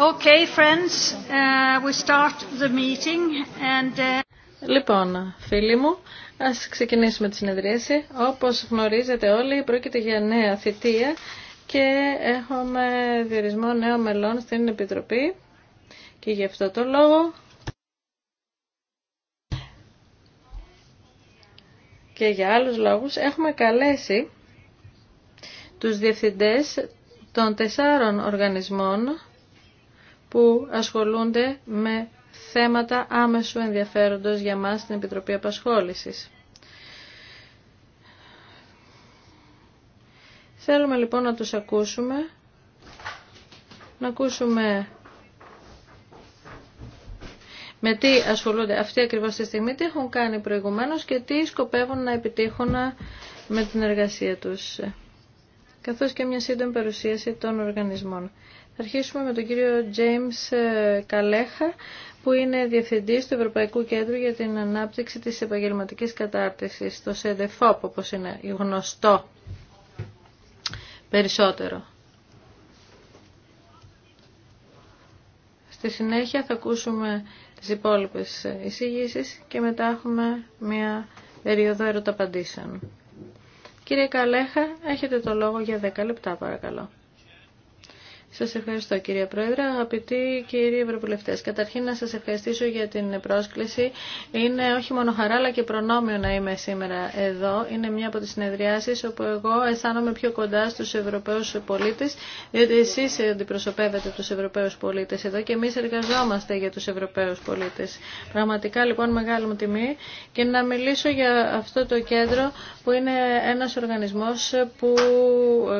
Okay, uh, we start the meeting and... Uh, λοιπόν, φίλοι μου, ας ξεκινήσουμε τη συνεδρίαση. Όπως γνωρίζετε όλοι, πρόκειται για νέα θητεία και έχουμε διορισμό νέων μελών στην Επιτροπή και γι' αυτό το λόγο και για άλλους λόγους έχουμε καλέσει τους διευθυντές των τεσσάρων οργανισμών που ασχολούνται με θέματα άμεσου ενδιαφέροντος για μας στην Επιτροπή Απασχόλησης. Θέλουμε λοιπόν να τους ακούσουμε, να ακούσουμε με τι ασχολούνται αυτοί ακριβώς στη στιγμή, τι έχουν κάνει προηγουμένως και τι σκοπεύουν να επιτύχουν με την εργασία τους, καθώς και μια σύντομη παρουσίαση των οργανισμών αρχίσουμε με τον κύριο James ε, Καλέχα, που είναι Διευθυντής του Ευρωπαϊκού Κέντρου για την Ανάπτυξη της Επαγγελματικής Κατάρτισης, το ΣΕΔΕΦΟΠ, όπως είναι γνωστό περισσότερο. Στη συνέχεια θα ακούσουμε τις υπόλοιπες εισηγήσεις και μετά έχουμε μια περίοδο ερωταπαντήσεων. Κύριε Καλέχα, έχετε το λόγο για 10 λεπτά παρακαλώ. Σα ευχαριστώ κύριε Πρόεδρε, αγαπητοί κύριοι Ευρωβουλευτέ, Καταρχήν να σα ευχαριστήσω για την πρόσκληση. Είναι όχι μόνο χαρά αλλά και προνόμιο να είμαι σήμερα εδώ. Είναι μια από τι συνεδριάσει όπου εγώ αισθάνομαι πιο κοντά στου ευρωπαίου πολίτε, διότι εσεί αντιπροσωπεύετε του Ευρωπαίου πολίτε εδώ και εμεί εργαζόμαστε για του Ευρωπαίου πολίτε. Πραγματικά λοιπόν μεγάλη μου τιμή και να μιλήσω για αυτό το κέντρο που είναι ένα οργανισμό που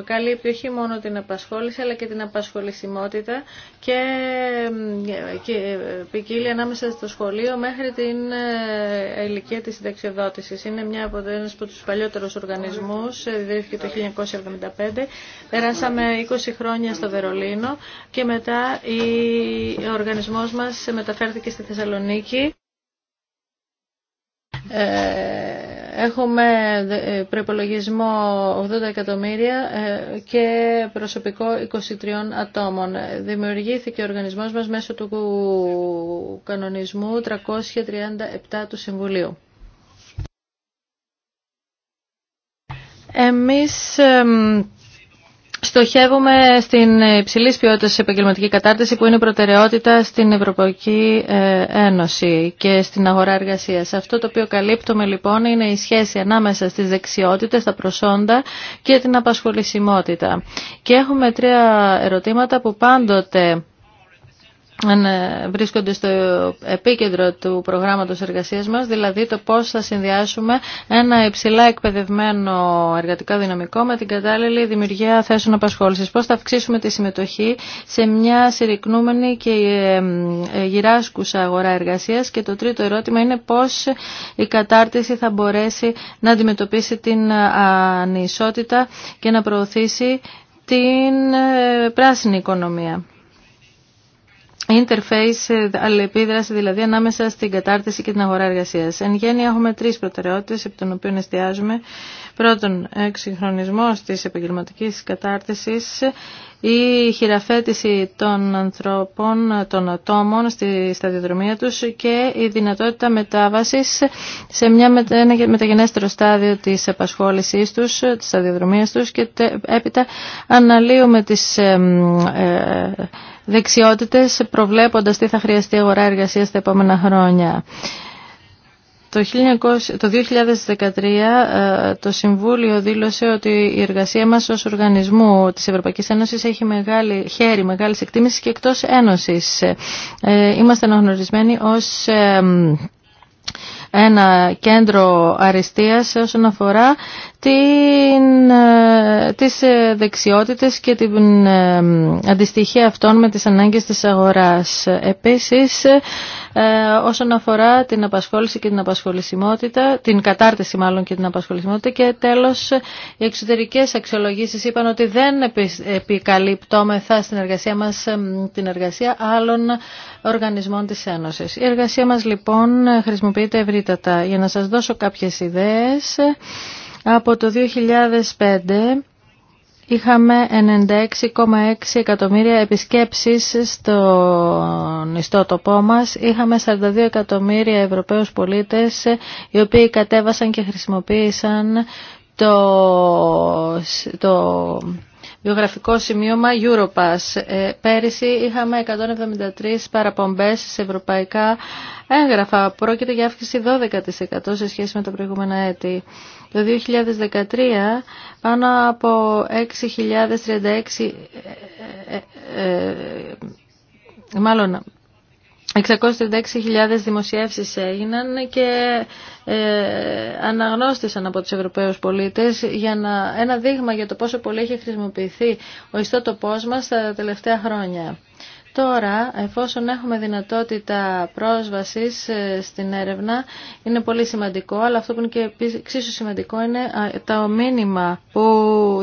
καλύπτει όχι μόνο την απασχόληση αλλά και την απασχόληση απασχολησιμότητα και ποικίλει ανάμεσα στο σχολείο μέχρι την ε, ηλικία της συνταξιοδότησης. Είναι μια από, ένας από τους παλιότερους οργανισμούς, ε, ιδρύθηκε το 1975. Περάσαμε 20 χρόνια στο Βερολίνο και μετά ο οργανισμός μας μεταφέρθηκε στη Θεσσαλονίκη. Ε, Έχουμε ε, προπολογισμό 80 εκατομμύρια ε, και προσωπικό 23 ατόμων. Δημιουργήθηκε ο οργανισμός μας μέσω του κανονισμού 337 του Συμβουλίου. Εμείς Στοχεύουμε στην υψηλή ποιότητα επαγγελματική κατάρτιση που είναι προτεραιότητα στην Ευρωπαϊκή ε, Ένωση και στην αγορά εργασίας. Αυτό το οποίο καλύπτουμε λοιπόν είναι η σχέση ανάμεσα στις δεξιότητες, τα προσόντα και την απασχολησιμότητα. Και έχουμε τρία ερωτήματα που πάντοτε ε, βρίσκονται στο επίκεντρο του προγράμματος εργασίας μας, δηλαδή το πώς θα συνδυάσουμε ένα υψηλά εκπαιδευμένο εργατικό δυναμικό με την κατάλληλη δημιουργία θέσεων απασχόλησης. Πώς θα αυξήσουμε τη συμμετοχή σε μια συρρυκνούμενη και γυράσκουσα αγορά εργασίας και το τρίτο ερώτημα είναι πώς η κατάρτιση θα μπορέσει να αντιμετωπίσει την ε, ανισότητα και να προωθήσει την ε, πράσινη οικονομία interface, ε, αλληλεπίδραση δηλαδή ανάμεσα στην κατάρτιση και την αγορά εργασία. Εν γέννη έχουμε τρει προτεραιότητε από τον οποίο εστιάζουμε. Πρώτον, εξυγχρονισμό τη επαγγελματική κατάρτιση, η χειραφέτηση των ανθρώπων, των ατόμων στη σταδιοδρομία τους και η δυνατότητα μετάβασης σε μια, ένα μεταγενέστερο στάδιο της απασχόλησής τους, της σταδιοδρομίας τους και έπειτα αναλύουμε τις ε, δεξιότητες προβλέποντας τι θα χρειαστεί η αγορά εργασίας τα επόμενα χρόνια. Το 2013 ε, το Συμβούλιο δήλωσε ότι η εργασία μας ως οργανισμού της Ευρωπαϊκής Ένωσης έχει μεγάλη, χέρι μεγάλη εκτίμηση και εκτός Ένωσης. Ε, είμαστε αναγνωρισμένοι ως ε, ένα κέντρο αριστείας όσον αφορά την, ε, τις ε, δεξιότητες και την ε, αντιστοιχεία αυτών με τις ανάγκες της αγοράς. Επίσης, όσον αφορά την απασχόληση και την απασχολησιμότητα, την κατάρτιση μάλλον και την απασχολησιμότητα και τέλος οι εξωτερικές αξιολογήσεις είπαν ότι δεν επικαλυπτόμεθα στην εργασία μας την εργασία άλλων οργανισμών της Ένωσης. Η εργασία μας λοιπόν χρησιμοποιείται ευρύτατα. Για να σας δώσω κάποιες ιδέες, από το 2005 είχαμε 96,6 εκατομμύρια επισκέψεις στον ιστότοπό μας. Είχαμε 42 εκατομμύρια Ευρωπαίους πολίτες οι οποίοι κατέβασαν και χρησιμοποίησαν το, το Γεωγραφικό σημείωμα Europass. Ε, πέρυσι είχαμε 173 παραπομπές σε ευρωπαϊκά έγγραφα. Πρόκειται για αύξηση 12% σε σχέση με τα προηγούμενα έτη. Το 2013 πάνω από 6.036 ε, ε, μάλλον 636.000 δημοσιεύσεις έγιναν και ε, αναγνώστησαν από τους Ευρωπαίους πολίτες για να, ένα δείγμα για το πόσο πολύ έχει χρησιμοποιηθεί ο ιστότοπός μας τα τελευταία χρόνια. Τώρα, εφόσον έχουμε δυνατότητα πρόσβασης ε, στην έρευνα, είναι πολύ σημαντικό, αλλά αυτό που είναι και εξίσου σημαντικό είναι το μήνυμα που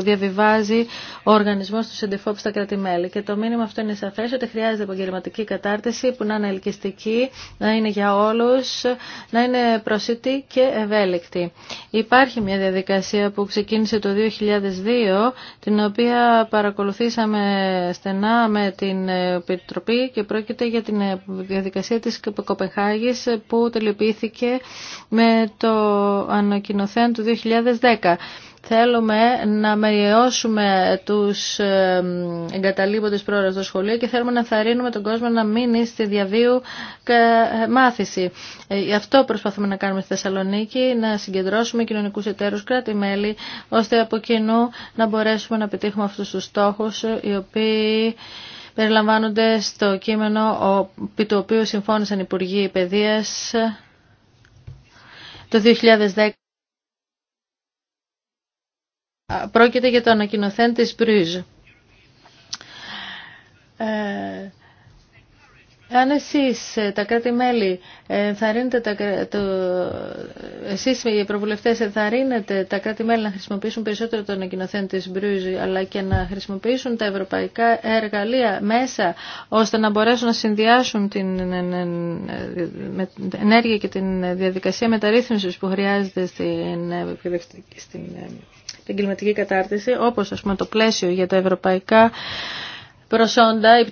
διαβιβάζει ο οργανισμός του Σεντεφόπ στα κρατημέλη. Και το μήνυμα αυτό είναι σαφές ότι χρειάζεται επαγγελματική κατάρτιση που να είναι ελκυστική, να είναι για όλους, να είναι προσιτή και ευέλικτη. Υπάρχει μια διαδικασία που ξεκίνησε το 2002, την οποία παρακολουθήσαμε στενά με την ε, Επιτροπή και πρόκειται για την ε, διαδικασία της Κοπεχάγης που τελειοποιήθηκε με το ανακοινοθέν του 2010. Θέλουμε να μεριώσουμε τους ε, εγκαταλείποντες πρόεδρες στο σχολείο και θέλουμε να θαρρύνουμε τον κόσμο να μείνει στη διαβίου ε, μάθηση. Γι' αυτό προσπαθούμε να κάνουμε στη Θεσσαλονίκη, να συγκεντρώσουμε κοινωνικούς εταίρους κράτη-μέλη, ώστε από κοινού να μπορέσουμε να πετύχουμε αυτούς τους στόχους, οι οποίοι περιλαμβάνονται στο κείμενο επί το οποίο συμφώνησαν οι Υπουργοί Παιδείας ε, το 2010. Πρόκειται για το ανακοινωθέν της Ε, αν εσείς, ε, τα κράτη-μέλη, ε, τα, το, εσείς οι προβουλευτές ενθαρρύνετε τα κράτη-μέλη να χρησιμοποιήσουν περισσότερο τον ανακοινωθέν της Μπρούζη, αλλά και να χρησιμοποιήσουν τα ευρωπαϊκά εργαλεία μέσα, ώστε να μπορέσουν να συνδυάσουν την ε, ενέργεια και την διαδικασία μεταρρύθμισης που χρειάζεται στην, στην, κλιματική κατάρτιση, όπως ας πούμε, το πλαίσιο για τα ευρωπαϊκά προσόντα, η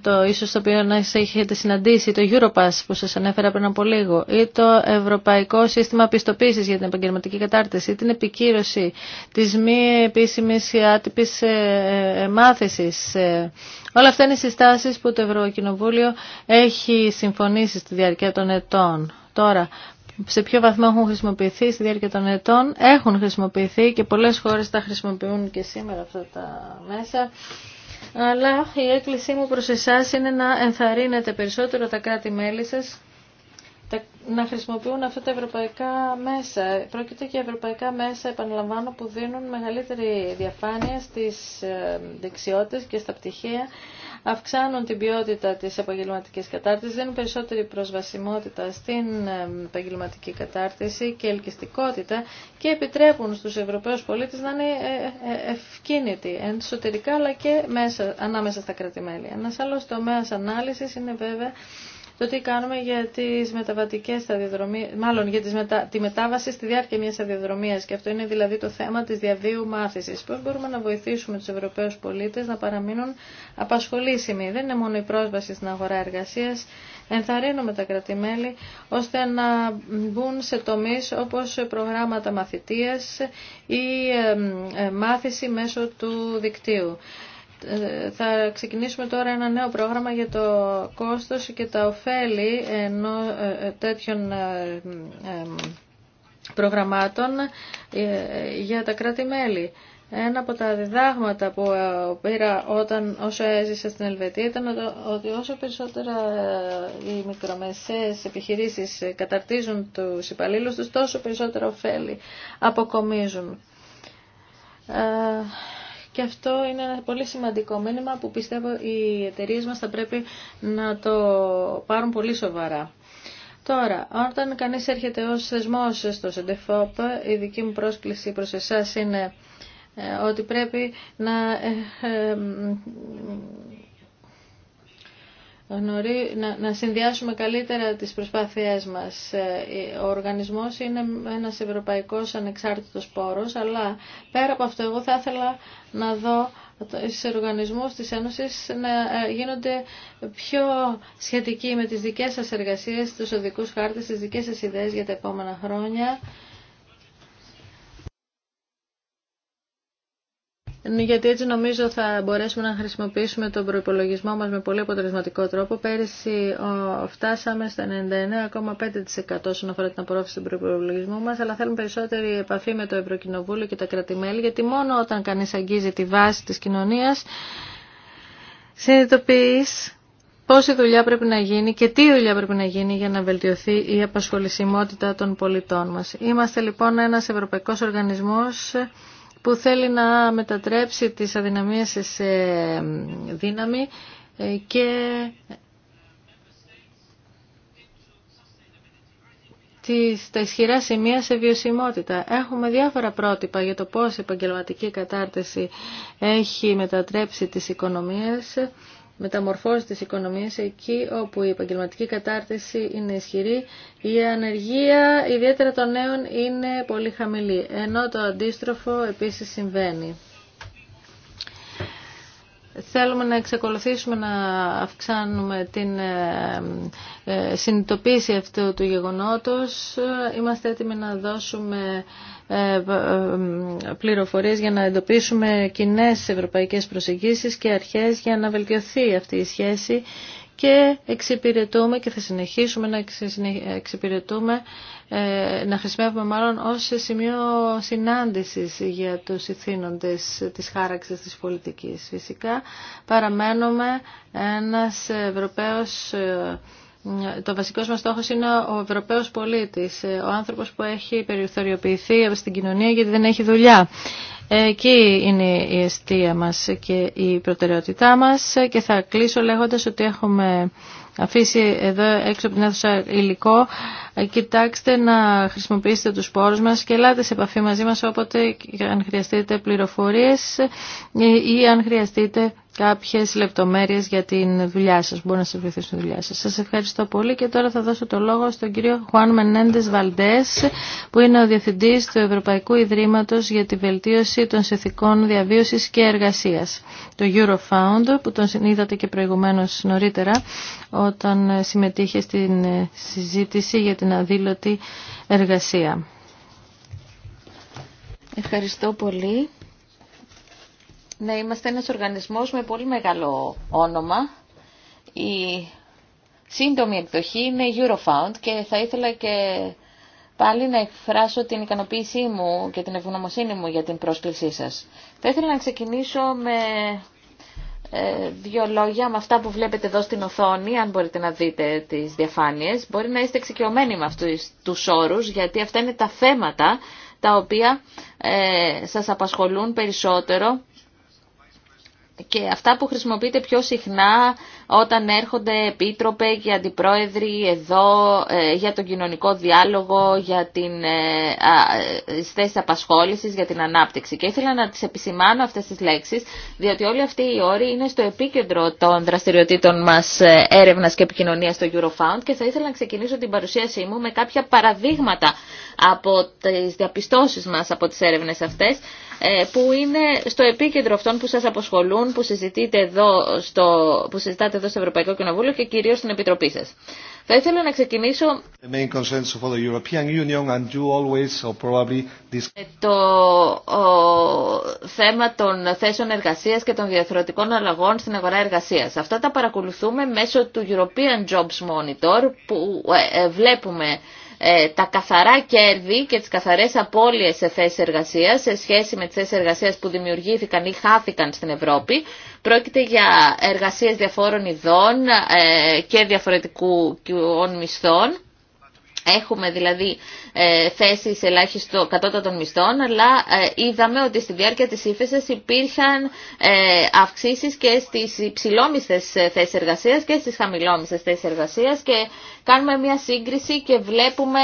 το ίσω το οποίο να έχετε συναντήσει, το Europass που σα ανέφερα πριν από λίγο, ή το Ευρωπαϊκό Σύστημα Πιστοποίηση για την Επαγγελματική Κατάρτιση, ή την επικύρωση τη μη επίσημη ή άτυπης ε, ε, μάθησης. Ε. Όλα αυτά είναι συστάσεις που το Ευρωκοινοβούλιο έχει συμφωνήσει στη διάρκεια των ετών. Τώρα, σε ποιο βαθμό έχουν χρησιμοποιηθεί στη διάρκεια των ετών, έχουν χρησιμοποιηθεί και πολλές χώρες τα χρησιμοποιούν και σήμερα αυτά τα μέσα. Αλλά η έκκλησή μου προς εσάς είναι να ενθαρρύνετε περισσότερο τα κράτη-μέλη σας να χρησιμοποιούν αυτά τα ευρωπαϊκά μέσα. Πρόκειται και ευρωπαϊκά μέσα, επαναλαμβάνω, που δίνουν μεγαλύτερη διαφάνεια στις ε, δεξιότητες και στα πτυχία αυξάνουν την ποιότητα της επαγγελματικής κατάρτισης, δίνουν περισσότερη προσβασιμότητα στην ε, επαγγελματική κατάρτιση και ελκυστικότητα και επιτρέπουν στους Ευρωπαίους πολίτες να είναι ε, ε, ευκίνητοι εσωτερικά αλλά και μέσα, ανάμεσα στα κρατημέλη. Ένας άλλος τομέας ανάλυσης είναι βέβαια το τι κάνουμε για τις μεταβατικές μάλλον για τη μετάβαση στη διάρκεια μιας αδιαδρομίας. και αυτό είναι δηλαδή το θέμα της διαβίου μάθησης. Πώς μπορούμε να βοηθήσουμε τους Ευρωπαίους πολίτες να παραμείνουν απασχολήσιμοι. Δεν είναι μόνο η πρόσβαση στην αγορά εργασίας, ενθαρρύνουμε τα κρατημέλη ώστε να μπουν σε τομείς όπως προγράμματα μαθητείας ή μάθηση μέσω του δικτύου θα ξεκινήσουμε τώρα ένα νέο πρόγραμμα για το κόστος και τα ωφέλη ενώ, ε, ε, τέτοιων ε, προγραμμάτων για τα κράτη-μέλη. Ένα από τα διδάγματα που πήρα όταν, όσο έζησα στην Ελβετία ήταν ότι όσο περισσότερα οι μικρομεσαίες επιχειρήσεις καταρτίζουν τους υπαλλήλους τους, τόσο περισσότερα ωφέλη αποκομίζουν. Και αυτό είναι ένα πολύ σημαντικό μήνυμα που πιστεύω οι εταιρείε μας θα πρέπει να το πάρουν πολύ σοβαρά. Τώρα, όταν κανείς έρχεται ως θεσμός στο ΣΕΝΤΕΦΟΠ, η δική μου πρόσκληση προς εσάς είναι ε, ότι πρέπει να ε, ε, να συνδυάσουμε καλύτερα τις προσπάθειές μας. Ε, ο οργανισμός είναι ένας ευρωπαϊκός ανεξάρτητος πόρος, αλλά πέρα από αυτό εγώ θα ήθελα να δω στους οργανισμούς της Ένωσης να ε, γίνονται πιο σχετικοί με τις δικές σας εργασίες, τους οδικούς χάρτες, τις δικές σας ιδέες για τα επόμενα χρόνια Ναι, γιατί έτσι νομίζω θα μπορέσουμε να χρησιμοποιήσουμε τον προπολογισμό μας με πολύ αποτελεσματικό τρόπο. Πέρυσι φτάσαμε στο 99,5% όσον αφορά την απορρόφηση του προπολογισμού μας, αλλά θέλουμε περισσότερη επαφή με το Ευρωκοινοβούλιο και τα κρατημέλη, γιατί μόνο όταν κανείς αγγίζει τη βάση της κοινωνίας, συνειδητοποιείς πόση δουλειά πρέπει να γίνει και τι δουλειά πρέπει να γίνει για να βελτιωθεί η απασχολησιμότητα των πολιτών μας. Είμαστε λοιπόν ένας ευρωπαϊκός οργανισμός που θέλει να μετατρέψει τις αδυναμίες σε δύναμη ε, και τα ισχυρά σημεία σε βιωσιμότητα. Έχουμε διάφορα πρότυπα για το πώς η επαγγελματική κατάρτιση έχει μετατρέψει τις οικονομίες μεταμορφώσει της οικονομίες εκεί όπου η επαγγελματική κατάρτιση είναι ισχυρή, η ανεργία ιδιαίτερα των νέων είναι πολύ χαμηλή, ενώ το αντίστροφο επίσης συμβαίνει θέλουμε να εξακολουθήσουμε να αυξάνουμε την ε, ε, συνειδητοποίηση αυτού του γεγονότος. Είμαστε έτοιμοι να δώσουμε ε, πληροφορίες για να εντοπίσουμε κοινέ ευρωπαϊκές προσεγγίσεις και αρχές για να βελτιωθεί αυτή η σχέση και εξυπηρετούμε και θα συνεχίσουμε να εξυπηρετούμε ε, να χρησιμεύουμε μάλλον ως σημείο συνάντησης για τους ηθήνοντες της χάραξης της πολιτικής. Φυσικά παραμένουμε ένας Ευρωπαίος ε, το βασικό μας στόχος είναι ο Ευρωπαίος πολίτης, ε, ο άνθρωπος που έχει από στην κοινωνία γιατί δεν έχει δουλειά. Εκεί είναι η αιστεία μας και η προτεραιότητά μας και θα κλείσω λέγοντας ότι έχουμε αφήσει εδώ έξω από την αίθουσα υλικό, κοιτάξτε να χρησιμοποιήσετε τους σπόρους μας και ελάτε σε επαφή μαζί μας όποτε αν χρειαστείτε πληροφορίες ή αν χρειαστείτε κάποιες λεπτομέρειες για την δουλειά σας, μπορεί να σε βρεθεί στη δουλειά σας. Σας ευχαριστώ πολύ και τώρα θα δώσω το λόγο στον κύριο Χουάν Μενέντες Βαλντές, που είναι ο Διευθυντής του Ευρωπαϊκού Ιδρύματος για τη Βελτίωση των Συνθηκών Διαβίωσης και Εργασίας, το Eurofound, που τον είδατε και προηγουμένως νωρίτερα, όταν συμμετείχε στην συζήτηση για την αδήλωτη εργασία. Ευχαριστώ πολύ. Ναι, είμαστε ένας οργανισμός με πολύ μεγάλο όνομα. Η σύντομη εκδοχή είναι Eurofound και θα ήθελα και πάλι να εκφράσω την ικανοποίησή μου και την ευγνωμοσύνη μου για την πρόσκλησή σας. Θα ήθελα να ξεκινήσω με ε, δύο λόγια με αυτά που βλέπετε εδώ στην οθόνη, αν μπορείτε να δείτε τις διαφάνειες. Μπορεί να είστε εξοικειωμένοι με αυτούς τους όρους, γιατί αυτά είναι τα θέματα τα οποία ε, σας απασχολούν περισσότερο και αυτά που χρησιμοποιείται πιο συχνά όταν έρχονται επίτροπε και αντιπρόεδροι εδώ ε, για τον κοινωνικό διάλογο, για την ε, ε, θέση απασχόλησης, για την ανάπτυξη. Και ήθελα να τις επισημάνω αυτές τις λέξεις, διότι όλοι αυτοί οι όροι είναι στο επίκεντρο των δραστηριοτήτων μας έρευνας και επικοινωνία στο Eurofound και θα ήθελα να ξεκινήσω την παρουσίασή μου με κάποια παραδείγματα από τις διαπιστώσεις μας από τις έρευνες αυτές, ε, που είναι στο επίκεντρο αυτών που σας αποσχολούν, που, εδώ στο, που συζητάτε εδώ στο Ευρωπαϊκό Κοινοβούλιο και κυρίως στην Επιτροπή σας. Θα ήθελα να ξεκινήσω με το θέμα των θέσεων εργασίας και των διαθροτικών αλλαγών στην αγορά εργασίας. Αυτά τα παρακολουθούμε μέσω του European Jobs Monitor που ε, ε, βλέπουμε ε, τα καθαρά κέρδη και τις καθαρές απώλειες σε θέσεις εργασίας σε σχέση με τις θέσεις εργασίας που δημιουργήθηκαν ή χάθηκαν στην Ευρώπη. Πρόκειται για εργασίες διαφόρων ειδών ε, και διαφορετικού μισθών Έχουμε δηλαδή ε, θέσεις ελάχιστο κατώτατων μισθών, αλλά ε, είδαμε ότι στη διάρκεια της ύφεση υπήρχαν ε, αυξήσεις και στις υψηλόμισθες ε, θέσεις εργασίας και στις χαμηλόμισθες θέσεις εργασίας και κάνουμε μια σύγκριση και βλέπουμε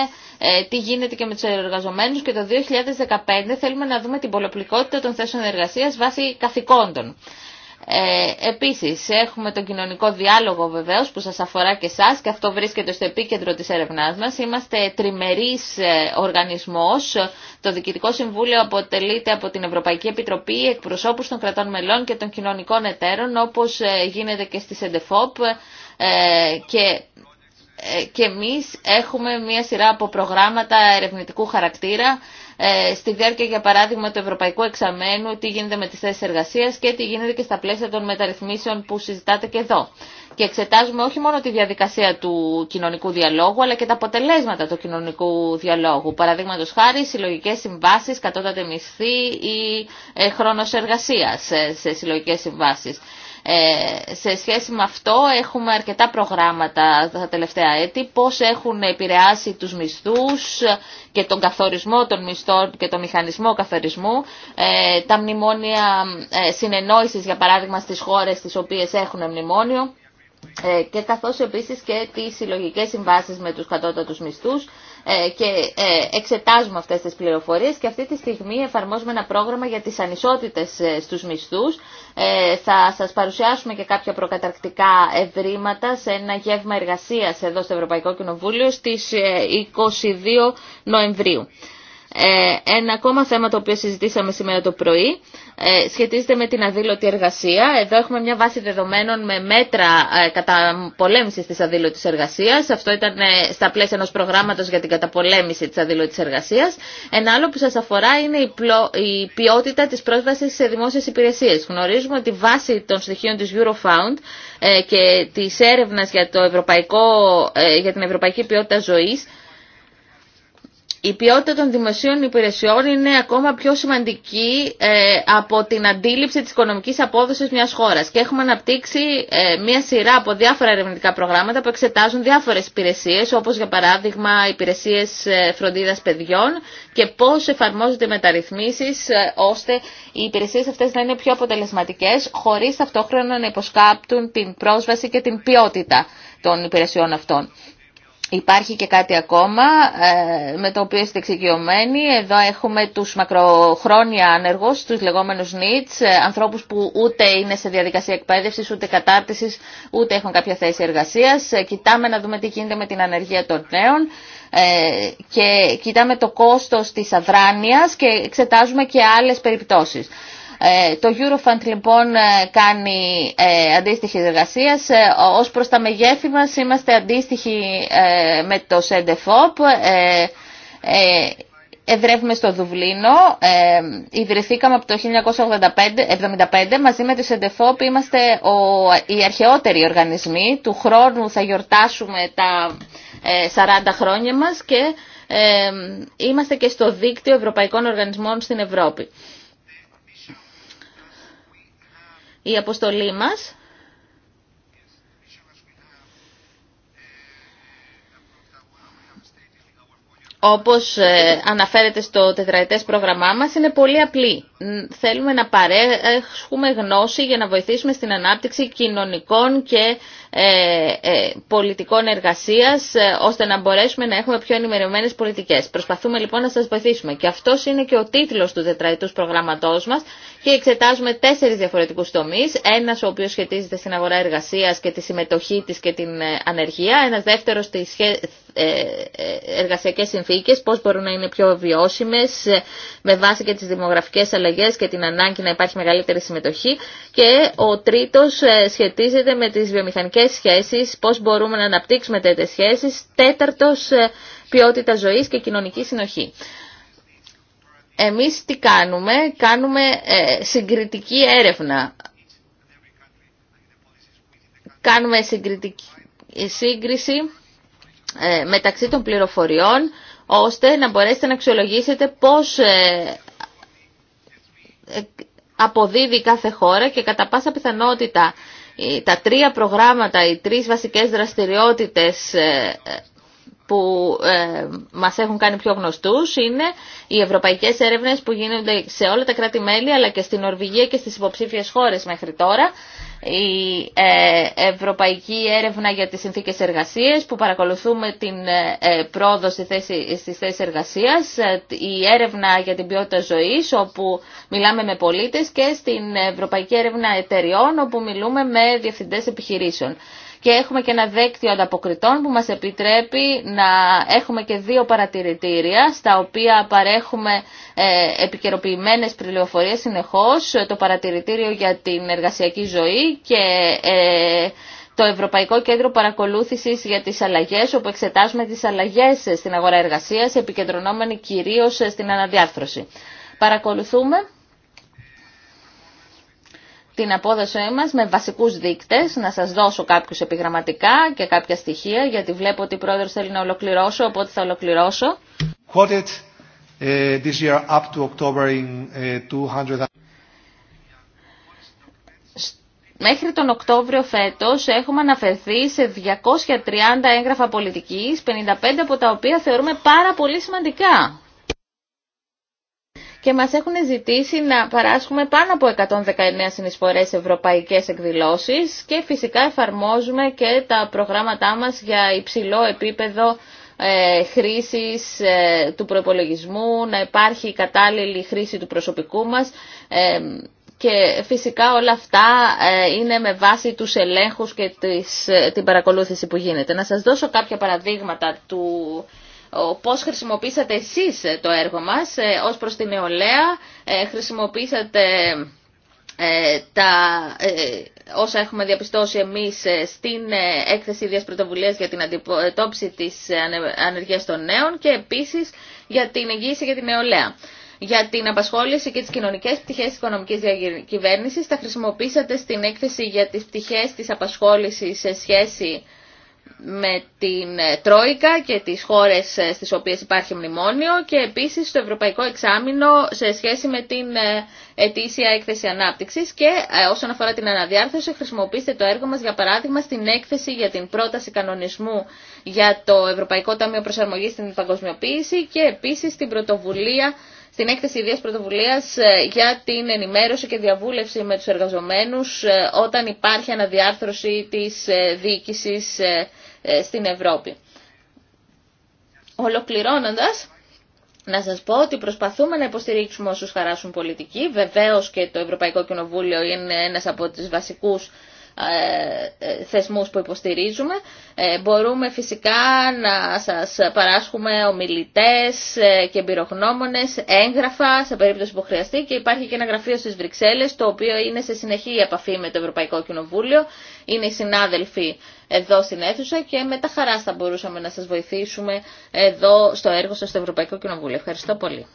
τι γίνεται και με τους εργαζομένους και το 2015 θέλουμε να δούμε την πολλοπλικότητα των θέσεων εργασίας βάσει καθηκόντων. Ε, επίσης, έχουμε τον κοινωνικό διάλογο βεβαίως που σας αφορά και εσάς και αυτό βρίσκεται στο επίκεντρο της έρευνάς μας. Είμαστε τριμερής ε, οργανισμός. Το Διοικητικό Συμβούλιο αποτελείται από την Ευρωπαϊκή Επιτροπή, εκπροσώπους των κρατών μελών και των κοινωνικών εταίρων όπως ε, γίνεται και στις ΕΝΤΕΦΟΠ ε, και ε, και εμείς έχουμε μια σειρά από προγράμματα ερευνητικού χαρακτήρα ε, στη διάρκεια για παράδειγμα του Ευρωπαϊκού Εξαμένου, τι γίνεται με τις θέσεις εργασίας και τι γίνεται και στα πλαίσια των μεταρρυθμίσεων που συζητάτε και εδώ. Και εξετάζουμε όχι μόνο τη διαδικασία του κοινωνικού διαλόγου, αλλά και τα αποτελέσματα του κοινωνικού διαλόγου. Παραδείγματο χάρη, συλλογικέ συμβάσει, κατώτατε μισθή ή ε, χρόνο εργασία σε συλλογικέ συμβάσει. Ε, σε σχέση με αυτό έχουμε αρκετά προγράμματα τα τελευταία έτη, πώς έχουν επηρεάσει τους μισθούς και τον καθορισμό των μισθών και τον μηχανισμό καθορισμού, ε, τα μνημόνια ε, συνεννόησης για παράδειγμα στις χώρες τις οποίες έχουν μνημόνιο και καθώς επίσης και τις συλλογικές συμβάσεις με τους κατώτατους μισθούς ε, και ε, εξετάζουμε αυτές τις πληροφορίες και αυτή τη στιγμή εφαρμόζουμε ένα πρόγραμμα για τις ανισότητες ε, στους μισθούς. Θα σας παρουσιάσουμε και κάποια προκαταρκτικά ευρήματα σε ένα γεύμα εργασίας εδώ στο Ευρωπαϊκό Κοινοβούλιο στις 22 Νοεμβρίου. Ε, ένα ακόμα θέμα το οποίο συζητήσαμε σήμερα το πρωί ε, σχετίζεται με την αδήλωτη εργασία. Εδώ έχουμε μια βάση δεδομένων με μέτρα ε, καταπολέμησης της αδήλωτης εργασίας. Αυτό ήταν στα πλαίσια ενός προγράμματος για την καταπολέμηση της αδήλωτης εργασίας. Ένα άλλο που σας αφορά είναι η ποιότητα της πρόσβασης σε δημόσιες υπηρεσίες. Γνωρίζουμε ότι βάση των στοιχείων της Eurofound και της έρευνας για, το για την ευρωπαϊκή ποιότητα ζωής η ποιότητα των δημοσίων υπηρεσιών είναι ακόμα πιο σημαντική ε, από την αντίληψη της οικονομικής απόδοσης μιας χώρας και έχουμε αναπτύξει ε, μια σειρά από διάφορα ερευνητικά προγράμματα που εξετάζουν διάφορες υπηρεσίες όπως για παράδειγμα υπηρεσίες ε, φροντίδας παιδιών και πώς εφαρμόζονται μεταρρυθμίσεις ώστε οι υπηρεσίες αυτές να είναι πιο αποτελεσματικές χωρίς ταυτόχρονα να υποσκάπτουν την πρόσβαση και την ποιότητα των υπηρεσιών αυτών. Υπάρχει και κάτι ακόμα ε, με το οποίο είστε εξοικειωμένοι. Εδώ έχουμε τους μακροχρόνια άνεργους, τους λεγόμενους νίτς, ε, ανθρώπους που ούτε είναι σε διαδικασία εκπαίδευσης, ούτε κατάρτισης, ούτε έχουν κάποια θέση εργασίας. Ε, κοιτάμε να δούμε τι γίνεται με την ανεργία των νέων και κοιτάμε το κόστος της αδράνειας και εξετάζουμε και άλλες περιπτώσεις. Ε, το Eurofund λοιπόν ε, κάνει ε, αντίστοιχη εργασία. Ω προς τα μεγέθη μας είμαστε αντίστοιχοι με το ε, Εδρεύουμε στο Δουβλίνο, ε, ιδρυθήκαμε από το 1975, μαζί με το ΣΕΝΤΕΦΟΠ είμαστε ο, οι αρχαιότεροι οργανισμοί, του χρόνου θα γιορτάσουμε τα 40 χρόνια μας και ε, είμαστε και στο δίκτυο Ευρωπαϊκών Οργανισμών στην Ευρώπη η αποστολή μας. όπως ε, αναφέρεται στο τετραετές πρόγραμμά μας, είναι πολύ απλή. Θέλουμε να παρέχουμε γνώση για να βοηθήσουμε στην ανάπτυξη κοινωνικών και ε, ε, πολιτικών εργασίας ε, ώστε να μπορέσουμε να έχουμε πιο ενημερωμένες πολιτικές. Προσπαθούμε λοιπόν να σας βοηθήσουμε και αυτό είναι και ο τίτλος του τετραετούς προγραμματός μας και εξετάζουμε τέσσερις διαφορετικούς τομείς, ένας ο οποίος σχετίζεται στην αγορά εργασίας και τη συμμετοχή της και την ανεργία, ένας δεύτερος στις εργασιακές συνθήκες, πώς μπορούν να είναι πιο βιώσιμες με βάση και τις δημογραφικές αλλαγές και την ανάγκη να υπάρχει μεγαλύτερη συμμετοχή και ο τρίτος σχετίζεται με τις βιομηχανικές Πώ σχέσεις, πώς μπορούμε να αναπτύξουμε τέτοιες σχέσεις, τέταρτος ε, ποιότητα ζωής και κοινωνική συνοχή. Εμείς τι κάνουμε, κάνουμε ε, συγκριτική έρευνα. Κάνουμε συγκριτική, ε, σύγκριση μεταξύ των πληροφοριών, ώστε να μπορέσετε να αξιολογήσετε πώς αποδίδει κάθε χώρα και κατά πάσα πιθανότητα τα τρία προγράμματα, οι τρεις βασικές δραστηριότητες ε, ε, που ε, μας έχουν κάνει πιο γνωστούς είναι οι ευρωπαϊκές έρευνες που γίνονται σε όλα τα κράτη-μέλη αλλά και στην Νορβηγία και στις υποψήφιες χώρες μέχρι τώρα. Η ε, Ευρωπαϊκή Έρευνα για τις Συνθήκες Εργασίας που παρακολουθούμε την ε, ε, πρόοδο στη θέση, στις θέσεις εργασίας, η έρευνα για την ποιότητα ζωής όπου μιλάμε με πολίτες και στην Ευρωπαϊκή Έρευνα Εταιριών όπου μιλούμε με διευθυντές επιχειρήσεων και έχουμε και ένα δέκτυο ανταποκριτών που μας επιτρέπει να έχουμε και δύο παρατηρητήρια στα οποία παρέχουμε ε, επικαιροποιημένες πληροφορίες συνεχώς, το παρατηρητήριο για την εργασιακή ζωή και ε, το Ευρωπαϊκό Κέντρο Παρακολούθησης για τις Αλλαγές, όπου εξετάζουμε τις αλλαγές στην αγορά εργασίας, επικεντρωνόμενοι κυρίως στην αναδιάρθρωση. Παρακολουθούμε την απόδοσή μας με βασικούς δείκτες, να σας δώσω κάποιους επιγραμματικά και κάποια στοιχεία, γιατί βλέπω ότι η πρόεδρος θέλει να ολοκληρώσω, οπότε θα ολοκληρώσω. Ε, this year up to October in, 200... Ε, Μέχρι τον Οκτώβριο φέτος έχουμε αναφερθεί σε 230 έγγραφα πολιτικής, 55 από τα οποία θεωρούμε πάρα πολύ σημαντικά και μας έχουν ζητήσει να παράσχουμε πάνω από 119 συνεισφορές σε ευρωπαϊκές εκδηλώσεις και φυσικά εφαρμόζουμε και τα προγράμματά μας για υψηλό επίπεδο ε, χρήσης ε, του προπολογισμού, να υπάρχει η κατάλληλη χρήση του προσωπικού μας ε, και φυσικά όλα αυτά είναι με βάση τους ελέγχους και την παρακολούθηση που γίνεται. Να σας δώσω κάποια παραδείγματα του πώς χρησιμοποίησατε εσείς ε, το έργο μας ε, ως προς την νεολαία, ε, χρησιμοποίησατε τα όσα έχουμε διαπιστώσει εμείς στην έκθεση ίδιας πρωτοβουλίας για την αντιμετώπιση της ανεργίας των νέων και επίσης για την εγγύηση για την νεολαία. Για την απασχόληση και τις κοινωνικές πτυχές της οικονομικής διακυβέρνησης τα χρησιμοποίησατε στην έκθεση για τις πτυχές της απασχόλησης σε σχέση με την Τρόικα και τις χώρες στις οποίες υπάρχει μνημόνιο και επίσης το Ευρωπαϊκό Εξάμεινο σε σχέση με την ε, ετήσια έκθεση ανάπτυξης και ε, όσον αφορά την αναδιάρθρωση χρησιμοποιήστε το έργο μας για παράδειγμα στην έκθεση για την πρόταση κανονισμού για το Ευρωπαϊκό Ταμείο Προσαρμογής στην Παγκοσμιοποίηση και επίσης την πρωτοβουλία στην έκθεση ιδίας πρωτοβουλίας ε, για την ενημέρωση και διαβούλευση με τους εργαζομένους ε, όταν υπάρχει αναδιάρθρωση της ε, διοίκησης στην Ευρώπη. Ολοκληρώνοντας, να σας πω ότι προσπαθούμε να υποστηρίξουμε όσους χαράσουν πολιτική. Βεβαίως και το Ευρωπαϊκό Κοινοβούλιο είναι ένας από τους βασικούς ε, ε, θεσμούς που υποστηρίζουμε. Ε, μπορούμε φυσικά να σας παράσχουμε ομιλητές και εμπειρογνώμονες, έγγραφα σε περίπτωση που χρειαστεί και υπάρχει και ένα γραφείο στις Βρυξέλλες το οποίο είναι σε συνεχή επαφή με το Ευρωπαϊκό Κοινοβούλιο. Είναι οι συνάδελφοι εδώ στην αίθουσα και με τα χαρά θα μπορούσαμε να σας βοηθήσουμε εδώ στο έργο σας στο Ευρωπαϊκό Κοινοβούλιο. Ευχαριστώ πολύ.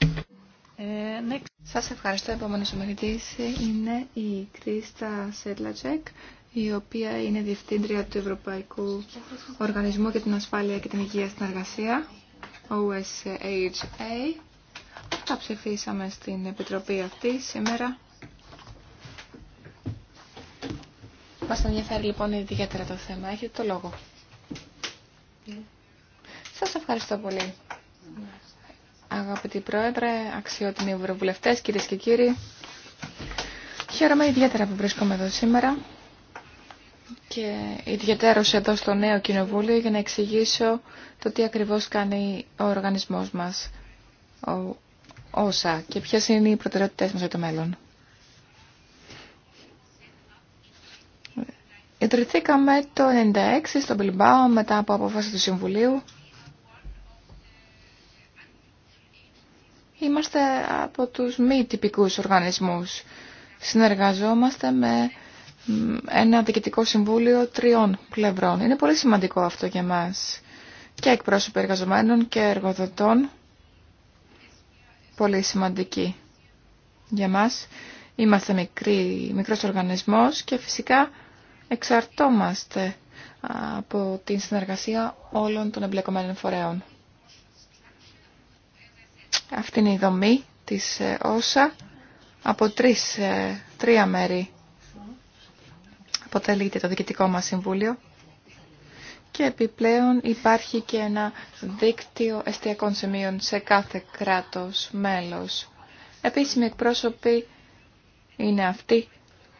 Ε, ναι. Σας ευχαριστώ. Επόμενος ομιλητής είναι η Κρίστα Σέρλατζεκ η οποία είναι διευθύντρια του Ευρωπαϊκού Οργανισμού για την Ασφάλεια και την Υγεία στην Εργασία, OSHA. Τα ψηφίσαμε στην Επιτροπή αυτή σήμερα. Μα ενδιαφέρει λοιπόν ιδιαίτερα το θέμα. Έχετε το λόγο. Σας ευχαριστώ πολύ. Αγαπητοί Πρόεδρε, αξιότιμοι ευρωβουλευτέ, κύριε και κύριοι, χαίρομαι ιδιαίτερα που βρίσκομαι εδώ σήμερα και ιδιαίτερος εδώ στο νέο κοινοβούλιο για να εξηγήσω το τι ακριβώς κάνει ο οργανισμός μας, ο ΩΣΑ, και ποιες είναι οι προτεραιότητές μας για το μέλλον. Ιδρυθήκαμε το 1996 στο Μπιλμπάο μετά από απόφαση του Συμβουλίου. Είμαστε από τους μη τυπικούς οργανισμούς. Συνεργαζόμαστε με ένα διοικητικό συμβούλιο τριών πλευρών. Είναι πολύ σημαντικό αυτό για μας και εκπρόσωποι εργαζομένων και εργοδοτών. Πολύ σημαντική για μας. Είμαστε μικροί, μικρός οργανισμός και φυσικά εξαρτόμαστε από την συνεργασία όλων των εμπλεκομένων φορέων. Αυτή είναι η δομή της όσα ε, από τρεις, ε, τρία μέρη αποτελείται το Διοικητικό μας Συμβούλιο και επιπλέον υπάρχει και ένα δίκτυο εστιακών σημείων σε κάθε κράτος μέλος. Επίσημοι εκπρόσωποι είναι αυτοί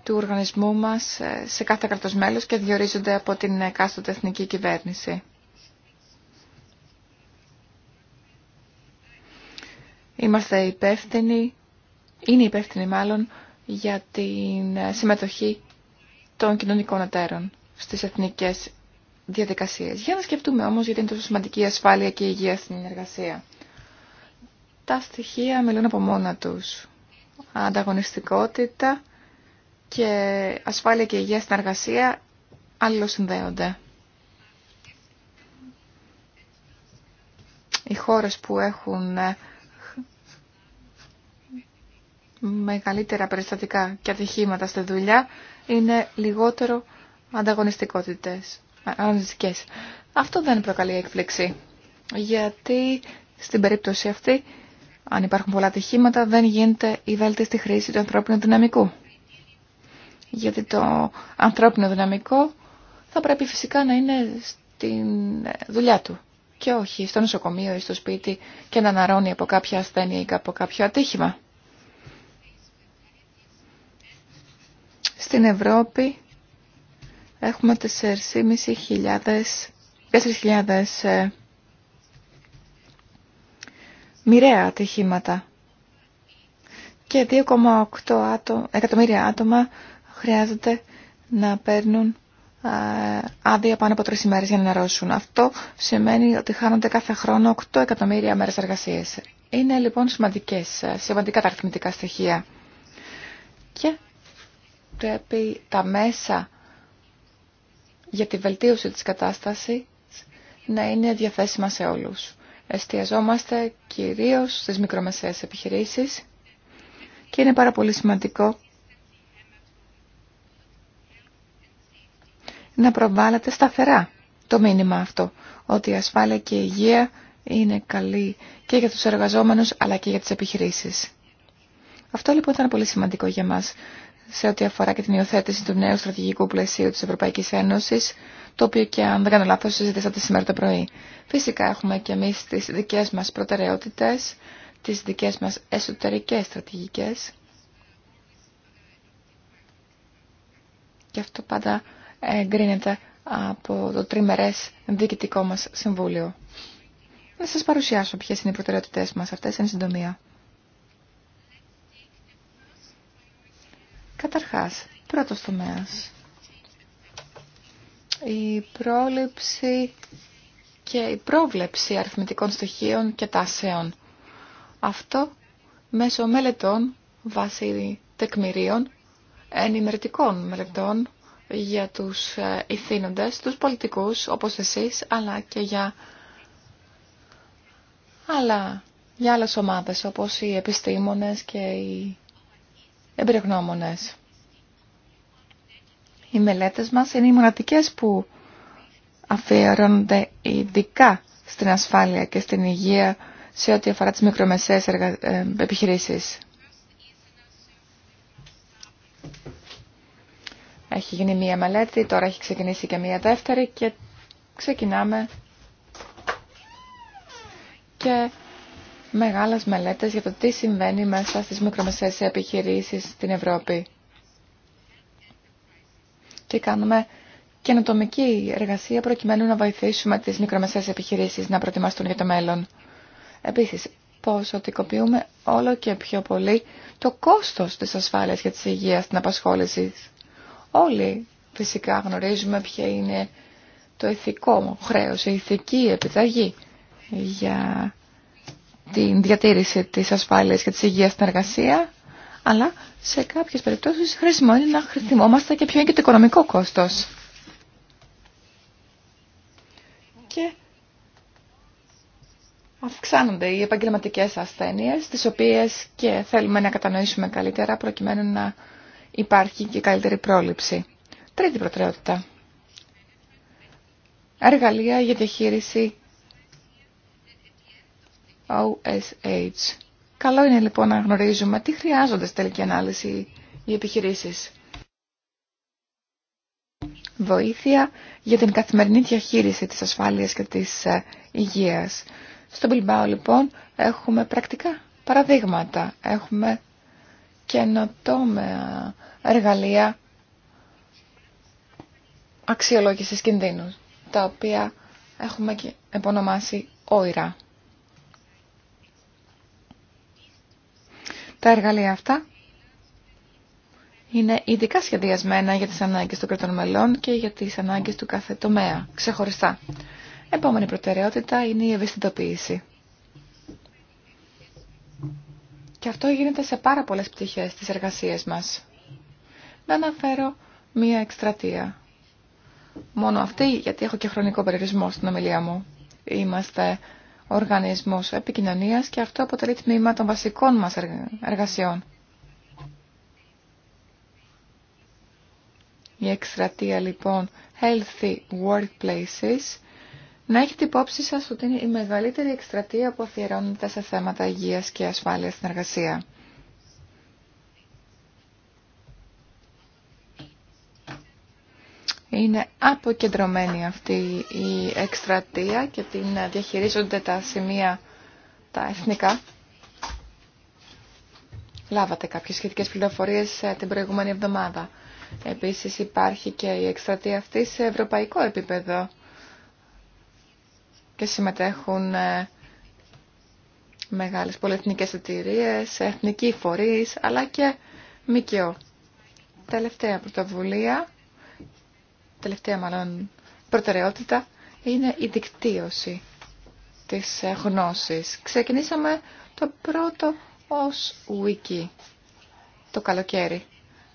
του οργανισμού μας ε, σε κάθε κράτος μέλος και διορίζονται από την εκάστοτε εθνική κυβέρνηση. Είμαστε υπεύθυνοι, είναι υπεύθυνοι μάλλον, για την συμμετοχή των κοινωνικών εταίρων στις εθνικές διαδικασίες. Για να σκεφτούμε όμως γιατί είναι τόσο σημαντική η ασφάλεια και η υγεία στην εργασία. Τα στοιχεία μιλούν από μόνα του. Ανταγωνιστικότητα και ασφάλεια και υγεία στην εργασία αλληλοσυνδέονται. Οι χώρες που έχουν μεγαλύτερα περιστατικά και ατυχήματα στη δουλειά είναι λιγότερο ανταγωνιστικότητες, ανταγωνιστικές. Αυτό δεν προκαλεί έκπληξη, γιατί στην περίπτωση αυτή, αν υπάρχουν πολλά ατυχήματα, δεν γίνεται η βέλτιστη χρήση του ανθρώπινου δυναμικού. Γιατί το ανθρώπινο δυναμικό θα πρέπει φυσικά να είναι στη δουλειά του και όχι στο νοσοκομείο ή στο σπίτι και να αναρώνει από κάποια ασθένεια ή από κάποιο ατύχημα. Στην Ευρώπη έχουμε 4.500 ε, μοιραία ατυχήματα και 2,8 εκατομμύρια άτομα χρειάζεται να παίρνουν ε, άδεια πάνω από τρεις ημέρες για να νερώσουν. Αυτό σημαίνει ότι χάνονται κάθε χρόνο 8 εκατομμύρια μέρες εργασίες. Είναι λοιπόν σημαντικές, ε, σημαντικά τα αριθμητικά στοιχεία. Και πρέπει τα μέσα για τη βελτίωση της κατάστασης να είναι διαθέσιμα σε όλους. Εστιαζόμαστε κυρίως στις μικρομεσαίες επιχειρήσεις και είναι πάρα πολύ σημαντικό να προβάλλεται σταθερά το μήνυμα αυτό, ότι η ασφάλεια και η υγεία είναι καλή και για τους εργαζόμενους αλλά και για τις επιχειρήσεις. Αυτό λοιπόν ήταν πολύ σημαντικό για μας σε ό,τι αφορά και την υιοθέτηση του νέου στρατηγικού πλαισίου της Ευρωπαϊκής Ένωσης, το οποίο και αν δεν κάνω λάθος συζητήσατε σήμερα το πρωί. Φυσικά έχουμε και εμείς τις δικές μας προτεραιότητες, τις δικές μας εσωτερικές στρατηγικές. Και αυτό πάντα εγκρίνεται από το τριμερές διοικητικό μας συμβούλιο. Να σας παρουσιάσω ποιες είναι οι προτεραιότητες μας αυτές εν συντομία. Καταρχάς, πρώτος τομέας. Η πρόληψη και η πρόβλεψη αριθμητικών στοιχείων και τάσεων. Αυτό μέσω μελετών βάσει τεκμηρίων, ενημερωτικών μελετών για τους ε, ηθήνοντες, τους πολιτικούς όπως εσείς, αλλά και για, αλλά για άλλες ομάδες όπως οι επιστήμονες και οι εμπρεγνώμονες. Οι μελέτες μας είναι οι μοναδικές που αφιερώνονται ειδικά στην ασφάλεια και στην υγεία σε ό,τι αφορά τις μικρομεσαίες ε, επιχειρήσεις. Έχει γίνει μία μελέτη, τώρα έχει ξεκινήσει και μία δεύτερη και ξεκινάμε και μεγάλες μελέτες για το τι συμβαίνει μέσα στις μικρομεσαίες επιχειρήσεις στην Ευρώπη. Και κάνουμε καινοτομική εργασία προκειμένου να βοηθήσουμε τις μικρομεσαίες επιχειρήσεις να προετοιμαστούν για το μέλλον. Επίσης, ποσοτικοποιούμε όλο και πιο πολύ το κόστος της ασφάλειας και της υγείας στην απασχόληση. Όλοι φυσικά γνωρίζουμε ποια είναι το ηθικό χρέος, η ηθική επιταγή για την διατήρηση της ασφάλειας και της υγείας στην εργασία, αλλά σε κάποιες περιπτώσεις χρήσιμο είναι να χρησιμόμαστε και ποιο είναι και το οικονομικό κόστος. Και αυξάνονται οι επαγγελματικές ασθένειες, τις οποίες και θέλουμε να κατανοήσουμε καλύτερα προκειμένου να υπάρχει και καλύτερη πρόληψη. Τρίτη προτεραιότητα. Εργαλεία για διαχείριση OSH. Καλό είναι λοιπόν να γνωρίζουμε τι χρειάζονται στη τελική ανάλυση οι επιχειρήσεις. Βοήθεια για την καθημερινή διαχείριση της ασφάλειας και της ε, υγείας. Στο Bilbao λοιπόν έχουμε πρακτικά παραδείγματα. Έχουμε καινοτόμεα εργαλεία αξιολόγησης κινδύνου, τα οποία έχουμε και επωνομάσει όειρα. Τα εργαλεία αυτά είναι ειδικά σχεδιασμένα για τις ανάγκες των κρατών μελών και για τις ανάγκες του κάθε τομέα, ξεχωριστά. Επόμενη προτεραιότητα είναι η ευαισθητοποίηση. Και αυτό γίνεται σε πάρα πολλές πτυχές της εργασίας μας. Να αναφέρω μία εκστρατεία. Μόνο αυτή, γιατί έχω και χρονικό περιορισμό στην ομιλία μου. Είμαστε οργανισμός επικοινωνίας και αυτό αποτελεί τμήμα των βασικών μας εργασιών. Η εκστρατεία λοιπόν Healthy Workplaces να έχετε υπόψη σας ότι είναι η μεγαλύτερη εκστρατεία που αφιερώνεται σε θέματα υγείας και ασφάλειας στην εργασία. είναι αποκεντρωμένη αυτή η εκστρατεία και την διαχειρίζονται τα σημεία τα εθνικά. Λάβατε κάποιες σχετικές πληροφορίες ε, την προηγούμενη εβδομάδα. Επίσης υπάρχει και η εκστρατεία αυτή σε ευρωπαϊκό επίπεδο και συμμετέχουν ε, μεγάλες πολυεθνικές εταιρείε, εθνικοί φορείς, αλλά και ΜΚΟ. Τελευταία πρωτοβουλία τελευταία μάλλον προτεραιότητα είναι η δικτύωση της ε, γνώσης. Ξεκινήσαμε το πρώτο ως wiki το καλοκαίρι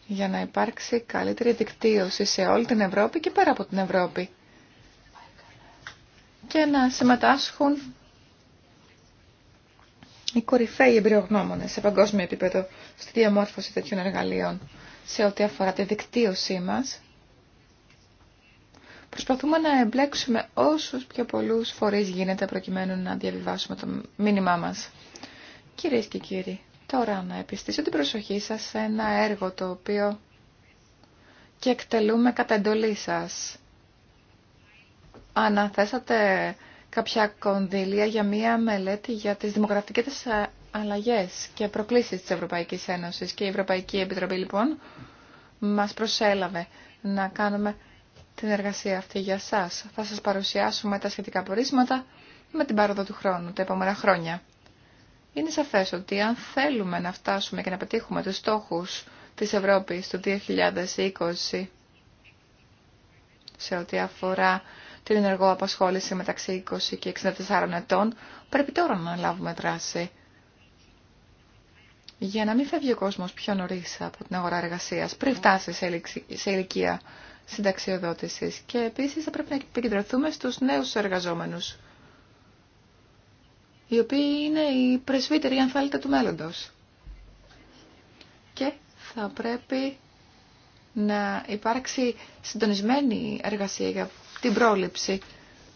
για να υπάρξει καλύτερη δικτύωση σε όλη την Ευρώπη και πέρα από την Ευρώπη και να συμμετάσχουν οι κορυφαίοι εμπειρογνώμονες σε παγκόσμιο επίπεδο στη διαμόρφωση τέτοιων εργαλείων σε ό,τι αφορά τη δικτύωσή μας Προσπαθούμε να εμπλέξουμε όσους πιο πολλούς φορείς γίνεται προκειμένου να διαβιβάσουμε το μήνυμά μας. Κυρίες και κύριοι, τώρα να επιστήσω την προσοχή σας σε ένα έργο το οποίο και εκτελούμε κατά εντολή σας. Αναθέσατε κάποια κονδύλια για μία μελέτη για τις δημογραφικές ε, αλλαγές και προκλήσεις της Ευρωπαϊκής Ένωσης και η Ευρωπαϊκή Επιτροπή λοιπόν μας προσέλαβε να κάνουμε την εργασία αυτή για σας. Θα σας παρουσιάσουμε τα σχετικά πορίσματα με την πάροδο του χρόνου, τα επόμενα χρόνια. Είναι σαφές ότι αν θέλουμε να φτάσουμε και να πετύχουμε τους στόχους της Ευρώπης του 2020 σε ό,τι αφορά την ενεργό απασχόληση μεταξύ 20 και 64 ετών, πρέπει τώρα να λάβουμε δράση. Για να μην φεύγει ο κόσμος πιο νωρίς από την αγορά εργασίας, πριν φτάσει σε ηλικία συνταξιοδότησης. Και επίσης θα πρέπει να επικεντρωθούμε στους νέους εργαζόμενους, οι οποίοι είναι οι πρεσβύτεροι, αν θέλετε, του μέλλοντος. Και θα πρέπει να υπάρξει συντονισμένη εργασία για την πρόληψη.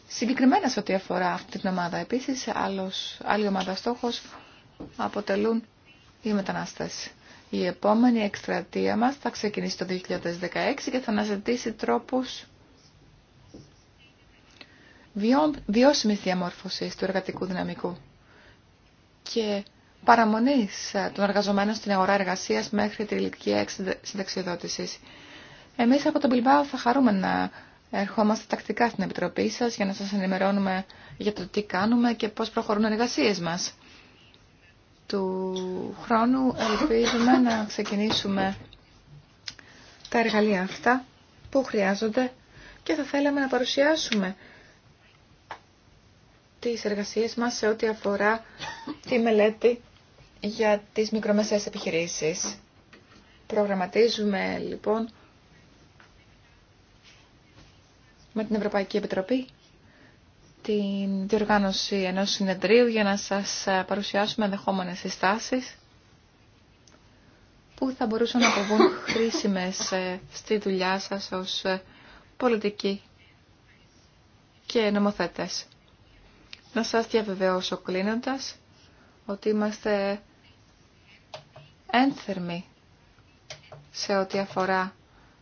Συγκεκριμένα σε ό,τι αφορά αυτή την ομάδα. Επίσης, άλλος, άλλη ομάδα στόχος αποτελούν οι μετανάστες. Η επόμενη εκστρατεία μας θα ξεκινήσει το 2016 και θα αναζητήσει τρόπους βιώσιμη διαμόρφωση του εργατικού δυναμικού και παραμονής ε, των εργαζομένων στην αγορά εργασίας μέχρι την ηλικία συνταξιοδότησης. Εμείς από τον Μπιλμπάο θα χαρούμε να ερχόμαστε τακτικά στην Επιτροπή σας για να σας ενημερώνουμε για το τι κάνουμε και πώς προχωρούν οι εργασίες μας του χρόνου ελπίζουμε να ξεκινήσουμε τα εργαλεία αυτά που χρειάζονται και θα θέλαμε να παρουσιάσουμε τις εργασίες μας σε ό,τι αφορά τη μελέτη για τις μικρομεσαίες επιχειρήσεις. Προγραμματίζουμε λοιπόν με την Ευρωπαϊκή Επιτροπή την διοργάνωση ενός συνεδρίου για να σας ε, παρουσιάσουμε ενδεχόμενε συστάσεις που θα μπορούσαν να αποβούν χρήσιμες ε, στη δουλειά σας ως ε, πολιτικοί και νομοθέτες. Να σας διαβεβαιώσω κλείνοντας ότι είμαστε ένθερμοι σε ό,τι αφορά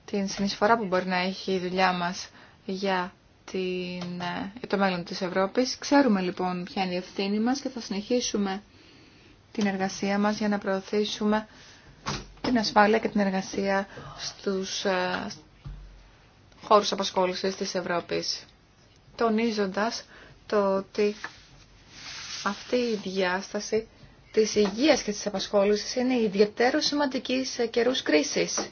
την συνεισφορά που μπορεί να έχει η δουλειά μας για την, για το μέλλον της Ευρώπης. Ξέρουμε λοιπόν ποια είναι η ευθύνη μας και θα συνεχίσουμε την εργασία μας για να προωθήσουμε την ασφάλεια και την εργασία στους ε, χώρους απασχόλησης της Ευρώπης. Τονίζοντας το ότι αυτή η διάσταση της υγείας και της απασχόλησης είναι ιδιαίτερο σημαντική σε καιρούς κρίσης.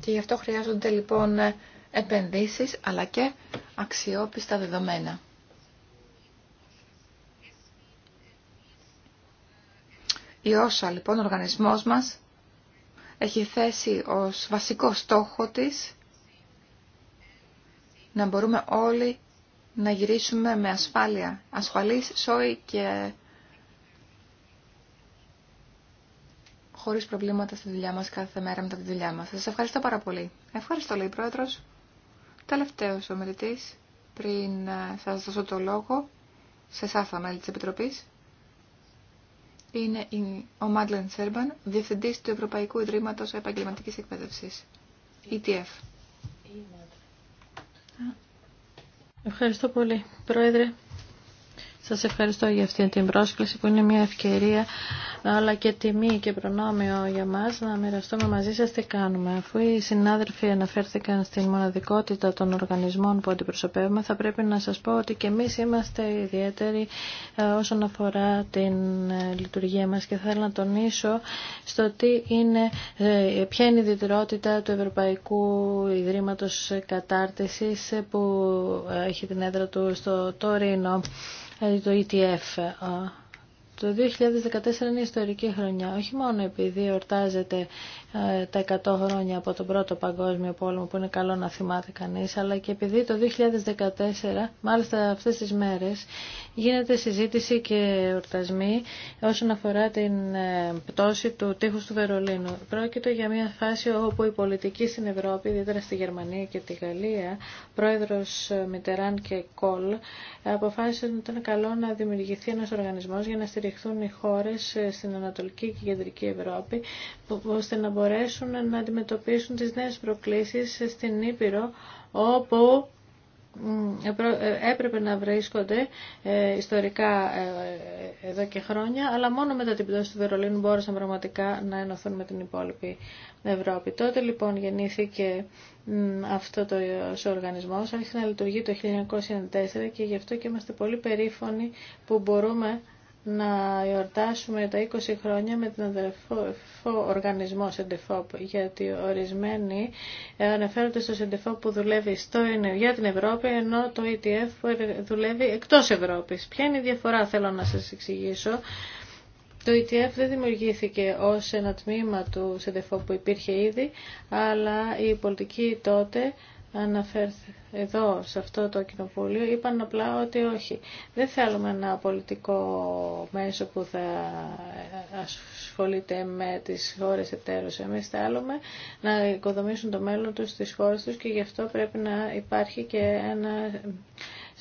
Και γι' αυτό χρειάζονται λοιπόν ε, επενδύσεις αλλά και αξιόπιστα δεδομένα. Η όσα λοιπόν ο οργανισμός μας έχει θέσει ως βασικό στόχο της να μπορούμε όλοι να γυρίσουμε με ασφάλεια, ασφαλής σώη και χωρίς προβλήματα στη δουλειά μας κάθε μέρα μετά τη δουλειά μας. Σας ευχαριστώ πάρα πολύ. Ευχαριστώ λέει η Πρόεδρος. Τελευταίος ο πριν πριν ε, σας δώσω το λόγο, σε εσάς τα μέλη της Επιτροπής, είναι ο Μάντλεν Σέρμπαν, Διευθυντής του Ευρωπαϊκού Ιδρύματος Επαγγελματικής Εκπαίδευσης, ETF. Ευχαριστώ πολύ, Πρόεδρε. Σας ευχαριστώ για αυτή την πρόσκληση που είναι μια ευκαιρία αλλά και τιμή και προνόμιο για μας να μοιραστούμε μαζί σας τι κάνουμε. Αφού οι συνάδελφοι αναφέρθηκαν στην μοναδικότητα των οργανισμών που αντιπροσωπεύουμε θα πρέπει να σας πω ότι και εμείς είμαστε ιδιαίτεροι ε, όσον αφορά την ε, λειτουργία μας και θέλω να τονίσω στο τι είναι, ε, ποια είναι η ιδιαιτερότητα του Ευρωπαϊκού Ιδρύματος Κατάρτισης που έχει την έδρα του στο Τωρίνο το ETF, το 2014 είναι ιστορική χρονιά, όχι μόνο επειδή εορτάζεται ε, τα 100 χρόνια από τον Πρώτο Παγκόσμιο Πόλεμο που είναι καλό να θυμάται κανείς, αλλά και επειδή το 2014, μάλιστα αυτές τις μέρες, γίνεται συζήτηση και εορτασμοί όσον αφορά την ε, πτώση του τείχους του Βερολίνου. Πρόκειται για μια φάση όπου η πολιτική στην Ευρώπη, ιδιαίτερα στη Γερμανία και τη Γαλλία, πρόεδρος ε, Μιτεράν και Κολ, αποφάσισαν ότι ήταν καλό να δημιουργηθεί ένας οργανισμός για να υποστηριχθούν οι χώρες ε, στην Ανατολική και Κεντρική Ευρώπη, ώστε να μπορέσουν να αντιμετωπίσουν τις νέες προκλήσεις στην Ήπειρο, όπου ε, ε, έπρεπε να βρίσκονται ε, ιστορικά ε, εδώ και χρόνια, αλλά μόνο μετά την πτώση του Βερολίνου μπόρεσαν πραγματικά να ενωθούν με την υπόλοιπη Ευρώπη. Τότε λοιπόν γεννήθηκε αυτό το ο οργανισμός, άρχισε να λειτουργεί το 1994 και γι' αυτό και είμαστε πολύ περήφανοι που μπορούμε να γιορτάσουμε τα 20 χρόνια με τον αδερφό οργανισμό Σεντεφόπ, γιατί ορισμένοι ε, αναφέρονται στο Σεντεφόπ που δουλεύει στο, για την Ευρώπη, ενώ το ETF που ε, δουλεύει εκτός Ευρώπης. Ποια είναι η διαφορά, θέλω να σας εξηγήσω. Το ETF δεν δημιουργήθηκε ως ένα τμήμα του ΣΕΝΤΕΦΟΠ που υπήρχε ήδη, αλλά η πολιτική τότε αναφέρθηκε εδώ σε αυτό το κοινοβούλιο είπαν απλά ότι όχι. Δεν θέλουμε ένα πολιτικό μέσο που θα ασχολείται με τις χώρες εταίρους. Εμείς θέλουμε να οικοδομήσουν το μέλλον τους στις χώρες τους και γι' αυτό πρέπει να υπάρχει και ένα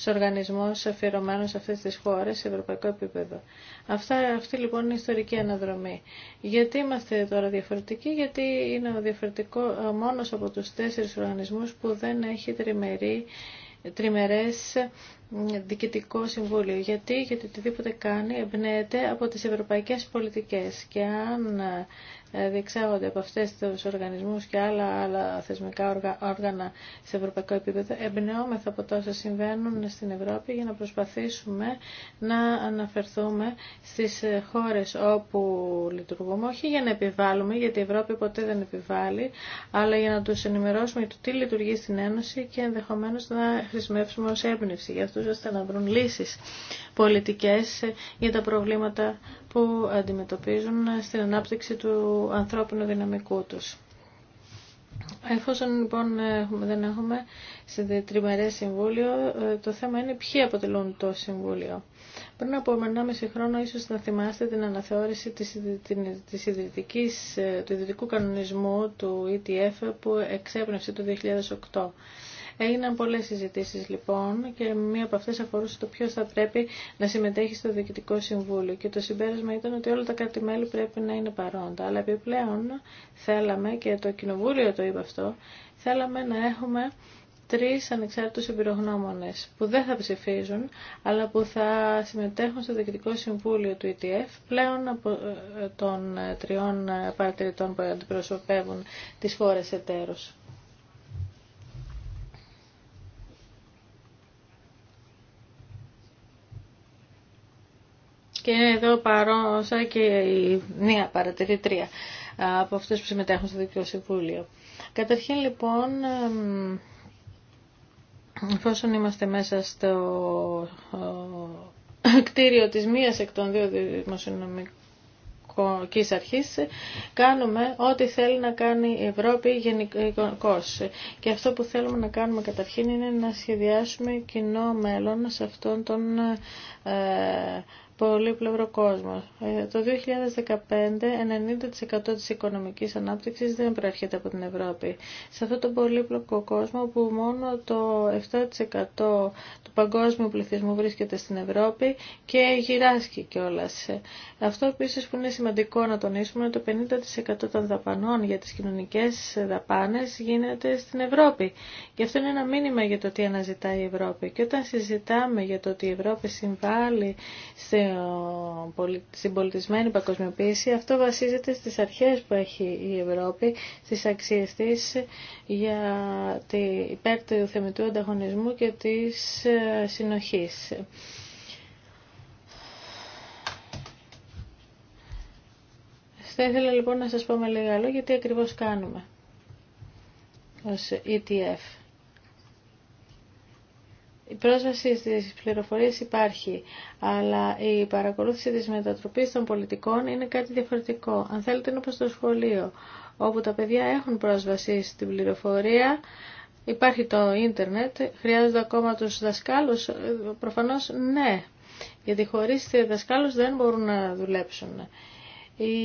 στους οργανισμούς αφιερωμένους σε αυτές τις χώρες σε ευρωπαϊκό επίπεδο. Αυτά, αυτή λοιπόν είναι η ιστορική αναδρομή. Γιατί είμαστε τώρα διαφορετικοί, γιατί είναι ο διαφορετικό μόνος από τους τέσσερις οργανισμούς που δεν έχει τριμερή τριμερές διοικητικό συμβούλιο. Γιατί, γιατί οτιδήποτε κάνει εμπνέεται από τις ευρωπαϊκές πολιτικές και αν διεξάγονται από αυτές τους οργανισμούς και άλλα, άλλα θεσμικά όργανα σε ευρωπαϊκό επίπεδο, εμπνεώμεθα από τόσα συμβαίνουν στην Ευρώπη για να προσπαθήσουμε να αναφερθούμε στις χώρες όπου λειτουργούμε, όχι για να επιβάλλουμε, γιατί η Ευρώπη ποτέ δεν επιβάλλει, αλλά για να τους ενημερώσουμε για το τι λειτουργεί στην Ένωση και ενδεχομένως να χρησιμεύσουμε ως έμπνευση για αυτούς ώστε να βρουν λύσεις πολιτικές για τα προβλήματα που αντιμετωπίζουν στην ανάπτυξη του του ανθρώπινου δυναμικού τους. Εφόσον λοιπόν δεν έχουμε σε τριμερέ συμβούλιο, ε, το θέμα είναι ποιοι αποτελούν το συμβούλιο. Πριν από 1,5 χρόνο ίσως να θυμάστε την αναθεώρηση της, της ε, του ιδρυτικού κανονισμού του ETF που εξέπνευσε το 2008. Έγιναν πολλέ συζητήσει λοιπόν και μία από αυτέ αφορούσε το ποιο θα πρέπει να συμμετέχει στο Διοικητικό Συμβούλιο και το συμπέρασμα ήταν ότι όλα τα κράτη-μέλη πρέπει να είναι παρόντα. Αλλά επιπλέον θέλαμε, και το Κοινοβούλιο το είπε αυτό, θέλαμε να έχουμε τρει ανεξάρτητου εμπειρογνώμονε που δεν θα ψηφίζουν αλλά που θα συμμετέχουν στο Διοικητικό Συμβούλιο του ETF πλέον από ε, των ε, τριών ε, παρατηρητών που αντιπροσωπεύουν τις χώρε εταίρου. Και είναι εδώ παρόσα και η νέα παρατηρητρία ε, από αυτούς που συμμετέχουν στο Δίκαιο Συμβούλιο. Καταρχήν λοιπόν, εφόσον είμαστε μέσα στο ε, κτίριο της μίας εκ των δύο δημοσιονομικών αρχής κάνουμε ό,τι θέλει να κάνει η Ευρώπη γενικώ. Και αυτό που θέλουμε να κάνουμε καταρχήν είναι να σχεδιάσουμε κοινό μέλλον σε αυτόν τον ε, πολύπλευρο κόσμο. Ε, το 2015, 90% της οικονομικής ανάπτυξης δεν προέρχεται από την Ευρώπη. Σε αυτό τον πολύπλοκο κόσμο που μόνο το 7% του παγκόσμιου πληθυσμού βρίσκεται στην Ευρώπη και γυράσκει κιόλα. Αυτό επίση που είναι σημαντικό να τονίσουμε είναι το 50% των δαπανών για τις κοινωνικές δαπάνες γίνεται στην Ευρώπη. Και αυτό είναι ένα μήνυμα για το τι αναζητάει η Ευρώπη. Και όταν συζητάμε για το ότι η Ευρώπη συμβάλλει στην στην πολιτισμένη παγκοσμιοποίηση, αυτό βασίζεται στις αρχές που έχει η Ευρώπη, στις αξίες της για τη, υπέρ του ανταγωνισμού και της ε, συνοχής. Θα ήθελα λοιπόν να σας πω με λίγα λόγια τι ακριβώς κάνουμε ως ETF. Η πρόσβαση στις πληροφορίες υπάρχει, αλλά η παρακολούθηση της μετατροπής των πολιτικών είναι κάτι διαφορετικό. Αν θέλετε είναι όπως το σχολείο, όπου τα παιδιά έχουν πρόσβαση στην πληροφορία, υπάρχει το ίντερνετ, χρειάζονται ακόμα τους δασκάλους, ε, προφανώς ναι, γιατί χωρίς δασκάλους δεν μπορούν να δουλέψουν η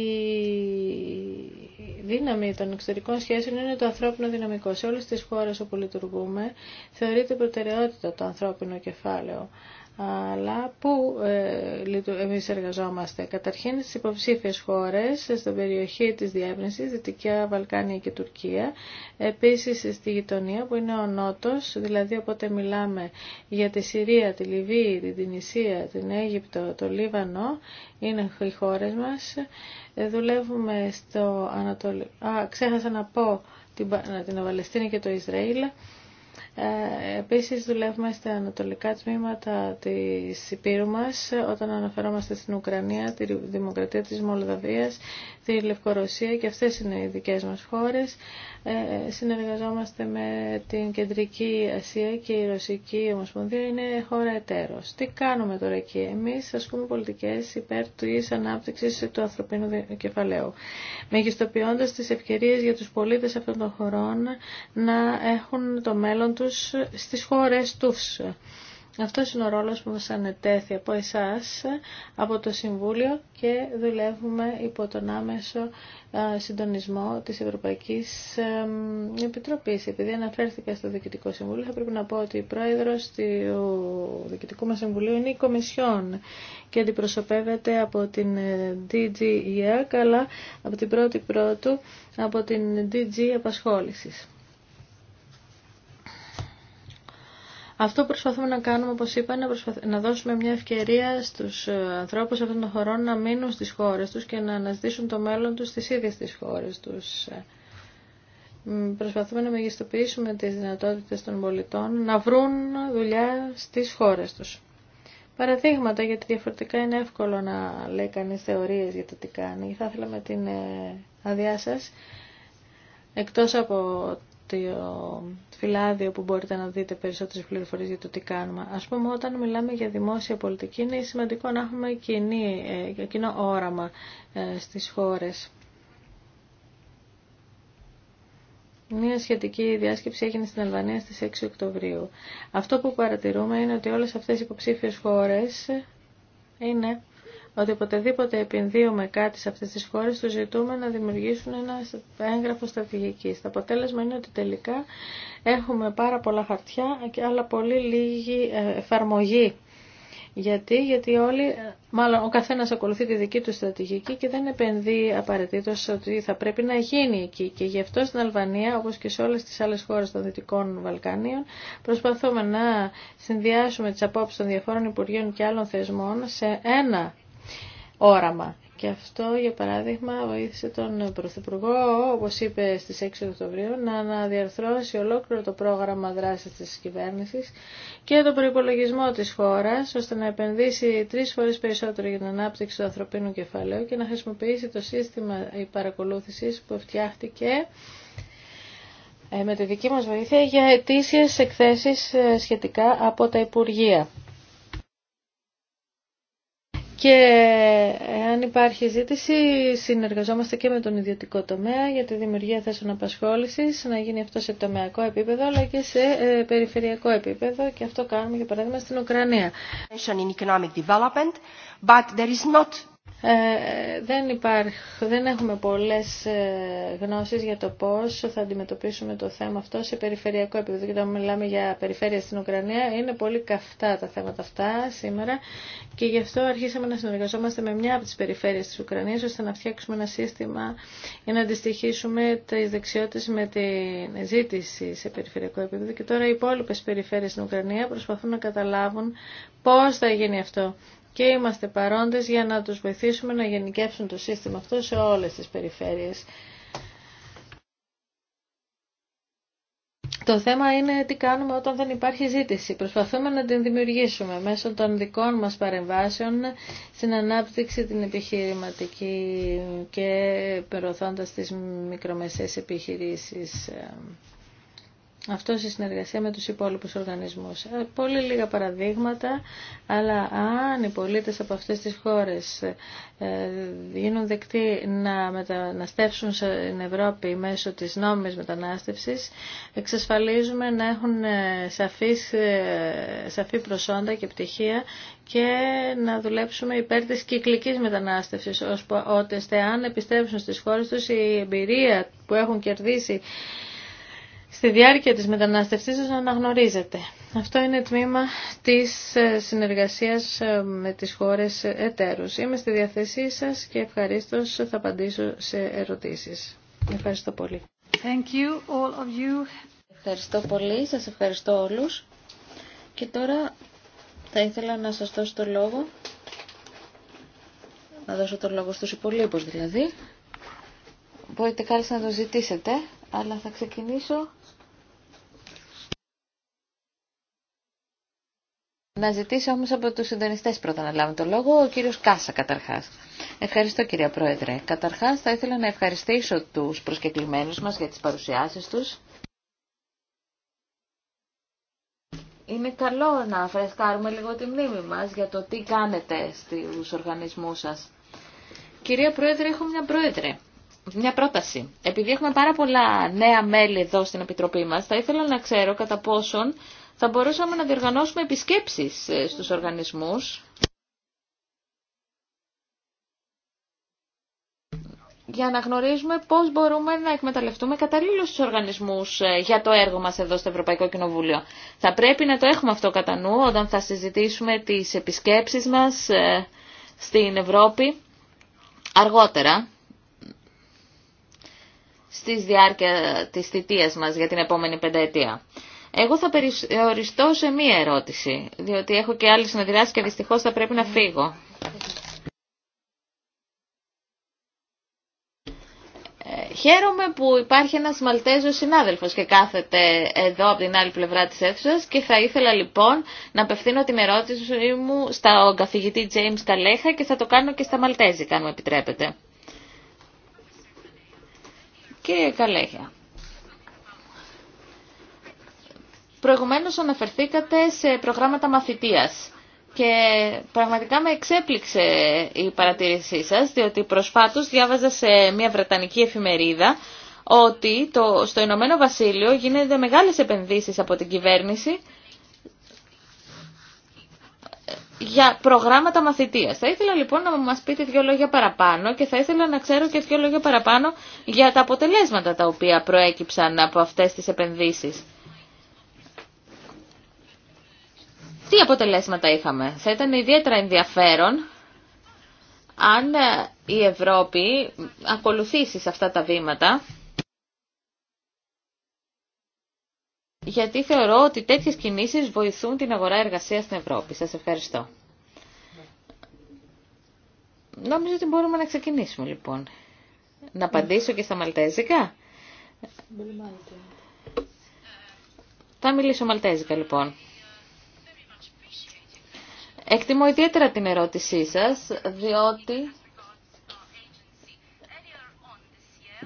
δύναμη των εξωτερικών σχέσεων είναι το ανθρώπινο δυναμικό. Σε όλες τις χώρες όπου λειτουργούμε θεωρείται προτεραιότητα το ανθρώπινο κεφάλαιο αλλά πού ε, εμείς εργαζόμαστε. Καταρχήν στις υποψήφιες χώρες, στην περιοχή της διεύρυνσης, Δυτικά Βαλκάνια και Τουρκία, επίσης στη γειτονία που είναι ο Νότος, δηλαδή οπότε μιλάμε για τη Συρία, τη Λιβύη, την Τινησία, την Αίγυπτο, το Λίβανο, είναι οι χώρες μας. Ε, δουλεύουμε στο Ανατολικό, ξέχασα να πω την, την και το Ισραήλ. Ε, επίσης δουλεύουμε στα ανατολικά τμήματα της Υπήρου μας όταν αναφερόμαστε στην Ουκρανία, τη Δημοκρατία της Μολδαβίας, τη Λευκορωσία και αυτές είναι οι δικές μας χώρες. Ε, συνεργαζόμαστε με την Κεντρική Ασία και η Ρωσική Ομοσπονδία είναι χώρα εταίρος. Τι κάνουμε τώρα εκεί εμείς, ασκούμε πολιτικές υπέρ της ανάπτυξης του ανθρωπίνου κεφαλαίου, μεγιστοποιώντας τις ευκαιρίες για τους πολίτες αυτών των χωρών να έχουν το μέλλον τους τους στις χώρες τους. Αυτό είναι ο ρόλος που μας ανετέθη από εσάς, από το Συμβούλιο και δουλεύουμε υπό τον άμεσο συντονισμό της Ευρωπαϊκής Επιτροπής. Επειδή αναφέρθηκα στο Διοικητικό Συμβούλιο, θα πρέπει να πω ότι η πρόεδρος του Διοικητικού μας Συμβουλίου είναι η Κομισιόν και αντιπροσωπεύεται από την DG ε, αλλά από την πρώτη πρώτου από την DG Απασχόλησης. Αυτό που προσπαθούμε να κάνουμε, όπως είπα, είναι να δώσουμε μια ευκαιρία στους ε, ανθρώπους αυτών των χωρών να μείνουν στις χώρες τους και να αναζητήσουν το μέλλον τους στις ίδιες τις χώρες τους. Ε, προσπαθούμε να μεγιστοποιήσουμε τις δυνατότητες των πολιτών να βρουν δουλειά στις χώρες τους. Παραδείγματα, γιατί διαφορετικά είναι εύκολο να λέει κανείς θεωρίες για το τι κάνει. Θα ήθελα με την αδειά ε, σας, εκτός από το φυλάδιο που μπορείτε να δείτε περισσότερες πληροφορίες για το τι κάνουμε. Ας πούμε όταν μιλάμε για δημόσια πολιτική είναι σημαντικό να έχουμε κοινή, ε, κοινό όραμα ε, στις χώρες. Μία σχετική διάσκεψη έγινε στην Αλβανία στις 6 Οκτωβρίου. Αυτό που παρατηρούμε είναι ότι όλες αυτές οι υποψήφιες χώρες είναι ότι οποτεδήποτε επενδύουμε κάτι σε αυτές τις χώρες, τους ζητούμε να δημιουργήσουν ένα έγγραφο στρατηγική. Το αποτέλεσμα είναι ότι τελικά έχουμε πάρα πολλά χαρτιά, αλλά πολύ λίγη ε, εφαρμογή. Γιατί, γιατί όλοι, ε, μάλλον ο καθένα ακολουθεί τη δική του στρατηγική και δεν επενδύει απαραίτητο ότι θα πρέπει να γίνει εκεί. Και γι' αυτό στην Αλβανία, όπω και σε όλε τι άλλε χώρε των Δυτικών Βαλκάνιων, προσπαθούμε να συνδυάσουμε τι απόψει των διαφόρων Υπουργείων και άλλων θεσμών σε ένα όραμα. Και αυτό, για παράδειγμα, βοήθησε τον Πρωθυπουργό, όπως είπε στις 6 Οκτωβρίου, να αναδιαρθρώσει ολόκληρο το πρόγραμμα δράσης της κυβέρνησης και τον προϋπολογισμό της χώρας, ώστε να επενδύσει τρεις φορές περισσότερο για την ανάπτυξη του ανθρωπίνου κεφαλαίου και να χρησιμοποιήσει το σύστημα παρακολούθησης που φτιάχτηκε ε, με τη δική μας βοήθεια για αιτήσιες εκθέσεις ε, σχετικά από τα Υπουργεία. Και αν υπάρχει ζήτηση, συνεργαζόμαστε και με τον ιδιωτικό τομέα για τη δημιουργία θέσεων απασχόλησης, να γίνει αυτό σε τομεακό επίπεδο αλλά και σε ε, περιφερειακό επίπεδο και αυτό κάνουμε για παράδειγμα στην Ουκρανία. Ε, δεν, δεν έχουμε πολλές ε, γνώσεις για το πώς θα αντιμετωπίσουμε το θέμα αυτό σε περιφερειακό επίπεδο. Και όταν μιλάμε για περιφέρεια στην Ουκρανία, είναι πολύ καυτά τα θέματα αυτά σήμερα και γι' αυτό αρχίσαμε να συνεργαζόμαστε με μια από τις περιφέρειες της Ουκρανίας ώστε να φτιάξουμε ένα σύστημα για να αντιστοιχίσουμε τις δεξιότητες με τη ζήτηση σε περιφερειακό επίπεδο. Και τώρα οι υπόλοιπε περιφέρειες στην Ουκρανία προσπαθούν να καταλάβουν πώς θα γίνει αυτό και είμαστε παρόντες για να τους βοηθήσουμε να γενικεύσουν το σύστημα αυτό σε όλες τις περιφέρειες. Το θέμα είναι τι κάνουμε όταν δεν υπάρχει ζήτηση. Προσπαθούμε να την δημιουργήσουμε μέσω των δικών μας παρεμβάσεων στην ανάπτυξη την επιχειρηματική και περωθώντας τις μικρομεσαίες επιχειρήσεις. Αυτό σε συνεργασία με τους υπόλοιπους οργανισμούς. Ε, πολύ λίγα παραδείγματα, αλλά αν οι πολίτες από αυτές τις χώρες ε, γίνουν δεκτοί να μεταναστεύσουν στην Ευρώπη μέσω της νόμιμης μετανάστευσης, εξασφαλίζουμε να έχουν ε, σαφής, σαφή προσόντα και πτυχία και να δουλέψουμε υπέρ της κυκλικής μετανάστευσης, ώστε αν επιστρέψουν στις χώρες τους η εμπειρία που έχουν κερδίσει στη διάρκεια της μετανάστευσής σας να αναγνωρίζετε. Αυτό είναι τμήμα της ε, συνεργασίας ε, με τις χώρες εταίρους. Είμαι στη διαθέσή σας και ευχαρίστως θα απαντήσω σε ερωτήσεις. Ευχαριστώ πολύ. Thank all of you. Ευχαριστώ πολύ, σας ευχαριστώ όλους. Και τώρα θα ήθελα να σας δώσω το λόγο, να δώσω το λόγο στους υπολείπους δηλαδή, μπορείτε κάλλιστα να το ζητήσετε, αλλά θα ξεκινήσω Να ζητήσω όμως από τους συντονιστές πρώτα να λάβουν το λόγο, ο κύριος Κάσα καταρχάς. Ευχαριστώ κυρία Πρόεδρε. Καταρχάς θα ήθελα να ευχαριστήσω τους προσκεκλημένους μας για τις παρουσιάσεις τους. Είναι καλό να φρεσκάρουμε λίγο τη μνήμη μας για το τι κάνετε στους οργανισμούς σας. Κυρία Πρόεδρε, έχω μια πρόεδρε μια πρόταση. Επειδή έχουμε πάρα πολλά νέα μέλη εδώ στην Επιτροπή μας, θα ήθελα να ξέρω κατά πόσον θα μπορούσαμε να διοργανώσουμε επισκέψεις ε, στους οργανισμούς για να γνωρίζουμε πώς μπορούμε να εκμεταλλευτούμε καταλήλως τους οργανισμούς ε, για το έργο μας εδώ στο Ευρωπαϊκό Κοινοβούλιο. Θα πρέπει να το έχουμε αυτό κατά νου όταν θα συζητήσουμε τις επισκέψεις μας ε, στην Ευρώπη αργότερα στη διάρκεια τη θητείας μας για την επόμενη πενταετία. Εγώ θα περιοριστώ σε μία ερώτηση, διότι έχω και άλλη συνεδριάσει και δυστυχώς θα πρέπει να φύγω. Ε, χαίρομαι που υπάρχει ένας Μαλτέζος συνάδελφος και κάθεται εδώ από την άλλη πλευρά της αίθουσας και θα ήθελα λοιπόν να απευθύνω την ερώτηση μου στον καθηγητή James Καλέχα και θα το κάνω και στα Μαλτέζικα αν μου επιτρέπετε. Κύριε Καλέγια, προηγουμένως αναφερθήκατε σε προγράμματα μαθητείας και πραγματικά με εξέπληξε η παρατήρησή σας, διότι προσφάτως διάβαζα σε μια Βρετανική εφημερίδα ότι το, στο Ηνωμένο Βασίλειο γίνονται μεγάλες επενδύσεις από την κυβέρνηση για προγράμματα μαθητείας. Θα ήθελα λοιπόν να μας πείτε δύο λόγια παραπάνω και θα ήθελα να ξέρω και δύο λόγια παραπάνω για τα αποτελέσματα τα οποία προέκυψαν από αυτές τις επενδύσεις. Τι αποτελέσματα είχαμε. Θα ήταν ιδιαίτερα ενδιαφέρον αν η Ευρώπη ακολουθήσει σε αυτά τα βήματα γιατί θεωρώ ότι τέτοιες κινήσεις βοηθούν την αγορά εργασίας στην Ευρώπη. Σας ευχαριστώ. Νομίζω ότι μπορούμε να ξεκινήσουμε λοιπόν. Να απαντήσω και στα μαλτέζικα. Θα μιλήσω μαλτέζικα λοιπόν. Εκτιμώ ιδιαίτερα την ερώτησή σας, διότι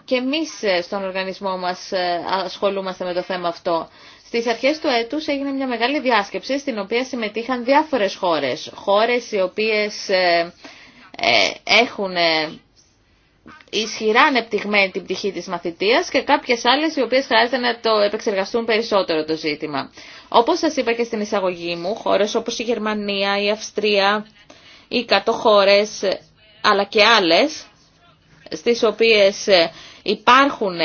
και εμείς στον οργανισμό μας ε, ασχολούμαστε με το θέμα αυτό. Στις αρχές του έτους έγινε μια μεγάλη διάσκεψη στην οποία συμμετείχαν διάφορες χώρες. Χώρες οι οποίες ε, ε, έχουν ε, ισχυρά ανεπτυγμένη την πτυχή της μαθητείας και κάποιες άλλες οι οποίες χρειάζεται να το επεξεργαστούν περισσότερο το ζήτημα. Όπως σας είπα και στην εισαγωγή μου, χώρες όπως η Γερμανία, η Αυστρία, οι κάτω αλλά και άλλες, στις οποίες υπάρχουν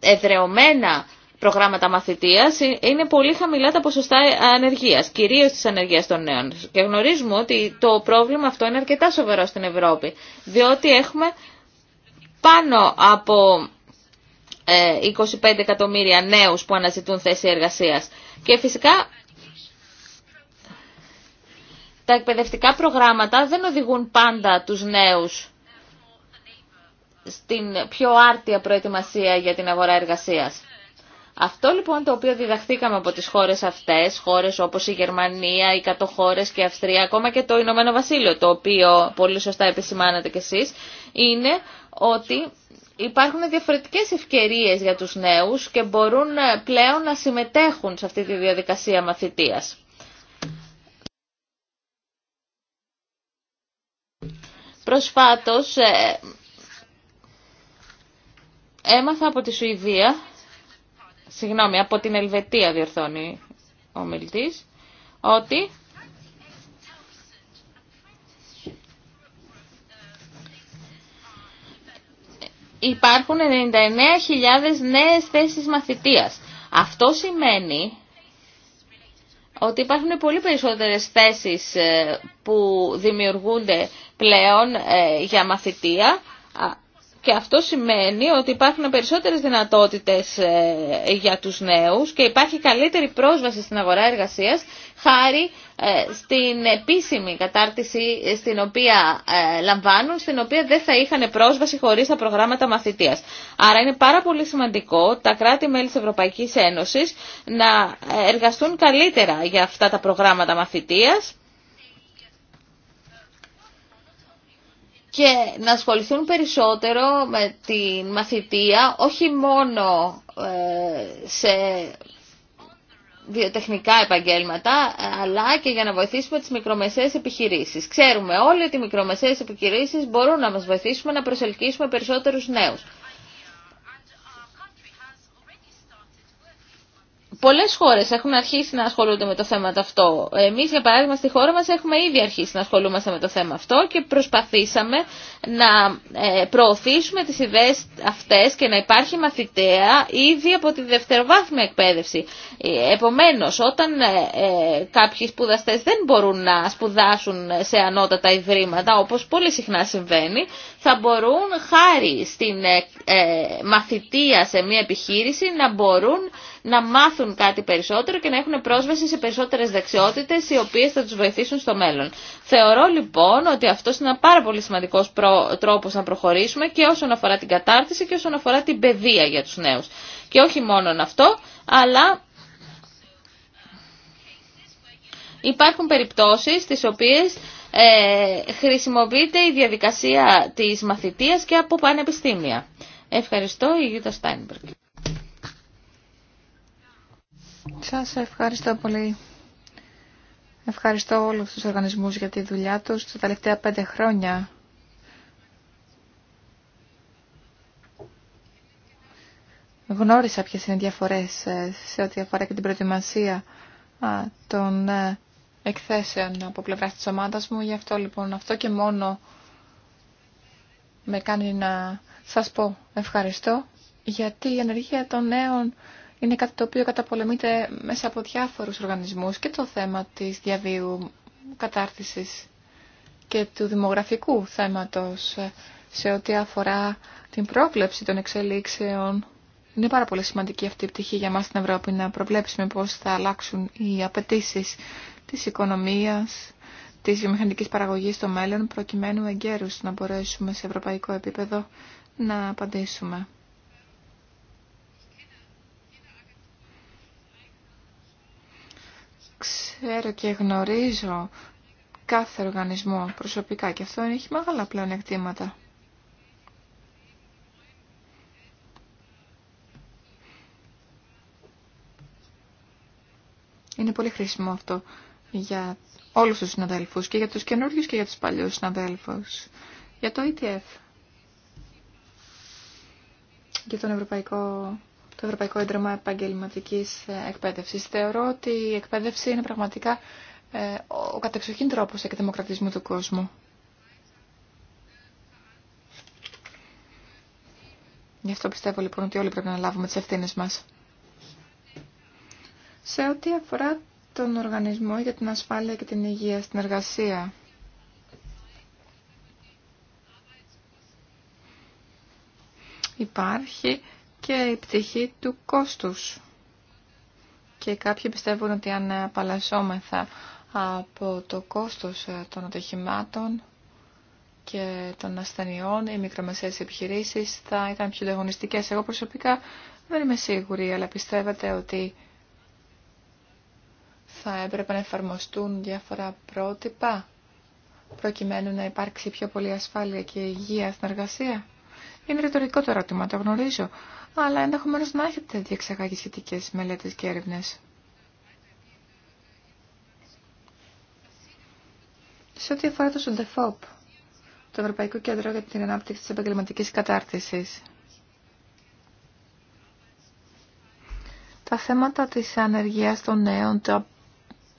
εδρεωμένα προγράμματα μαθητείας ε, είναι πολύ χαμηλά τα ποσοστά ε, ανεργία, κυρίως της ανεργία των νέων. Και γνωρίζουμε ότι το πρόβλημα αυτό είναι αρκετά σοβαρό στην Ευρώπη, διότι έχουμε πάνω από 25 ε, εκατομμύρια νέους που αναζητούν θέση εργασίας. Και φυσικά τα εκπαιδευτικά προγράμματα δεν οδηγούν πάντα τους νέους στην πιο άρτια προετοιμασία για την αγορά εργασίας. Αυτό λοιπόν το οποίο διδαχθήκαμε από τις χώρες αυτές, χώρες όπως η Γερμανία, οι κατοχώρες και η Αυστρία, ακόμα και το Ηνωμένο Βασίλειο, το οποίο πολύ σωστά επισημάνατε κι εσείς, είναι ότι υπάρχουν διαφορετικές ευκαιρίες για τους νέους και μπορούν ε, πλέον να συμμετέχουν σε αυτή τη διαδικασία μαθητείας. Προσφάτως ε, έμαθα από τη Σουηδία συγγνώμη, από την Ελβετία διορθώνει ο ότι υπάρχουν 99.000 νέες θέσεις μαθητείας. Αυτό σημαίνει ότι υπάρχουν πολύ περισσότερες θέσεις ε, που δημιουργούνται πλέον ε, για μαθητεία και αυτό σημαίνει ότι υπάρχουν περισσότερες δυνατότητες ε, για τους νέους και υπάρχει καλύτερη πρόσβαση στην αγορά εργασίας χάρη ε, στην επίσημη κατάρτιση στην οποία ε, λαμβάνουν, στην οποία δεν θα είχαν πρόσβαση χωρίς τα προγράμματα μαθητείας. Άρα είναι πάρα πολύ σημαντικό τα κράτη-μέλη της Ευρωπαϊκής Ένωσης να εργαστούν καλύτερα για αυτά τα προγράμματα μαθητείας και να ασχοληθούν περισσότερο με τη μαθητεία, όχι μόνο ε, σε βιοτεχνικά επαγγέλματα, αλλά και για να βοηθήσουμε τις μικρομεσαίες επιχειρήσεις. Ξέρουμε όλοι ότι οι μικρομεσαίες επιχειρήσεις μπορούν να μας βοηθήσουν να προσελκύσουμε περισσότερους νέους. Πολλές χώρες έχουν αρχίσει να ασχολούνται με το θέμα αυτό. Εμείς, για παράδειγμα, στη χώρα μας έχουμε ήδη αρχίσει να ασχολούμαστε με το θέμα αυτό και προσπαθήσαμε να ε, προωθήσουμε τις ιδέες αυτές και να υπάρχει μαθητέα ήδη από τη δευτεροβάθμια εκπαίδευση. Ε, επομένως, όταν ε, κάποιοι σπουδαστές δεν μπορούν να σπουδάσουν σε ανώτατα ιδρύματα, όπως πολύ συχνά συμβαίνει, θα μπορούν χάρη στην μαθητεία σε μια επιχείρηση να μπορούν να μάθουν κάτι περισσότερο και να έχουν πρόσβαση σε περισσότερες δεξιότητες οι οποίες θα τους βοηθήσουν στο μέλλον. Θεωρώ λοιπόν ότι αυτό είναι ένα πάρα πολύ σημαντικός τρόπος να προχωρήσουμε και όσον αφορά την κατάρτιση και όσον αφορά την παιδεία για τους νέους. Και όχι μόνο αυτό, αλλά υπάρχουν περιπτώσεις στις οποίες ε, χρησιμοποιείται η διαδικασία της μαθητείας και από πανεπιστήμια. Ευχαριστώ, η Γιούτα Στάινμπεργκ. Σας ευχαριστώ πολύ. Ευχαριστώ όλους τους οργανισμούς για τη δουλειά τους τα τελευταία πέντε χρόνια. Γνώρισα ποιες είναι οι διαφορές ε, σε ό,τι αφορά και την προετοιμασία των ε, εκθέσεων από πλευράς της ομάδας μου. Γι' αυτό λοιπόν αυτό και μόνο με κάνει να σας πω ευχαριστώ γιατί η ενεργεία των νέων είναι κάτι το οποίο καταπολεμείται μέσα από διάφορους οργανισμούς και το θέμα της διαβίου κατάρτισης και του δημογραφικού θέματος σε ό,τι αφορά την πρόβλεψη των εξελίξεων. Είναι πάρα πολύ σημαντική αυτή η πτυχή για μας στην Ευρώπη να προβλέψουμε πώς θα αλλάξουν οι απαιτήσει της οικονομίας, της βιομηχανική παραγωγής στο μέλλον, προκειμένου εγκαίρους να μπορέσουμε σε ευρωπαϊκό επίπεδο να απαντήσουμε. ξέρω και γνωρίζω κάθε οργανισμό προσωπικά και αυτό έχει μεγάλα πλεονεκτήματα. Είναι πολύ χρήσιμο αυτό για όλους τους συναδέλφους και για τους καινούργιους και για τους παλιούς συναδέλφους. Για το ETF. Για τον Ευρωπαϊκό το Ευρωπαϊκό Ίδρυμα Επαγγελματική ε, Εκπαίδευση. Θεωρώ ότι η εκπαίδευση είναι πραγματικά ε, ο κατεξοχήν τρόπο εκδημοκρατισμού του κόσμου. Γι' αυτό πιστεύω λοιπόν ότι όλοι πρέπει να λάβουμε τι ευθύνε μα. Σε ό,τι αφορά τον οργανισμό για την ασφάλεια και την υγεία στην εργασία. Υπάρχει και η πτυχή του κόστους. Και κάποιοι πιστεύουν ότι αν απαλλασσόμεθα από το κόστος των ατυχημάτων και των ασθενειών, οι μικρομεσαίες επιχειρήσεις θα ήταν πιο ανταγωνιστικές. Εγώ προσωπικά δεν είμαι σίγουρη, αλλά πιστεύετε ότι θα έπρεπε να εφαρμοστούν διάφορα πρότυπα προκειμένου να υπάρξει πιο πολύ ασφάλεια και υγεία στην εργασία. Είναι ρητορικό το ερώτημα, το γνωρίζω, αλλά ενδεχομένως να έχετε διεξαγάγει σχετικές μελέτες και έρευνες. Σε ό,τι αφορά το ΣΟΝΤΕΦΟΠ, το Ευρωπαϊκό Κέντρο για την Ανάπτυξη της Επαγγελματικής Κατάρτισης, τα θέματα της ανεργίας των νέων, τα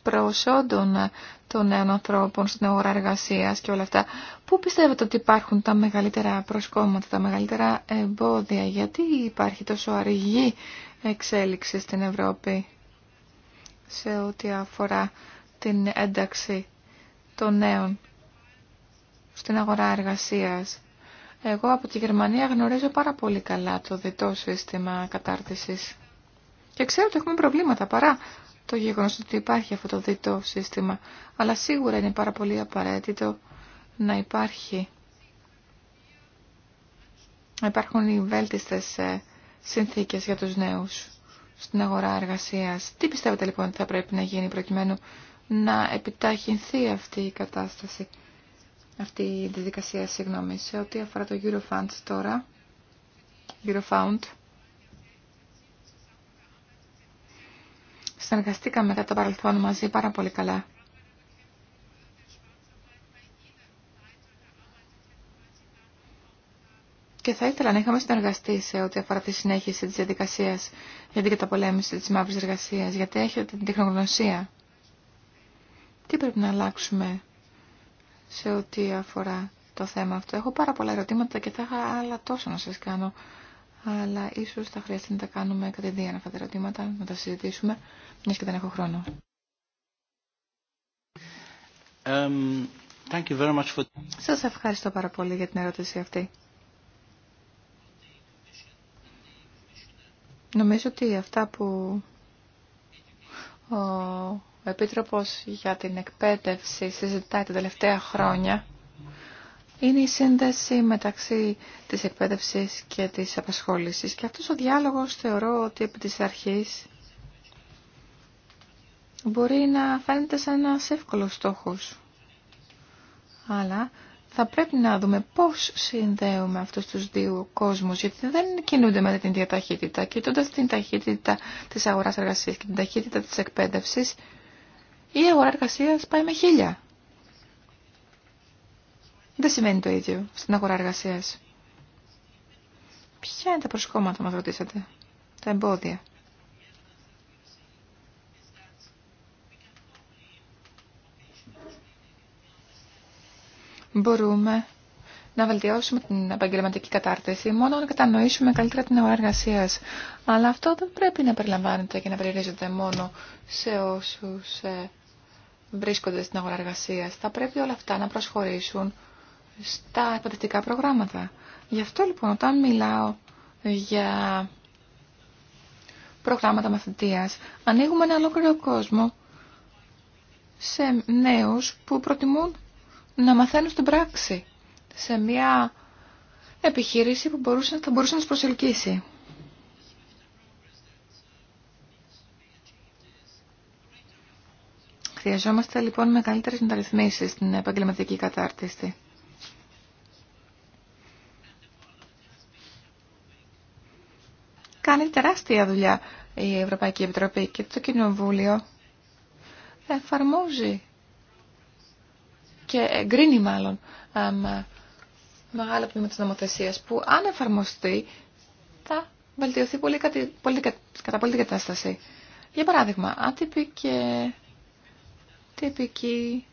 προσόντων των νέων ανθρώπων στην αγορά εργασία και όλα αυτά. Πού πιστεύετε ότι υπάρχουν τα μεγαλύτερα προσκόμματα, τα μεγαλύτερα εμπόδια, γιατί υπάρχει τόσο αργή εξέλιξη στην Ευρώπη σε ό,τι αφορά την ένταξη των νέων στην αγορά εργασίας. Εγώ από τη Γερμανία γνωρίζω πάρα πολύ καλά το διτό σύστημα κατάρτισης. Και ξέρω ότι έχουμε προβλήματα παρά το γεγονός ότι υπάρχει αυτό το διτό σύστημα. Αλλά σίγουρα είναι πάρα πολύ απαραίτητο να υπάρχει υπάρχουν οι βέλτιστες ε, συνθήκες για τους νέους στην αγορά εργασίας. Τι πιστεύετε λοιπόν ότι θα πρέπει να γίνει προκειμένου να επιταχυνθεί αυτή η κατάσταση, αυτή η διαδικασία, συγγνώμη, σε ό,τι αφορά το Eurofund τώρα, Eurofound. Συνεργαστήκαμε κατά το παρελθόν μαζί πάρα πολύ καλά. Και θα ήθελα να είχαμε συνεργαστεί σε ό,τι αφορά τη συνέχιση της διαδικασία για την καταπολέμηση της μαύρης εργασίας, γιατί έχετε την τεχνογνωσία. Τι πρέπει να αλλάξουμε σε ό,τι αφορά το θέμα αυτό. Έχω πάρα πολλά ερωτήματα και θα είχα άλλα τόσο να σας κάνω αλλά ίσως θα χρειαστεί να τα κάνουμε κατηδίαν αυτά τα ερωτήματα, να τα συζητήσουμε, μια και δεν έχω χρόνο. Um, for... Σας ευχαριστώ πάρα πολύ για την ερώτηση αυτή. Νομίζω ότι αυτά που ο Επίτροπος για την εκπαίδευση συζητάει τα τελευταία χρόνια είναι η σύνδεση μεταξύ της εκπαίδευσης και της απασχόλησης. Και αυτός ο διάλογος θεωρώ ότι επί της αρχής μπορεί να φαίνεται σαν ένας εύκολος στόχος. Αλλά θα πρέπει να δούμε πώς συνδέουμε αυτούς τους δύο κόσμους, γιατί δεν κινούνται με την ίδια ταχύτητα. την ταχύτητα της αγοράς εργασίας και την ταχύτητα της εκπαίδευσης, η αγορά εργασίας πάει με χίλια δεν σημαίνει το ίδιο στην αγορά εργασία. Ποια είναι τα προσκόμματα, μα ρωτήσατε, τα εμπόδια. Μπορούμε να βελτιώσουμε την επαγγελματική κατάρτιση μόνο να κατανοήσουμε καλύτερα την αγορά εργασία. Αλλά αυτό δεν πρέπει να περιλαμβάνεται και να περιορίζεται μόνο σε όσου ε, βρίσκονται στην αγορά εργασία. Θα πρέπει όλα αυτά να προσχωρήσουν στα επαγγελματικά προγράμματα. Γι' αυτό λοιπόν όταν μιλάω για προγράμματα μαθητείας, ανοίγουμε ένα ολόκληρο κόσμο σε νέους που προτιμούν να μαθαίνουν στην πράξη, σε μια επιχείρηση που μπορούσε, θα μπορούσε να τους προσελκύσει. Χρειαζόμαστε λοιπόν μεγαλύτερες μεταρρυθμίσεις στην επαγγελματική κατάρτιση. κάνει τεράστια δουλειά η Ευρωπαϊκή Επιτροπή και το Κοινοβούλιο εφαρμόζει και εγκρίνει μάλλον μεγάλο τμήμα της νομοθεσίας που αν εφαρμοστεί θα βελτιωθεί πολύ, πολύ, κατά πολύ την κατάσταση. Για παράδειγμα, άτυπη και τυπική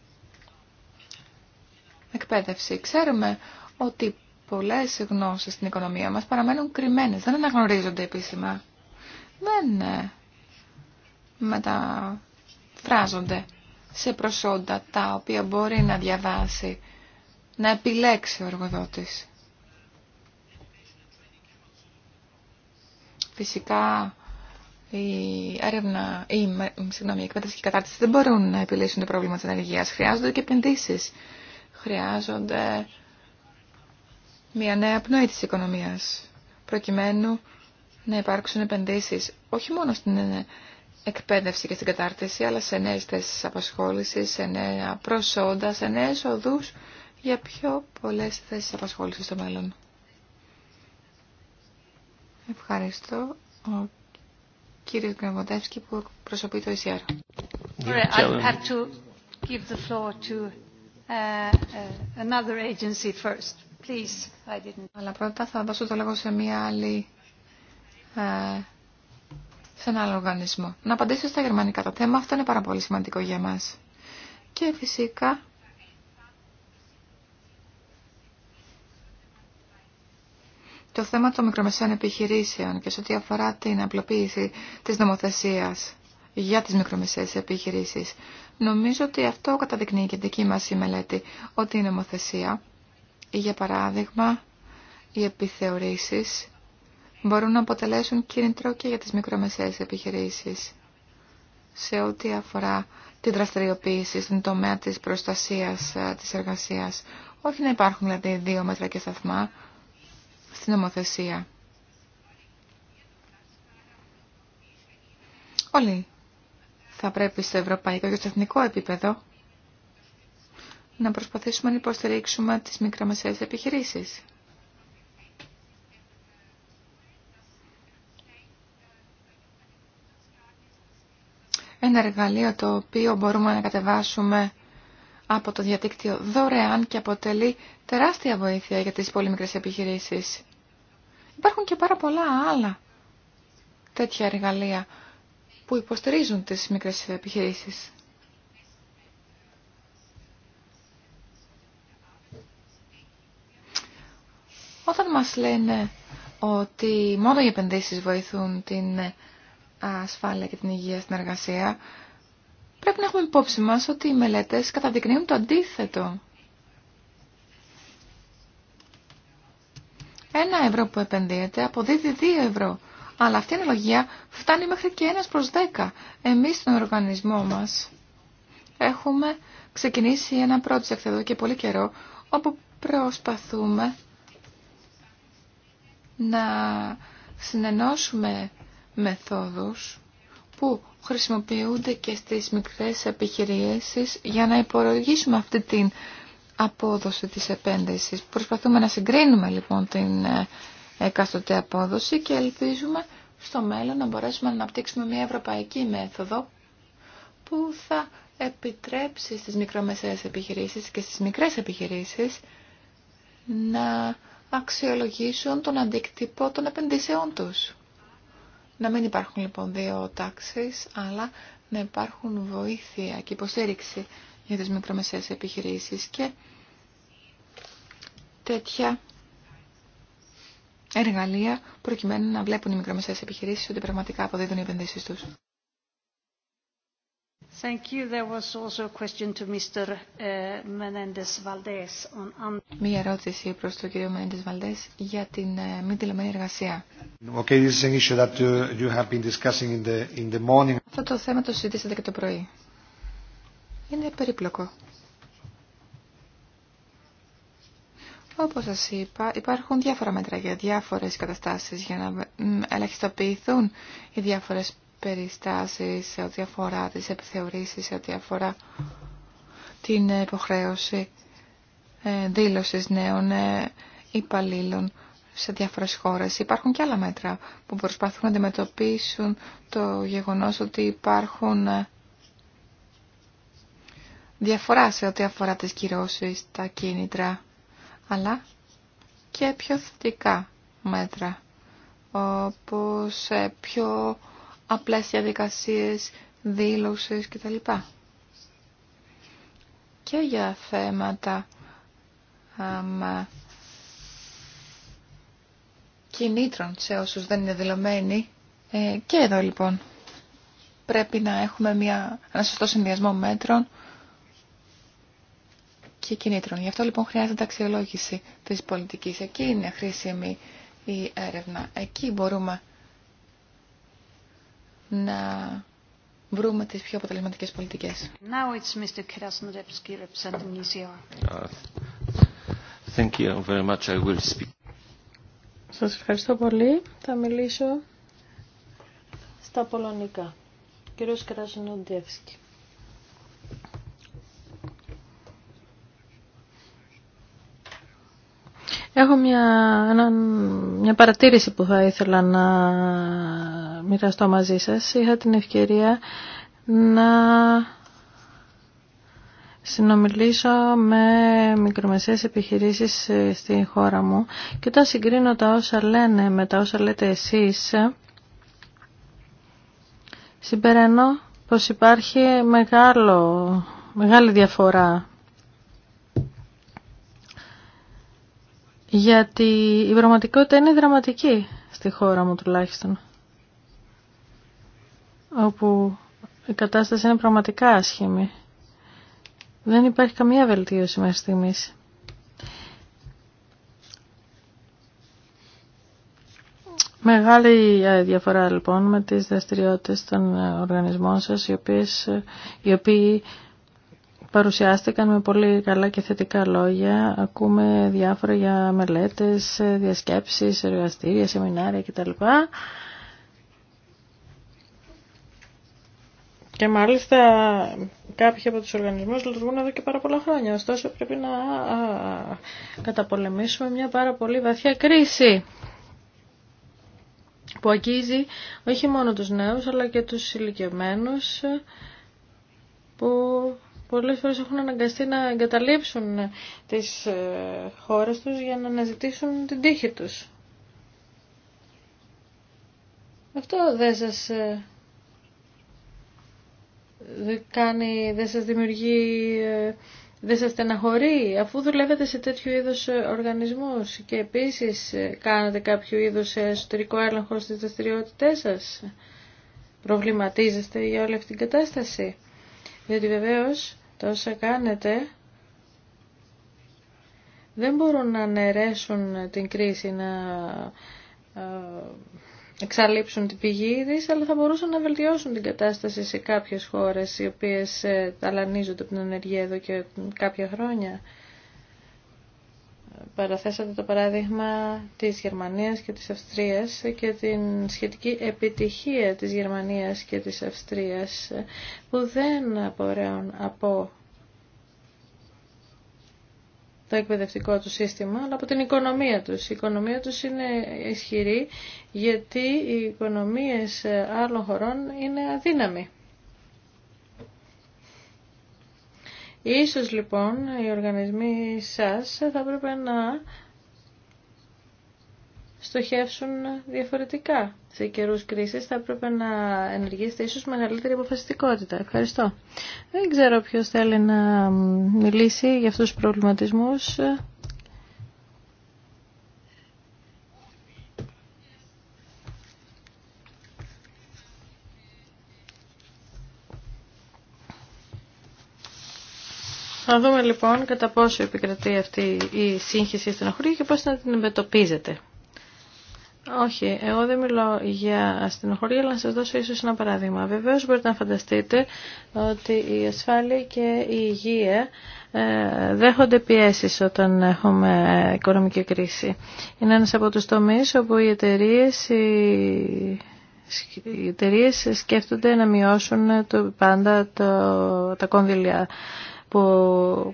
εκπαίδευση. Ξέρουμε ότι πολλές γνώσεις στην οικονομία μας παραμένουν κρυμμένες, δεν αναγνωρίζονται επίσημα. Δεν ε, μεταφράζονται σε προσόντα τα οποία μπορεί να διαβάσει, να επιλέξει ο εργοδότης. Φυσικά η έρευνα, η, συγγνώμη, η εκπαίδευση και η κατάρτιση δεν μπορούν να επιλύσουν το πρόβλημα της ενεργείας. Χρειάζονται και επενδύσεις. Χρειάζονται μια νέα πνοή της οικονομίας, προκειμένου να υπάρξουν επενδύσεις όχι μόνο στην εκπαίδευση και στην κατάρτιση, αλλά σε νέες θέσεις απασχόλησης, σε νέα προσόντα, σε νέες οδούς για πιο πολλές θέσεις απασχόλησης στο μέλλον. Ευχαριστώ. Ο κύριος που προσωπεί το to give the floor to uh, uh, another agency first. Αλλά πρώτα θα δώσω το λόγο σε άλλη... Ε, ένα άλλο οργανισμό. Να απαντήσω στα γερμανικά. Το θέμα αυτό είναι πάρα πολύ σημαντικό για μας. Και φυσικά... Το θέμα των μικρομεσαίων επιχειρήσεων και σε ό,τι αφορά την απλοποίηση της νομοθεσίας για τις μικρομεσαίες επιχειρήσεις. Νομίζω ότι αυτό καταδεικνύει και δική μας η μελέτη, ότι η νομοθεσία για παράδειγμα, οι επιθεωρήσεις μπορούν να αποτελέσουν κίνητρο και για τις μικρομεσαίες επιχειρήσεις σε ό,τι αφορά την δραστηριοποίηση στην τομέα της προστασίας ε, της εργασίας. Όχι να υπάρχουν δηλαδή δύο μέτρα και σταθμά στην νομοθεσία. Όλοι θα πρέπει στο ευρωπαϊκό και στο εθνικό επίπεδο να προσπαθήσουμε να υποστηρίξουμε τις μικρομεσαίες επιχειρήσεις. Ένα εργαλείο το οποίο μπορούμε να κατεβάσουμε από το διαδίκτυο δωρεάν και αποτελεί τεράστια βοήθεια για τις πολύ μικρές επιχειρήσεις. Υπάρχουν και πάρα πολλά άλλα τέτοια εργαλεία που υποστηρίζουν τις μικρές επιχειρήσεις. Όταν μας λένε ότι μόνο οι επενδύσεις βοηθούν την ασφάλεια και την υγεία στην εργασία, πρέπει να έχουμε υπόψη μας ότι οι μελέτες καταδεικνύουν το αντίθετο. Ένα ευρώ που επενδύεται αποδίδει δύο ευρώ. Αλλά αυτή η αναλογία φτάνει μέχρι και ένας προς δέκα. Εμείς στον οργανισμό μας έχουμε ξεκινήσει ένα project εδώ και πολύ καιρό, όπου προσπαθούμε να συνενώσουμε μεθόδους που χρησιμοποιούνται και στις μικρές επιχειρήσεις για να υπολογίσουμε αυτή την απόδοση της επένδυσης. Προσπαθούμε να συγκρίνουμε λοιπόν την ε, εκαστοτέ απόδοση και ελπίζουμε στο μέλλον να μπορέσουμε να αναπτύξουμε μια ευρωπαϊκή μέθοδο που θα επιτρέψει στις μικρομεσαίες επιχειρήσεις και στις μικρές επιχειρήσεις να αξιολογήσουν τον αντίκτυπο των επενδύσεών τους. Να μην υπάρχουν λοιπόν δύο τάξεις, αλλά να υπάρχουν βοήθεια και υποστήριξη για τις μικρομεσαίες επιχειρήσεις και τέτοια εργαλεία προκειμένου να βλέπουν οι μικρομεσαίες επιχειρήσεις ότι πραγματικά αποδίδουν οι επενδύσεις τους. Μία ερώτηση προς τον κύριο Μενέντες Βαλδές για την ε, μη τηλεμένη εργασία. Αυτό το θέμα το συζητήσατε και το πρωί. Είναι περίπλοκο. Όπως σας είπα, υπάρχουν διάφορα μέτρα για διάφορες καταστάσεις για να ελαχιστοποιηθούν οι διάφορες περιστάσεις σε ό,τι αφορά τις επιθεωρήσεις, σε ό,τι αφορά την υποχρέωση ε, δήλωσης νέων ε, υπαλλήλων σε διάφορες χώρες. Υπάρχουν και άλλα μέτρα που προσπαθούν να αντιμετωπίσουν το γεγονός ότι υπάρχουν ε, διαφορά σε ό,τι αφορά τις κυρώσεις, τα κίνητρα, αλλά και πιο θετικά μέτρα, όπως πιο απλές διαδικασίες δήλωσης κτλ. Και για θέματα κινήτρων σε όσους δεν είναι δηλωμένοι. Ε, και εδώ λοιπόν πρέπει να έχουμε μια, ένα σωστό συνδυασμό μέτρων και κινήτρων. Γι' αυτό λοιπόν χρειάζεται αξιολόγηση της πολιτικής. Εκεί είναι χρήσιμη η έρευνα. Εκεί μπορούμε να βρούμε τις πιο αποτελεσματικές πολιτικές. Now it's Mr. Krasnodebski representing ECR. Uh, thank you very much. I will speak. Σας ευχαριστώ πολύ. Θα μιλήσω στα πολωνικά. Κύριος Κρασνοντεύσκη. Έχω μια, ένα, μια παρατήρηση που θα ήθελα να μοιραστώ μαζί σας. Είχα την ευκαιρία να συνομιλήσω με μικρομεσαίες επιχειρήσεις ε, στη χώρα μου και όταν συγκρίνω τα όσα λένε με τα όσα λέτε εσείς, συμπεραίνω πως υπάρχει μεγάλο, μεγάλη διαφορά γιατί η πραγματικότητα είναι δραματική στη χώρα μου τουλάχιστον όπου η κατάσταση είναι πραγματικά άσχημη. Δεν υπάρχει καμία βελτίωση μέχρι στιγμής. Μεγάλη ε, διαφορά λοιπόν με τις δραστηριότητες των ε, οργανισμών σας, οι, οποίες, ε, οι οποίοι παρουσιάστηκαν με πολύ καλά και θετικά λόγια. Ακούμε διάφορα για μελέτες, διασκέψεις, εργαστήρια, σεμινάρια κτλ. Και μάλιστα κάποιοι από τους οργανισμούς λειτουργούν εδώ και πάρα πολλά χρόνια. Ωστόσο πρέπει να καταπολεμήσουμε μια πάρα πολύ βαθιά κρίση που αγγίζει όχι μόνο τους νέους αλλά και τους ηλικιωμένους που πολλές φορές έχουν αναγκαστεί να εγκαταλείψουν τις ε, χώρες τους για να αναζητήσουν την τύχη τους. Αυτό δεν σας ε, κάνει, δεν σας δημιουργεί, ε, δεν σας στεναχωρεί, αφού δουλεύετε σε τέτοιου είδους ε, οργανισμούς και επίσης ε, κάνετε κάποιο είδους εσωτερικό έλεγχο στις δραστηριότητε σας. Προβληματίζεστε για όλη αυτή την κατάσταση. Διότι βεβαίως τα όσα κάνετε δεν μπορούν να αναιρέσουν την κρίση, να εξαλείψουν την πηγή της, αλλά θα μπορούσαν να βελτιώσουν την κατάσταση σε κάποιες χώρες οι οποίες ε, ταλανίζονται από την ενεργεία εδώ και κάποια χρόνια. Παραθέσατε το παράδειγμα της Γερμανίας και της Αυστρίας και την σχετική επιτυχία της Γερμανίας και της Αυστρίας που δεν απορρέουν από το εκπαιδευτικό του σύστημα, αλλά από την οικονομία του. Η οικονομία τους είναι ισχυρή γιατί οι οικονομίες άλλων χωρών είναι αδύναμοι. Ίσως λοιπόν οι οργανισμοί σας θα πρέπει να στοχεύσουν διαφορετικά. Σε καιρού κρίση θα έπρεπε να ενεργήσετε ίσως μεγαλύτερη αποφασιστικότητα. Ευχαριστώ. Δεν ξέρω ποιο θέλει να μιλήσει για αυτούς τους προβληματισμούς. Θα δούμε λοιπόν κατά πόσο επικρατεί αυτή η σύγχυση στην οχυρία και πώς να την αντιμετωπίζετε. Όχι, εγώ δεν μιλώ για ασθενοχωρία, αλλά να σας δώσω ίσως ένα παράδειγμα. Βεβαίως μπορείτε να φανταστείτε ότι η ασφάλεια και η υγεία ε, δέχονται πιέσεις όταν έχουμε οικονομική κρίση. Είναι ένας από τους τομείς όπου οι εταιρείε. Οι εταιρείε σκέφτονται να μειώσουν το, πάντα το, τα κονδυλιά που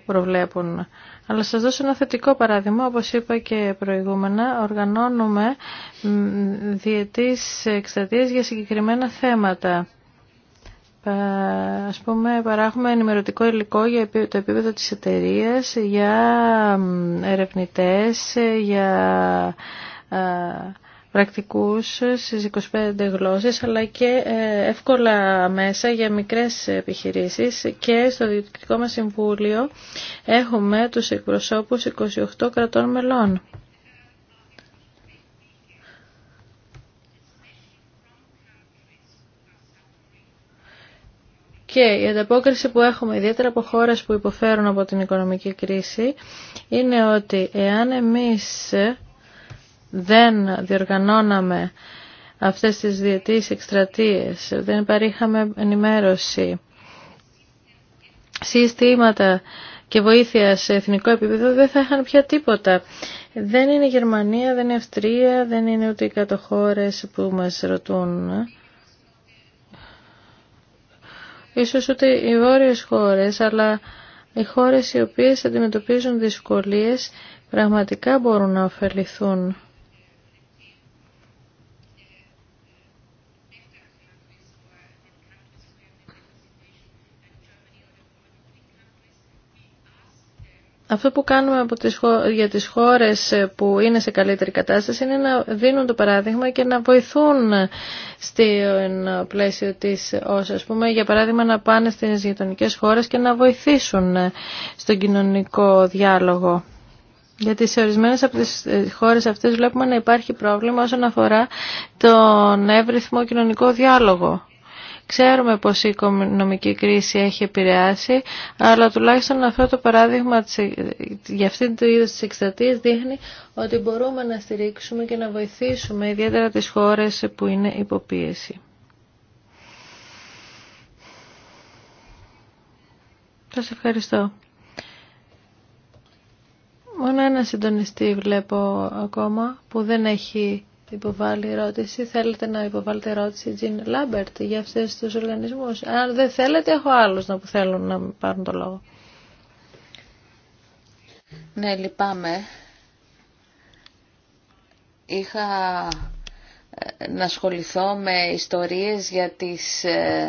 προβλέπουν. Αλλά σας δώσω ένα θετικό παράδειγμα, όπως είπα και προηγούμενα, οργανώνουμε διετής εκστατείες για συγκεκριμένα θέματα. Ας πούμε, παράγουμε ενημερωτικό υλικό για το επίπεδο της εταιρείας, για ερευνητές, για πρακτικούς στις 25 γλώσσες αλλά και ε, εύκολα μέσα για μικρές επιχειρήσεις και στο Διοικητικό μας Συμβούλιο έχουμε τους εκπροσώπους 28 κρατών μελών. Και η ανταπόκριση που έχουμε ιδιαίτερα από χώρες που υποφέρουν από την οικονομική κρίση είναι ότι εάν εμείς δεν διοργανώναμε αυτές τις διετήσεις εκστρατείε. δεν παρήχαμε ενημέρωση, συστήματα και βοήθεια σε εθνικό επίπεδο δεν θα είχαν πια τίποτα. Δεν είναι η Γερμανία, δεν είναι η Αυστρία, δεν είναι ούτε οι κατοχώρες που μας ρωτούν. Ίσως ούτε οι βόρειες χώρες, αλλά οι χώρες οι οποίες αντιμετωπίζουν δυσκολίες πραγματικά μπορούν να ωφεληθούν. αυτό που κάνουμε τις, για τις χώρες ε, που είναι σε καλύτερη κατάσταση είναι να δίνουν το παράδειγμα και να βοηθούν στην ε, πλαίσιο της όσα ας πούμε για παράδειγμα να πάνε στις γειτονικέ χώρες και να βοηθήσουν ε, στον κοινωνικό διάλογο. Γιατί σε ορισμένε από τις χώρες αυτές βλέπουμε να υπάρχει πρόβλημα όσον αφορά τον εύρυθμο κοινωνικό διάλογο. Ξέρουμε πως η οικονομική κρίση έχει επηρεάσει, αλλά τουλάχιστον αυτό το παράδειγμα για αυτή το είδο της εκστατείας δείχνει ότι μπορούμε να στηρίξουμε και να βοηθήσουμε ιδιαίτερα τις χώρες που είναι υποπίεση. Σας ευχαριστώ. Μόνο ένα συντονιστή βλέπω ακόμα που δεν έχει Υποβάλλει ερώτηση. Θέλετε να υποβάλλετε ερώτηση, Τζιν Λάμπερτ, για αυτέ του οργανισμούς. Αν δεν θέλετε, έχω άλλου να που θέλουν να πάρουν το λόγο. Ναι, λυπάμαι. Είχα ε, να ασχοληθώ με ιστορίες για, ε,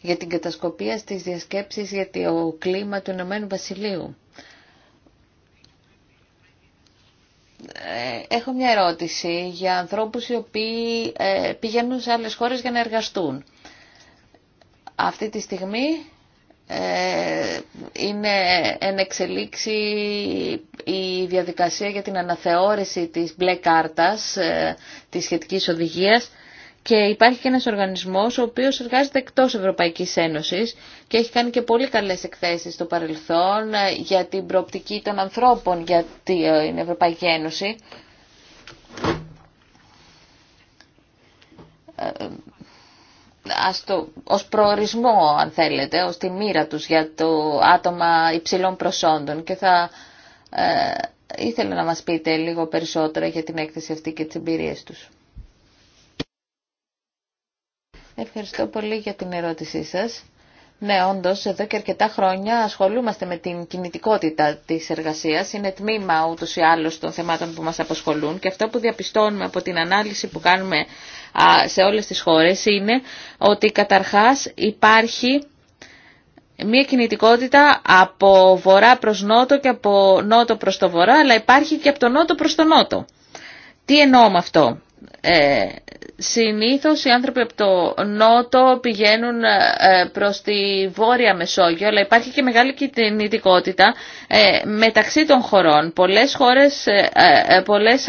για την κατασκοπία στις διασκέψεις για το κλίμα του Ηνωμένου Βασιλείου. Ε, έχω μια ερώτηση για ανθρώπους οι οποίοι ε, πηγαίνουν σε άλλες χώρες για να εργαστούν. Αυτή τη στιγμή ε, είναι εν εξελίξη η διαδικασία για την αναθεώρηση της μπλε κάρτας της σχετικής οδηγίας και υπάρχει και ένας οργανισμός ο οποίος εργάζεται εκτός Ευρωπαϊκής Ένωσης και έχει κάνει και πολύ καλές εκθέσεις στο παρελθόν ε, για την προοπτική των ανθρώπων για ε, την Ευρωπαϊκή Ένωση. Ε, ας ως προορισμό αν θέλετε, ως τη μοίρα τους για το άτομα υψηλών προσόντων και θα ήθελα να μας πείτε λίγο περισσότερα για την έκθεση αυτή και τις εμπειρίες τους. Ευχαριστώ πολύ για την ερώτησή σας. Ναι, όντως, εδώ και αρκετά χρόνια ασχολούμαστε με την κινητικότητα της εργασίας. Είναι τμήμα ούτως ή άλλως των θεμάτων που μας απασχολούν και αυτό που διαπιστώνουμε από την ανάλυση που κάνουμε σε όλες τις χώρες είναι ότι καταρχάς υπάρχει μια κινητικότητα από βορρά προς νότο και από νότο προς το βορρά, αλλά υπάρχει και από το νότο προς το νότο. Τι εννοώ με αυτό. Ε, συνήθως οι άνθρωποι από το νότο πηγαίνουν ε, προς τη Βόρεια Μεσόγειο, αλλά υπάρχει και μεγάλη κινητικότητα ε, μεταξύ των χωρών. Πολλές χώρες, ε, πολλές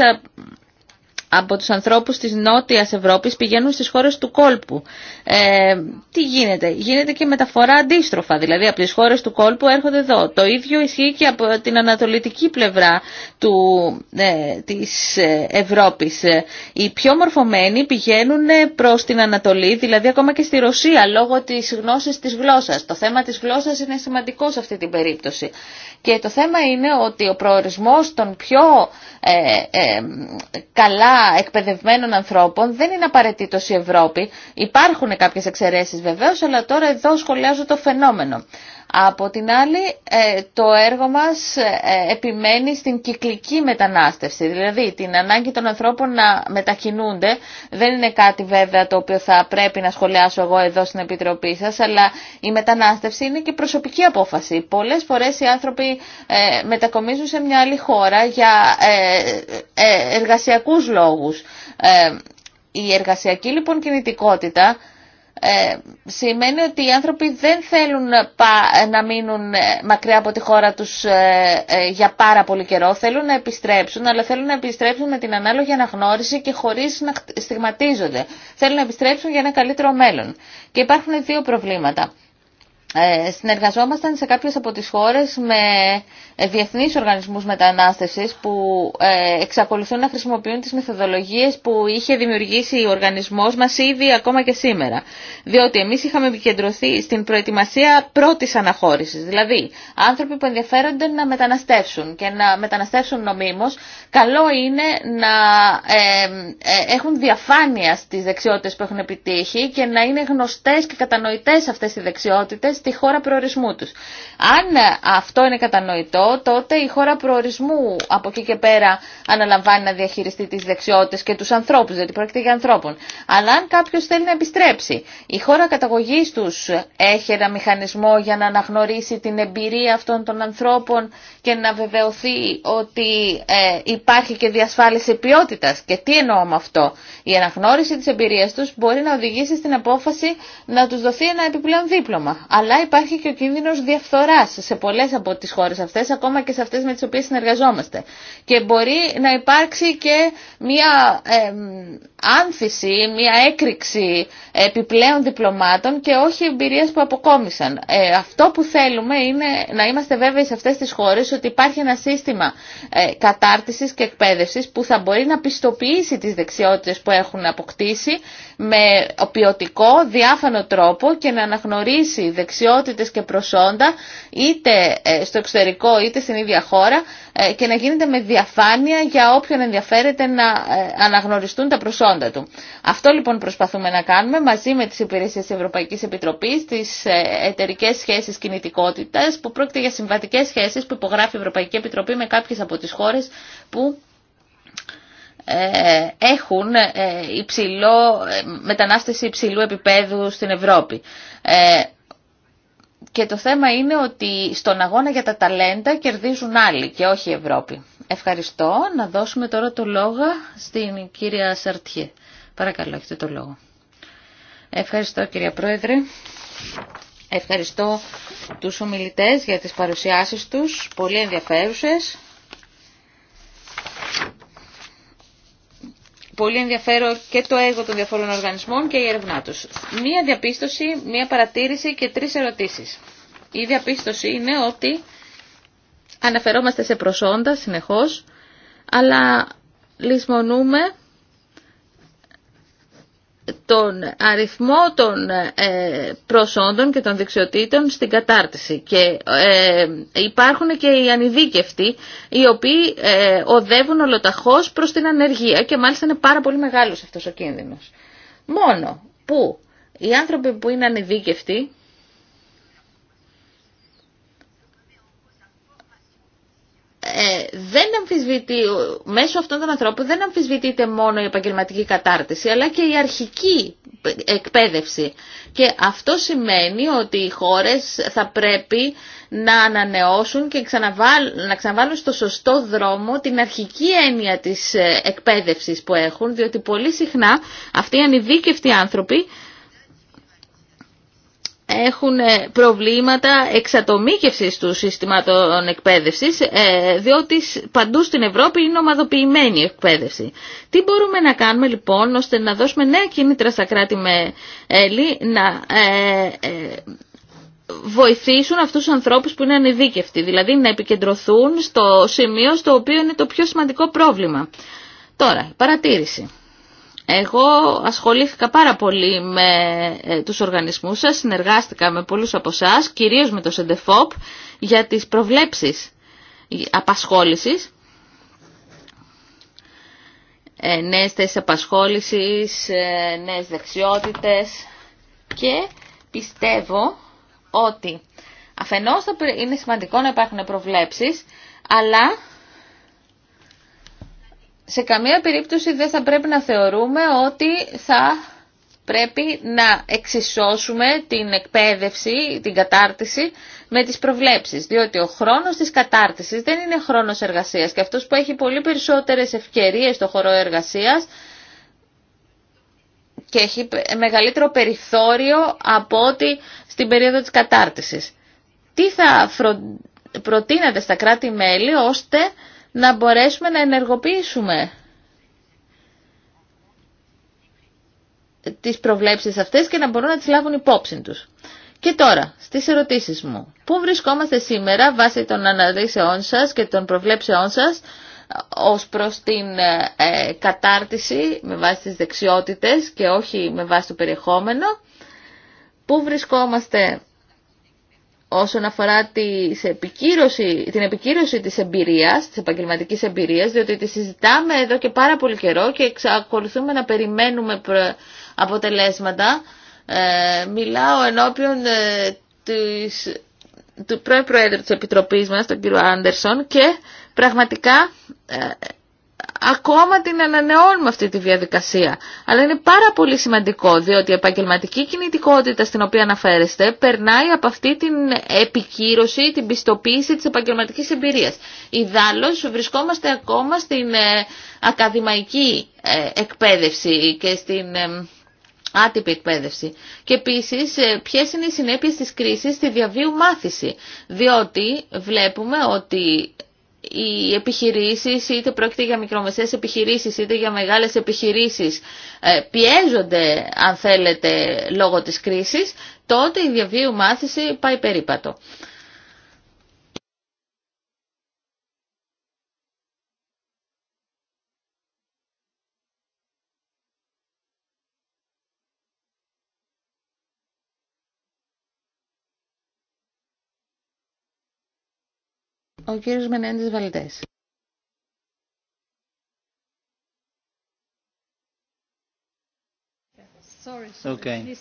από τους ανθρώπους της Νότιας Ευρώπης πηγαίνουν στις χώρες του κόλπου. Ε, τι γίνεται. Γίνεται και μεταφορά αντίστροφα. Δηλαδή από τις χώρες του κόλπου έρχονται εδώ. Το ίδιο ισχύει και από την ανατολική πλευρά του, ε, της ε, Ευρώπης. Οι πιο μορφωμένοι πηγαίνουν ε, προς την Ανατολή, δηλαδή ακόμα και στη Ρωσία, λόγω της γνώσης της γλώσσας. Το θέμα της γλώσσας είναι σημαντικό σε αυτή την περίπτωση. Και το θέμα είναι ότι ο προορισμός των πιο καλά εκπαιδευμένων ανθρώπων δεν είναι απαραίτητο η Ευρώπη. Υπάρχουν κάποιες εξαιρέσεις βεβαίως, αλλά τώρα εδώ σχολιάζω το φαινόμενο. Από την άλλη, ε, το έργο μας ε, επιμένει στην κυκλική μετανάστευση, δηλαδή την ανάγκη των ανθρώπων να μετακινούνται. Δεν είναι κάτι βέβαια το οποίο θα πρέπει να σχολιάσω εγώ εδώ στην Επιτροπή σας, αλλά η μετανάστευση είναι και προσωπική απόφαση. Πολλές φορές οι άνθρωποι ε, μετακομίζουν σε μια άλλη χώρα για εργασιακούς λόγους. Η εργασιακή λοιπόν κινητικότητα ε, σημαίνει ότι οι άνθρωποι δεν θέλουν να μείνουν ε, μακριά από τη χώρα τους ε, για πάρα πολύ καιρό. Θέλουν να επιστρέψουν, αλλά θέλουν να επιστρέψουν με την ανάλογη αναγνώριση και χωρίς να στιγματίζονται. Θέλουν να επιστρέψουν για ένα καλύτερο μέλλον. Και υπάρχουν δύο προβλήματα. Ε, συνεργαζόμασταν σε κάποιες από τις χώρες με ε, διεθνείς οργανισμούς μετανάστευσης που ε, εξακολουθούν να χρησιμοποιούν τις μεθοδολογίες που είχε δημιουργήσει ο οργανισμός μας ήδη ακόμα και σήμερα. Διότι εμείς είχαμε επικεντρωθεί στην προετοιμασία πρώτης αναχώρησης. Δηλαδή, άνθρωποι που ενδιαφέρονται να μεταναστεύσουν και να μεταναστεύσουν νομίμως, καλό είναι να έχουν διαφάνεια στις δεξιότητες που έχουν επιτύχει και να είναι γνωστές και κατανοητές αυτές οι δεξιότητες στη χώρα προορισμού τους. Αν ε, αυτό είναι κατανοητό, τότε η χώρα προορισμού από εκεί και πέρα αναλαμβάνει να διαχειριστεί τις δεξιότητες και τους ανθρώπους, διότι πρόκειται για ανθρώπων. Αλλά αν κάποιος θέλει να επιστρέψει, η χώρα καταγωγής τους έχει ένα μηχανισμό για να αναγνωρίσει την εμπειρία αυτών των ανθρώπων και να βεβαιωθεί ότι ε, υπάρχει και διασφάλιση ποιότητας. Και τι εννοώ με αυτό. Η αναγνώριση της εμπειρίας τους μπορεί να οδηγήσει στην απόφαση να τους δοθεί ένα επιπλέον δίπλωμα. Αλλά αλλά υπάρχει και ο κίνδυνος διαφθοράς σε πολλές από τις χώρες αυτές, ακόμα και σε αυτές με τις οποίες συνεργαζόμαστε. Και μπορεί να υπάρξει και μια ε, άνθηση, μια έκρηξη επιπλέον διπλωμάτων και όχι εμπειρίες που αποκόμισαν. Ε, αυτό που θέλουμε είναι να είμαστε βέβαιοι σε αυτές τις χώρες ότι υπάρχει ένα σύστημα ε, κατάρτισης και εκπαίδευσης που θα μπορεί να πιστοποιήσει τις δεξιότητες που έχουν αποκτήσει με ποιοτικό, διάφανο τρόπο και να αναγνωρίσει δεξιότητες δεξιότητες και προσόντα είτε ε, στο εξωτερικό είτε στην ίδια χώρα ε, και να γίνεται με διαφάνεια για όποιον ενδιαφέρεται να ε, αναγνωριστούν τα προσόντα του. Αυτό λοιπόν προσπαθούμε να κάνουμε μαζί με τις υπηρεσίες της Ευρωπαϊκής Επιτροπής, τις εταιρικέ σχέσεις κινητικότητας που πρόκειται για συμβατικές σχέσεις που υπογράφει η Ευρωπαϊκή Επιτροπή με κάποιες από τις χώρες που έχουν υψηλό, μετανάστευση υψηλού επίπεδου στην Ευρώπη. Και το θέμα είναι ότι στον αγώνα για τα ταλέντα κερδίζουν άλλοι και όχι η Ευρώπη. Ευχαριστώ. Να δώσουμε τώρα το λόγο στην κυρία Σαρτιέ. Παρακαλώ, έχετε το λόγο. Ευχαριστώ κυρία Πρόεδρε. Ευχαριστώ τους ομιλητές για τις παρουσιάσεις τους, πολύ ενδιαφέρουσες. πολύ ενδιαφέρον και το έργο των διαφόρων οργανισμών και η έρευνά τους. Μία διαπίστωση, μία παρατήρηση και τρεις ερωτήσεις. Η διαπίστωση είναι ότι αναφερόμαστε σε προσόντα συνεχώς, αλλά λησμονούμε τον αριθμό των ε, προσόντων και των δεξιοτήτων στην κατάρτιση και ε, υπάρχουν και οι ανειδίκευτοι οι οποίοι ε, οδεύουν ολοταχώς προς την ανεργία και μάλιστα είναι πάρα πολύ μεγάλος αυτός ο κίνδυνος. Μόνο που οι άνθρωποι που είναι ανειδίκευτοι Ε, δεν αμφισβητεί, μέσω αυτών των ανθρώπων δεν αμφισβητείται μόνο η επαγγελματική κατάρτιση, αλλά και η αρχική εκπαίδευση. Και αυτό σημαίνει ότι οι χώρες θα πρέπει να ανανεώσουν και να ξαναβάλουν στο σωστό δρόμο την αρχική έννοια της ε, εκπαίδευσης που έχουν, διότι πολύ συχνά αυτοί οι ανειδίκευτοι άνθρωποι έχουν ε, προβλήματα εξατομίκευσης του συστημάτων εκπαίδευσης, ε, διότι παντού στην Ευρώπη είναι ομαδοποιημένη η εκπαίδευση. Τι μπορούμε να κάνουμε λοιπόν ώστε να δώσουμε νέα κίνητρα στα κράτη με Έλλη, να ε, βοηθήσουν αυτούς τους ανθρώπους που είναι ανειδίκευτοι, δηλαδή να επικεντρωθούν στο σημείο στο οποίο είναι το πιο σημαντικό πρόβλημα. Τώρα, παρατήρηση. Εγώ ασχολήθηκα πάρα πολύ με ε, τους οργανισμούς σας, συνεργάστηκα με πολλούς από εσά, κυρίως με το ΣΕΝΤΕΦΟΠ, για τις προβλέψεις απασχόλησης ε, νέες θέσεις απασχόλησης, ε, νέες δεξιότητες και πιστεύω ότι αφενός είναι σημαντικό να υπάρχουν προβλέψεις, αλλά σε καμία περίπτωση δεν θα πρέπει να θεωρούμε ότι θα πρέπει να εξισώσουμε την εκπαίδευση, την κατάρτιση με τις προβλέψεις, διότι ο χρόνος της κατάρτισης δεν είναι χρόνος εργασίας και αυτός που έχει πολύ περισσότερες ευκαιρίες στο χώρο εργασίας και έχει μεγαλύτερο περιθώριο από ότι στην περίοδο της κατάρτισης. Τι θα προτείνατε στα κράτη-μέλη ώστε να μπορέσουμε να ενεργοποιήσουμε τις προβλέψεις αυτές και να μπορούν να τις λάβουν υπόψη τους. Και τώρα, στις ερωτήσεις μου. Πού βρισκόμαστε σήμερα βάσει των αναλύσεών σας και των προβλέψεών σας ως προς την ε, ε, κατάρτιση με βάση τις δεξιότητες και όχι με βάση το περιεχόμενο. Πού βρισκόμαστε όσον αφορά επικύρωση, την επικύρωση της εμπειρίας, της επαγγελματικής εμπειρίας, διότι τη συζητάμε εδώ και πάρα πολύ καιρό και εξακολουθούμε να περιμένουμε αποτελέσματα. Ε, μιλάω ενώπιον ε, της, του πρώην Προέδρου της Επιτροπής μας, τον κύριο Άντερσον, και πραγματικά ε, ακόμα την ανανεώνουμε αυτή τη διαδικασία. Αλλά είναι πάρα πολύ σημαντικό, διότι η επαγγελματική κινητικότητα στην οποία αναφέρεστε περνάει από αυτή την επικύρωση, την πιστοποίηση της επαγγελματικής εμπειρίας. Ιδάλλως βρισκόμαστε ακόμα στην ε, ακαδημαϊκή ε, εκπαίδευση και στην ε, άτυπη εκπαίδευση. Και επίση, ποιε είναι οι συνέπειε τη κρίση στη διαβίου μάθηση. Διότι βλέπουμε ότι οι επιχειρήσεις, είτε πρόκειται για μικρομεσαίες επιχειρήσεις, είτε για μεγάλες επιχειρήσεις, ε, πιέζονται, αν θέλετε, λόγω της κρίσης, τότε η διαβίου μάθηση πάει περίπατο. Ο κύριος Μενέντης Βαλτές. Okay.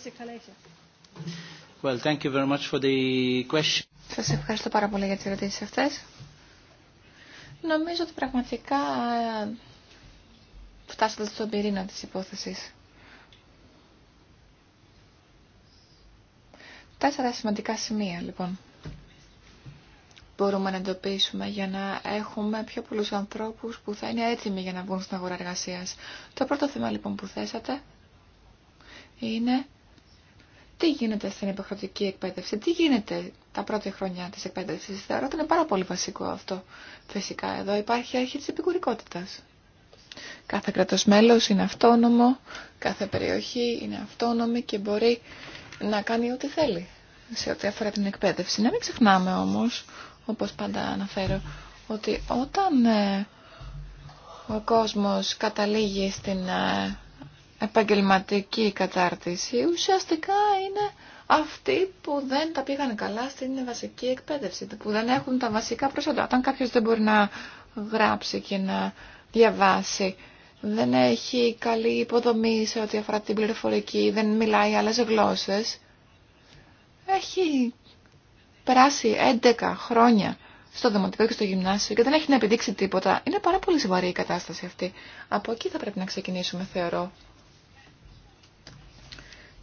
Well, thank you very much for the question. Σας ευχαριστώ πάρα πολύ για τις ερωτήσεις αυτές. Νομίζω ότι πραγματικά ε, φτάσατε στον πυρήνα της υπόθεσης. Τέσσερα σημαντικά σημεία, λοιπόν μπορούμε να εντοπίσουμε για να έχουμε πιο πολλούς ανθρώπους που θα είναι έτοιμοι για να βγουν στην αγορά εργασίας. Το πρώτο θέμα λοιπόν που θέσατε είναι τι γίνεται στην υποχρεωτική εκπαίδευση, τι γίνεται τα πρώτα χρόνια της εκπαίδευσης. Θεωρώ ότι είναι πάρα πολύ βασικό αυτό. Φυσικά εδώ υπάρχει αρχή της επικουρικότητας. Κάθε κρατος μέλος είναι αυτόνομο, κάθε περιοχή είναι αυτόνομη και μπορεί να κάνει ό,τι θέλει σε ό,τι αφορά την εκπαίδευση. Να μην ξεχνάμε όμως όπως πάντα αναφέρω, ότι όταν ε, ο κόσμος καταλήγει στην ε, επαγγελματική κατάρτιση, ουσιαστικά είναι αυτοί που δεν τα πήγαν καλά στην βασική εκπαίδευση, που δεν έχουν τα βασικά προσόντα. Όταν κάποιος δεν μπορεί να γράψει και να διαβάσει, δεν έχει καλή υποδομή σε ό,τι αφορά την πληροφορική, δεν μιλάει άλλες γλώσσες, έχει περάσει 11 χρόνια στο δημοτικό και στο γυμνάσιο και δεν έχει να επιδείξει τίποτα. Είναι πάρα πολύ σοβαρή η κατάσταση αυτή. Από εκεί θα πρέπει να ξεκινήσουμε, θεωρώ.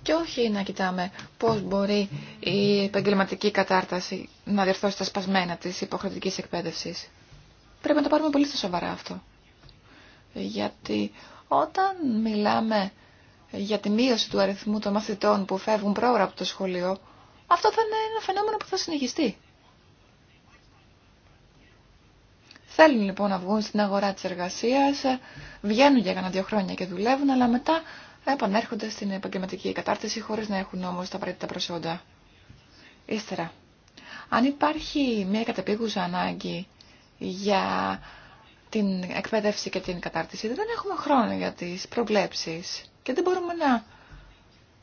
Και όχι να κοιτάμε πώς μπορεί η επαγγελματική κατάρταση να διορθώσει τα σπασμένα της υποχρεωτικής εκπαίδευσης. Πρέπει να το πάρουμε πολύ σοβαρά αυτό. Γιατί όταν μιλάμε για τη μείωση του αριθμού των μαθητών που φεύγουν πρόωρα από το σχολείο, αυτό θα είναι ένα φαινόμενο που θα συνεχιστεί. Θέλουν λοιπόν να βγουν στην αγορά της εργασίας, βγαίνουν για κανένα δύο χρόνια και δουλεύουν, αλλά μετά επανέρχονται στην επαγγελματική κατάρτιση χωρίς να έχουν όμως τα απαραίτητα προσόντα. Ύστερα, αν υπάρχει μια κατεπίγουσα ανάγκη για την εκπαίδευση και την κατάρτιση, δεν έχουμε χρόνο για τις προβλέψεις και δεν μπορούμε να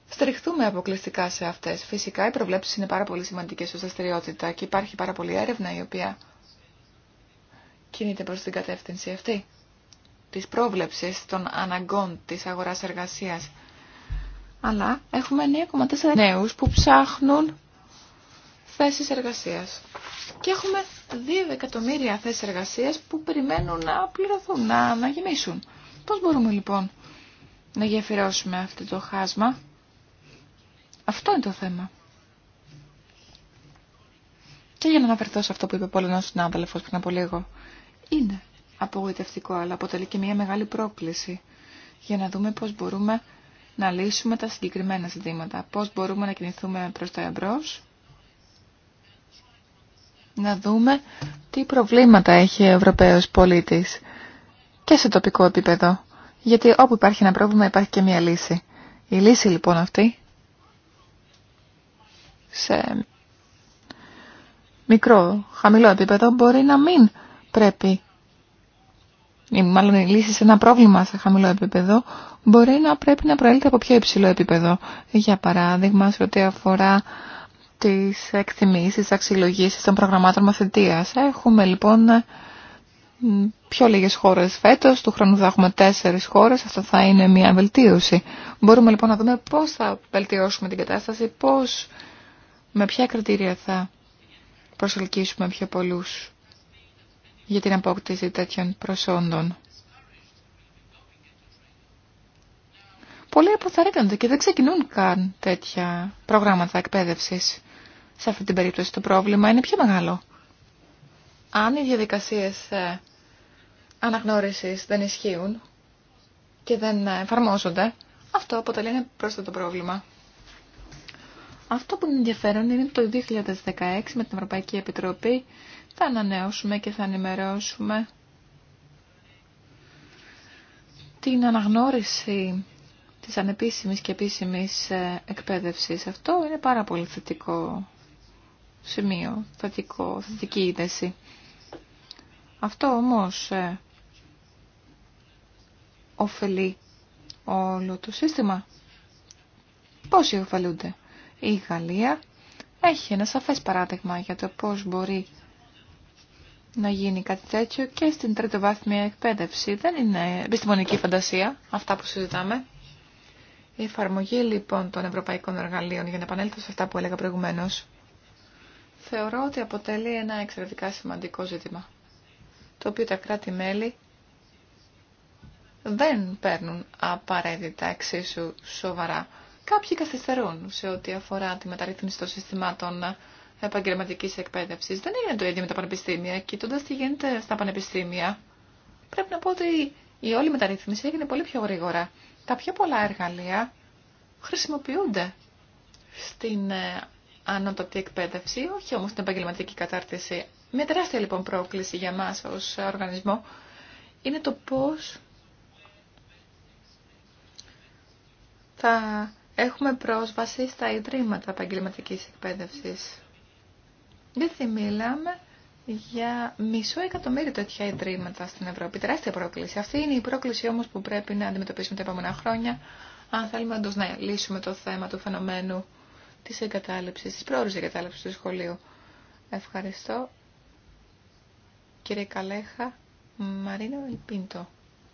Στριχθούμε αποκλειστικά σε αυτέ. Φυσικά οι προβλέψει είναι πάρα πολύ σημαντικέ ω δραστηριότητα και υπάρχει πάρα πολλή έρευνα η οποία κινείται προ την κατεύθυνση αυτή Τη πρόβλεψη των αναγκών τη αγορά εργασία. Αλλά έχουμε 9,4 νέου που ψάχνουν θέσει εργασία. Και έχουμε 2 εκατομμύρια θέσει εργασία που περιμένουν να πληρωθούν, να, να γεμίσουν. μπορούμε λοιπόν να γεφυρώσουμε αυτό το χάσμα αυτό είναι το θέμα. Και για να αναφερθώ σε αυτό που είπε πολύ ένα συνάδελφο πριν από λίγο. Είναι απογοητευτικό, αλλά αποτελεί και μια μεγάλη πρόκληση για να δούμε πώς μπορούμε να λύσουμε τα συγκεκριμένα ζητήματα, πώς μπορούμε να κινηθούμε προς τα εμπρός, να δούμε τι προβλήματα έχει ο Ευρωπαίος πολίτης και σε τοπικό επίπεδο, γιατί όπου υπάρχει ένα πρόβλημα υπάρχει και μια λύση. Η λύση λοιπόν αυτή σε μικρό, χαμηλό επίπεδο μπορεί να μην πρέπει ή μάλλον η λύση σε ένα πρόβλημα σε χαμηλό επίπεδο μπορεί να πρέπει να προέλθει από πιο υψηλό επίπεδο. Για παράδειγμα, σε ό,τι αφορά τις εκτιμήσεις, αξιολογήσεις των προγραμμάτων μαθητείας. Έχουμε λοιπόν πιο λίγες χώρες φέτος, του χρόνου θα έχουμε τέσσερις χώρες, αυτό θα είναι μια βελτίωση. Μπορούμε λοιπόν να δούμε πώς θα βελτιώσουμε την κατάσταση, πώς με ποια κριτήρια θα προσελκύσουμε πιο πολλούς για την απόκτηση τέτοιων προσόντων. Πολλοί αποθαρρύνονται και δεν ξεκινούν καν τέτοια προγράμματα εκπαίδευσης. Σε αυτή την περίπτωση το πρόβλημα είναι πιο μεγάλο. Αν οι διαδικασίες ε, αναγνώρισης δεν ισχύουν και δεν ε, εφαρμόζονται, αυτό αποτελεί ένα πρόσθετο πρόβλημα. Αυτό που είναι ενδιαφέρον είναι το 2016 με την Ευρωπαϊκή Επιτροπή θα ανανεώσουμε και θα ενημερώσουμε την αναγνώριση της ανεπίσημης και επίσημης ε, εκπαίδευσης. Αυτό είναι πάρα πολύ θετικό σημείο, θετικό, θετική είδεση. Αυτό όμως ε, ωφελεί όλο το σύστημα. Πόσοι ωφελούνται η Γαλλία έχει ένα σαφές παράδειγμα για το πώς μπορεί να γίνει κάτι τέτοιο και στην βάθμια εκπαίδευση. Δεν είναι επιστημονική φαντασία αυτά που συζητάμε. Η εφαρμογή λοιπόν των ευρωπαϊκών εργαλείων, για να επανέλθω σε αυτά που έλεγα προηγουμένως, θεωρώ ότι αποτελεί ένα εξαιρετικά σημαντικό ζήτημα, το οποίο τα κράτη-μέλη δεν παίρνουν απαραίτητα εξίσου σοβαρά. Κάποιοι καθυστερούν σε ό,τι αφορά τη μεταρρύθμιση των συστημάτων επαγγελματική εκπαίδευση. Δεν είναι το ίδιο με τα πανεπιστήμια. Κοιτώντα τι γίνεται στα πανεπιστήμια, πρέπει να πω ότι η όλη μεταρρύθμιση έγινε πολύ πιο γρήγορα. Τα πιο πολλά εργαλεία χρησιμοποιούνται στην ε, ανώτατη εκπαίδευση, όχι όμω στην επαγγελματική κατάρτιση. Μια τεράστια λοιπόν πρόκληση για εμά ω οργανισμό είναι το πώ. θα έχουμε πρόσβαση στα ιδρύματα επαγγελματική εκπαίδευση. Δεν μιλάμε για μισό εκατομμύριο τέτοια ιδρύματα στην Ευρώπη. Τεράστια πρόκληση. Αυτή είναι η πρόκληση όμω που πρέπει να αντιμετωπίσουμε τα επόμενα χρόνια, αν θέλουμε όντω να λύσουμε το θέμα του φαινομένου της εγκατάλειψη, τη πρόορη εγκατάλειψη του σχολείου. Ευχαριστώ. Κύριε Καλέχα, Μαρίνο Ελπίντο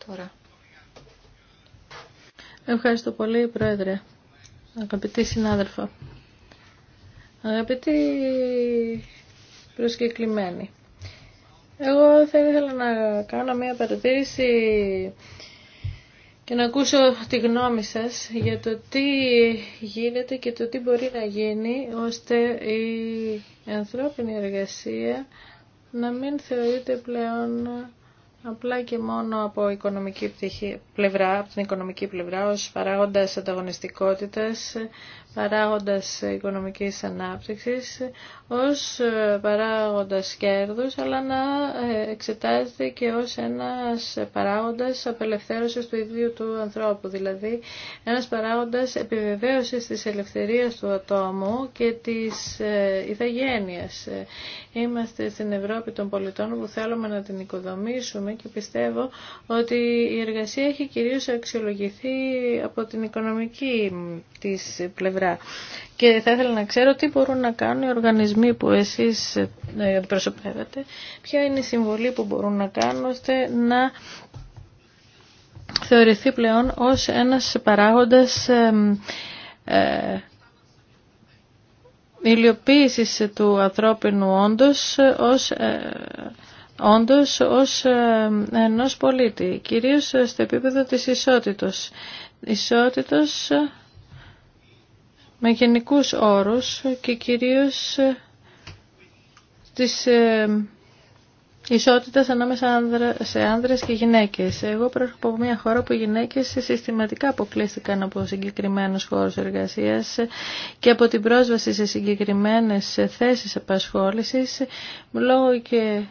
τώρα. Ευχαριστώ πολύ, Πρόεδρε αγαπητή συνάδελφα, αγαπητή προσκεκλημένη. Εγώ θα ήθελα να κάνω μια παρατήρηση και να ακούσω τη γνώμη σας για το τι γίνεται και το τι μπορεί να γίνει ώστε η ανθρώπινη εργασία να μην θεωρείται πλέον απλά και μόνο από οικονομική πτυχή, πλευρά, από την οικονομική πλευρά ως παράγοντας ανταγωνιστικότητας παράγοντας οικονομικής ανάπτυξης, ως ε, παράγοντας κέρδους, αλλά να ε, εξετάζεται και ως ένας παράγοντας απελευθέρωσης του ίδιου του ανθρώπου, δηλαδή ένας παράγοντας επιβεβαίωσης της ελευθερίας του ατόμου και της ε, ηθαγένειας. Είμαστε στην Ευρώπη των πολιτών που θέλουμε να την οικοδομήσουμε και πιστεύω ότι η εργασία έχει κυρίως αξιολογηθεί από την οικονομική της πλευρά και θα ήθελα να ξέρω τι μπορούν να κάνουν οι οργανισμοί που εσείς ε, αντιπροσωπεύετε, ποια είναι η συμβολή που μπορούν να κάνουν ώστε να θεωρηθεί πλέον ως ένας παράγοντας ε, του ανθρώπινου όντως ως, ε, ως ε, ενός πολίτη, κυρίως στο επίπεδο της ισότητος. Ισότητος με γενικούς όρους και κυρίως ε, της ε, ισότητας ανάμεσα σε άνδρες και γυναίκες. Εγώ προέρχομαι από μια χώρα που οι γυναίκες συστηματικά αποκλείστηκαν από συγκεκριμένους χώρους εργασίας και από την πρόσβαση σε συγκεκριμένες θέσεις απασχόλησης λόγω και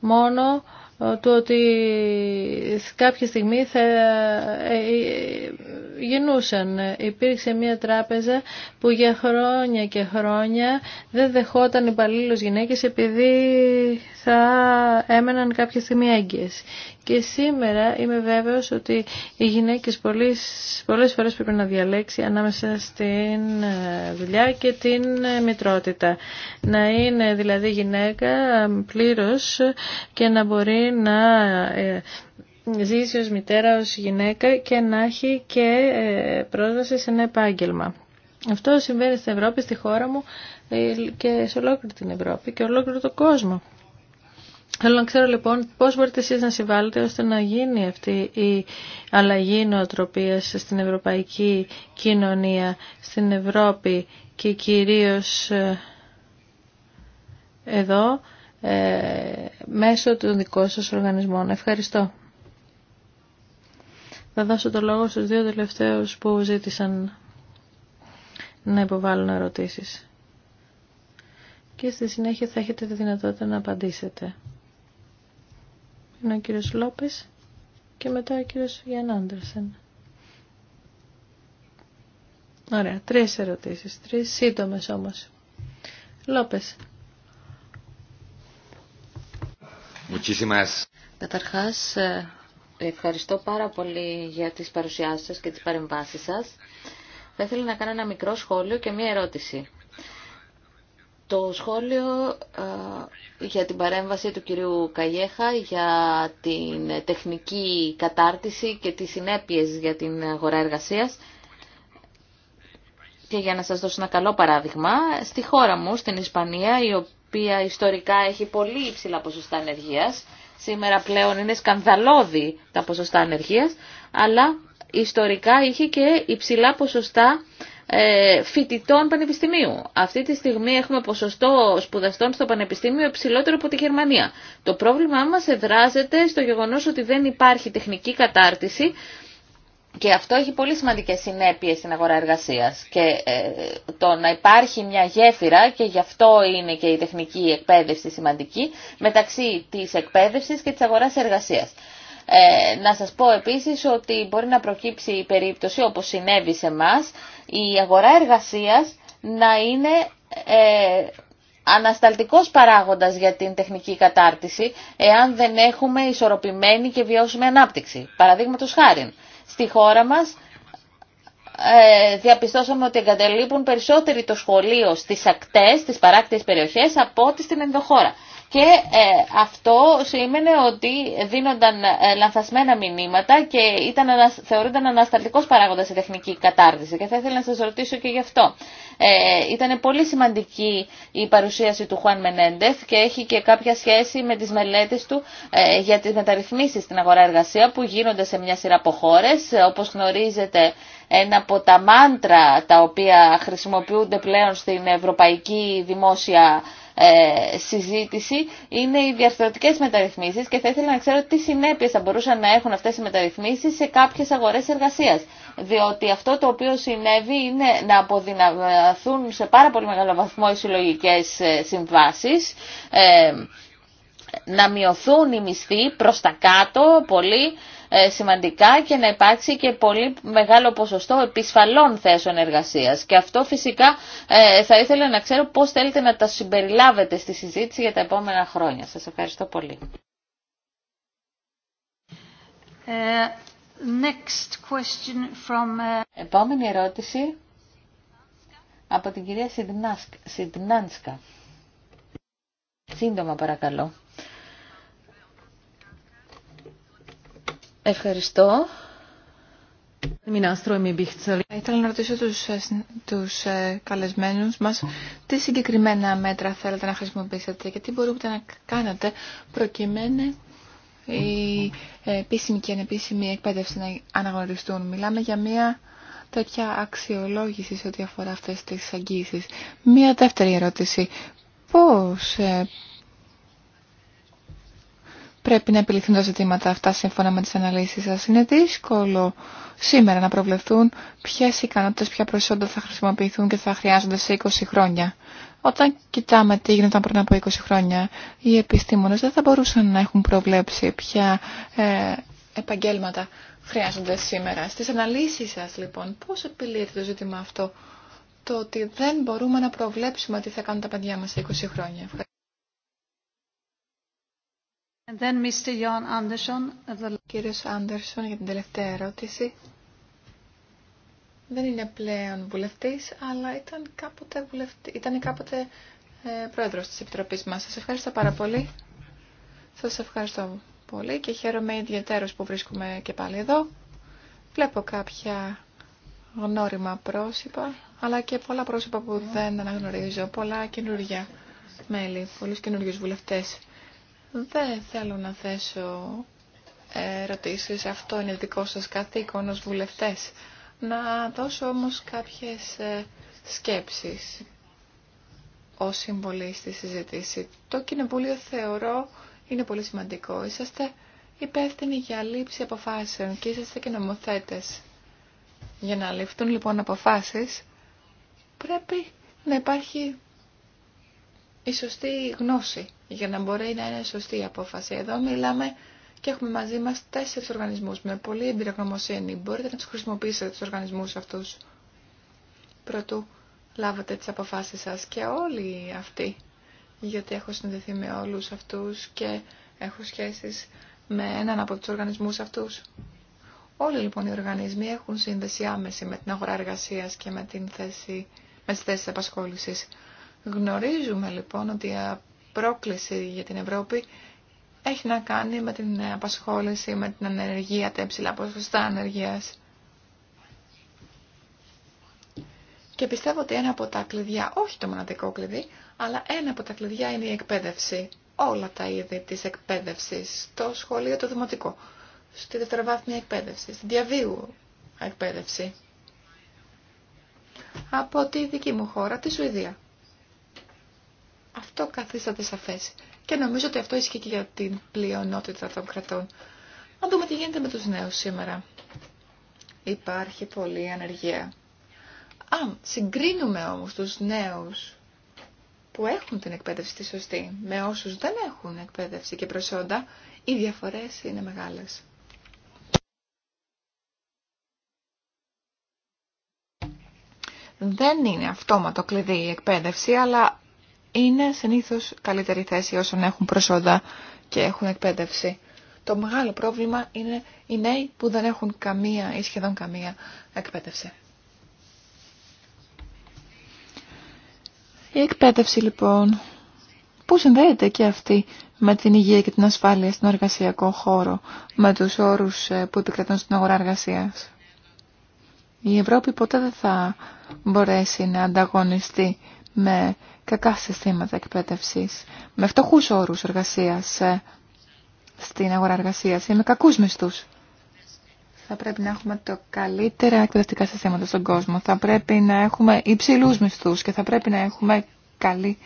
μόνο ε, του ότι κάποια στιγμή θα γινούσαν. Υπήρξε μια τράπεζα που για χρόνια και χρόνια δεν δεχόταν υπαλλήλου γυναίκες επειδή θα έμεναν κάποια στιγμή έγκυε. Και σήμερα είμαι βέβαιος ότι οι γυναίκες πολλέ πολλές φορές πρέπει να διαλέξει ανάμεσα στην ε, δουλειά και την ε, μητρότητα. Να είναι δηλαδή γυναίκα πλήρω και να μπορεί να ε, ζήσει ως μητέρα, ως γυναίκα και να έχει και ε, πρόσβαση σε ένα επάγγελμα. Αυτό συμβαίνει στην Ευρώπη, στη χώρα μου ε, και σε ολόκληρη την Ευρώπη και ολόκληρο τον κόσμο. Θέλω να ξέρω λοιπόν πώς μπορείτε εσείς να συμβάλλετε ώστε να γίνει αυτή η αλλαγή νοοτροπίας στην ευρωπαϊκή κοινωνία, στην Ευρώπη και κυρίως ε, εδώ μέσω των δικών σας οργανισμών. Ευχαριστώ. Θα δώσω το λόγο στους δύο τελευταίους που ζήτησαν να υποβάλουν ερωτήσεις. Και στη συνέχεια θα έχετε τη δυνατότητα να απαντήσετε. Είναι ο κύριος Λόπες και μετά ο κύριος Γιάνν Άντερσεν. Ωραία, τρεις ερωτήσεις, τρεις σύντομες όμως. Λόπες. Καταρχάς, ε, Ευχαριστώ πάρα πολύ για τις παρουσιάσεις σας και τις παρεμβάσεις σας. Θα ήθελα να κάνω ένα μικρό σχόλιο και μία ερώτηση. Το σχόλιο για την παρέμβαση του κυρίου Καγιέχα για την τεχνική κατάρτιση και τις συνέπειες για την αγορά εργασίας. Και για να σας δώσω ένα καλό παράδειγμα, στη χώρα μου, στην Ισπανία, η οποία ιστορικά έχει πολύ υψηλά ποσοστά ενεργείας, Σήμερα πλέον είναι σκανδαλώδη τα ποσοστά ανεργίας, αλλά ιστορικά είχε και υψηλά ποσοστά ε, φοιτητών πανεπιστημίου. Αυτή τη στιγμή έχουμε ποσοστό σπουδαστών στο πανεπιστήμιο υψηλότερο από τη Γερμανία. Το πρόβλημά μας εδράζεται στο γεγονός ότι δεν υπάρχει τεχνική κατάρτιση και αυτό έχει πολύ σημαντικές συνέπειες στην αγορά εργασίας και ε, το να υπάρχει μια γέφυρα και γι' αυτό είναι και η τεχνική εκπαίδευση σημαντική μεταξύ της εκπαίδευσης και της αγοράς εργασίας. Ε, να σας πω επίσης ότι μπορεί να προκύψει η περίπτωση όπως συνέβη σε μας η αγορά εργασίας να είναι ε, ανασταλτικός παράγοντας για την τεχνική κατάρτιση εάν δεν έχουμε ισορροπημένη και βιώσιμη ανάπτυξη. Παραδείγματος χάρη στη χώρα μας ε, διαπιστώσαμε ότι εγκαταλείπουν περισσότεροι το σχολείο στις ακτές, στις παράκτιες περιοχές από ό,τι στην ενδοχώρα. Και ε, αυτό σημαίνει ότι δίνονταν ε, λανθασμένα μηνύματα και ήταν, θεωρούνταν ανασταλτικός παράγοντας η τεχνική κατάρτιση. Και θα ήθελα να σας ρωτήσω και γι' αυτό. Ε, ήταν πολύ σημαντική η παρουσίαση του Χουάν Μενέντεφ και έχει και κάποια σχέση με τις μελέτες του ε, για τις μεταρρυθμίσεις στην αγορά εργασία που γίνονται σε μια σειρά από χώρε. Όπως γνωρίζετε ένα από τα μάντρα τα οποία χρησιμοποιούνται πλέον στην ευρωπαϊκή δημόσια ε, συζήτηση είναι οι διαρθρωτικές μεταρρυθμίσεις και θα ήθελα να ξέρω τι συνέπειες θα μπορούσαν να έχουν αυτές οι μεταρρυθμίσεις σε κάποιες αγορές εργασίας. Διότι αυτό το οποίο συνέβη είναι να αποδυναθούν σε πάρα πολύ μεγάλο βαθμό οι συλλογικές ε, συμβάσεις, ε, να μειωθούν οι μισθοί προς τα κάτω πολύ, ε, σημαντικά και να υπάρξει και πολύ μεγάλο ποσοστό επισφαλών θέσεων εργασίας. Και αυτό φυσικά ε, θα ήθελα να ξέρω πώς θέλετε να τα συμπεριλάβετε στη συζήτηση για τα επόμενα χρόνια. Σας ευχαριστώ πολύ. Ε, next question from, Επόμενη ερώτηση από την κυρία Σιντνάνσκα. Σύντομα παρακαλώ. Ευχαριστώ. Ήθελα να ρωτήσω τους, ε, τους ε, καλεσμένους μας τι συγκεκριμένα μέτρα θέλετε να χρησιμοποιήσετε και τι μπορούμε να κάνετε προκειμένου η επίσημη και ανεπίσημη εκπαίδευση να αναγνωριστούν. Μιλάμε για μια τέτοια αξιολόγηση σε ό,τι αφορά αυτές τις αγγίσεις. Μία δεύτερη ερώτηση. Πώς ε, πρέπει να επιληθούν τα ζητήματα αυτά σύμφωνα με τις αναλύσεις σας. Είναι δύσκολο σήμερα να προβλεφθούν ποιες ικανότητες, ποια προσόντα θα χρησιμοποιηθούν και θα χρειάζονται σε 20 χρόνια. Όταν κοιτάμε τι γίνονταν πριν από 20 χρόνια, οι επιστήμονες δεν θα μπορούσαν να έχουν προβλέψει ποια ε, επαγγέλματα χρειάζονται σήμερα. Στις αναλύσεις σας λοιπόν, πώς επιλύεται το ζήτημα αυτό, το ότι δεν μπορούμε να προβλέψουμε τι θα κάνουν τα παιδιά μας σε 20 χρόνια. Κύριος Άντερσον για την τελευταία ερώτηση. Δεν είναι πλέον βουλευτής, αλλά ήταν κάποτε, βουλευτή, ήταν κάποτε ε, πρόεδρος της Επιτροπής μας. Σας ευχαριστώ πάρα πολύ. Σας ευχαριστώ πολύ και χαίρομαι ιδιαίτερως που βρίσκουμε και πάλι εδώ. Βλέπω κάποια γνώριμα πρόσωπα, αλλά και πολλά πρόσωπα που δεν αναγνωρίζω, πολλά καινούργια μέλη, πολλούς καινούργιους βουλευτές. Δεν θέλω να θέσω ερωτήσεις. Αυτό είναι δικό σας καθήκον ως βουλευτές. Να δώσω όμως κάποιες ε, σκέψεις ως συμβολή στη συζήτηση. Το Κοινοβούλιο θεωρώ είναι πολύ σημαντικό. Είσαστε υπεύθυνοι για λήψη αποφάσεων και είσαστε και νομοθέτες. Για να ληφθούν λοιπόν αποφάσεις πρέπει να υπάρχει η σωστή γνώση για να μπορεί να είναι σωστή η απόφαση. Εδώ μιλάμε και έχουμε μαζί μα τέσσερι οργανισμού με πολλή εμπειρογνωμοσύνη. Μπορείτε να του χρησιμοποιήσετε του οργανισμού αυτού, πρωτού λάβετε τι αποφάσει σα και όλοι αυτοί. Γιατί έχω συνδεθεί με όλου αυτού και έχω σχέσει με έναν από του οργανισμού αυτού. Όλοι λοιπόν οι οργανισμοί έχουν σύνδεση άμεση με την αγορά εργασία και με, την θέση, με τις Γνωρίζουμε λοιπόν ότι η πρόκληση για την Ευρώπη έχει να κάνει με την απασχόληση, με την ανεργία, τα υψηλά ποσοστά ανεργίας. Και πιστεύω ότι ένα από τα κλειδιά, όχι το μοναδικό κλειδί, αλλά ένα από τα κλειδιά είναι η εκπαίδευση. Όλα τα είδη της εκπαίδευσης, στο σχολείο, το δημοτικό, στη δευτεροβάθμια εκπαίδευση, στη διαβίου εκπαίδευση. Από τη δική μου χώρα, τη Σουηδία το καθίσατε σαφές. Και νομίζω ότι αυτό ισχύει και για την πλειονότητα των κρατών. Να δούμε τι γίνεται με τους νέους σήμερα. Υπάρχει πολλή ανεργία. Αν συγκρίνουμε όμως τους νέους που έχουν την εκπαίδευση τη σωστή με όσους δεν έχουν εκπαίδευση και προσόντα, οι διαφορές είναι μεγάλες. Δεν είναι αυτόματο κλειδί η εκπαίδευση, αλλά είναι συνήθως καλύτερη θέση όσων έχουν προσόδα και έχουν εκπαίδευση. Το μεγάλο πρόβλημα είναι οι νέοι που δεν έχουν καμία ή σχεδόν καμία εκπαίδευση. Η εκπαίδευση λοιπόν που συνδέεται και αυτή με την υγεία και την ασφάλεια στον εργασιακό χώρο, με τους όρους ε, που επικρατούν στην αγορά εργασίας. Η Ευρώπη ποτέ δεν θα μπορέσει να ανταγωνιστεί με κακά συστήματα εκπαίδευσης, με φτωχούς όρους εργασίας ε, στην αγορά εργασίας ή με κακούς μισθούς. Θα πρέπει να έχουμε το καλύτερα εκπαιδευτικά συστήματα στον κόσμο. Θα πρέπει να έχουμε υψηλούς μισθούς και θα πρέπει να έχουμε καλή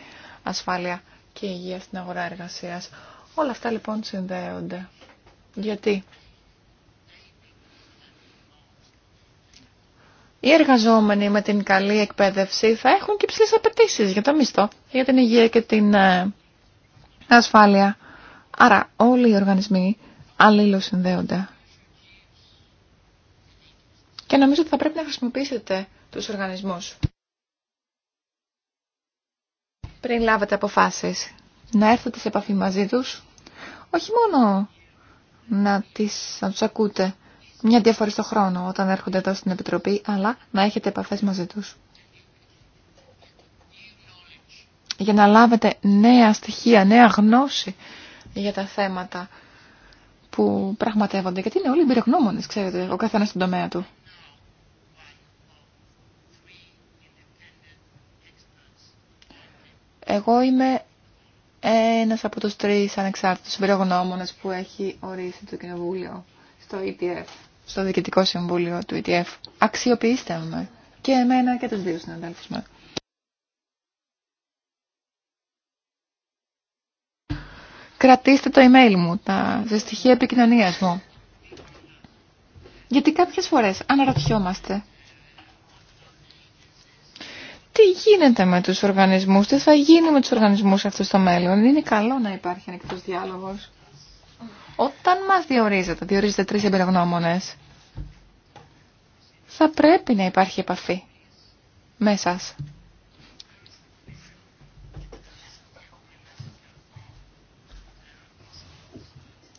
ασφάλεια και υγεία στην αγορά εργασίας. Όλα αυτά λοιπόν συνδέονται. Γιατί οι εργαζόμενοι με την καλή εκπαίδευση θα έχουν και ψηλές απαιτήσει για το μισθό, για την υγεία και την ε, ασφάλεια. Άρα όλοι οι οργανισμοί αλλήλως συνδέονται. Και νομίζω ότι θα πρέπει να χρησιμοποιήσετε τους οργανισμούς. Πριν λάβετε αποφάσεις, να έρθετε σε επαφή μαζί τους, όχι μόνο να, τις, να τους ακούτε, μια δύο στο χρόνο όταν έρχονται εδώ στην Επιτροπή, αλλά να έχετε επαφές μαζί τους. Για να λάβετε νέα στοιχεία, νέα γνώση για τα θέματα που πραγματεύονται. Γιατί είναι όλοι εμπειρογνώμονες, ξέρετε, ο καθένας στον τομέα του. Εγώ είμαι ένας από τους τρεις ανεξάρτητους εμπειρογνώμονες που έχει ορίσει το Κοινοβούλιο στο ETF στο Διοικητικό Συμβούλιο του ETF. Αξιοποιήστε με. Και εμένα και τους δύο συναντάλφους μου. Κρατήστε το email μου, τα στοιχεία επικοινωνίας μου. Γιατί κάποιες φορές αναρωτιόμαστε τι γίνεται με τους οργανισμούς, τι θα γίνει με τους οργανισμούς αυτούς στο μέλλον. Είναι καλό να υπάρχει ανοιχτός διάλογος. Όταν μας διορίζετε, διορίζετε τρεις εμπειρογνώμονες, θα πρέπει να υπάρχει επαφή με σας.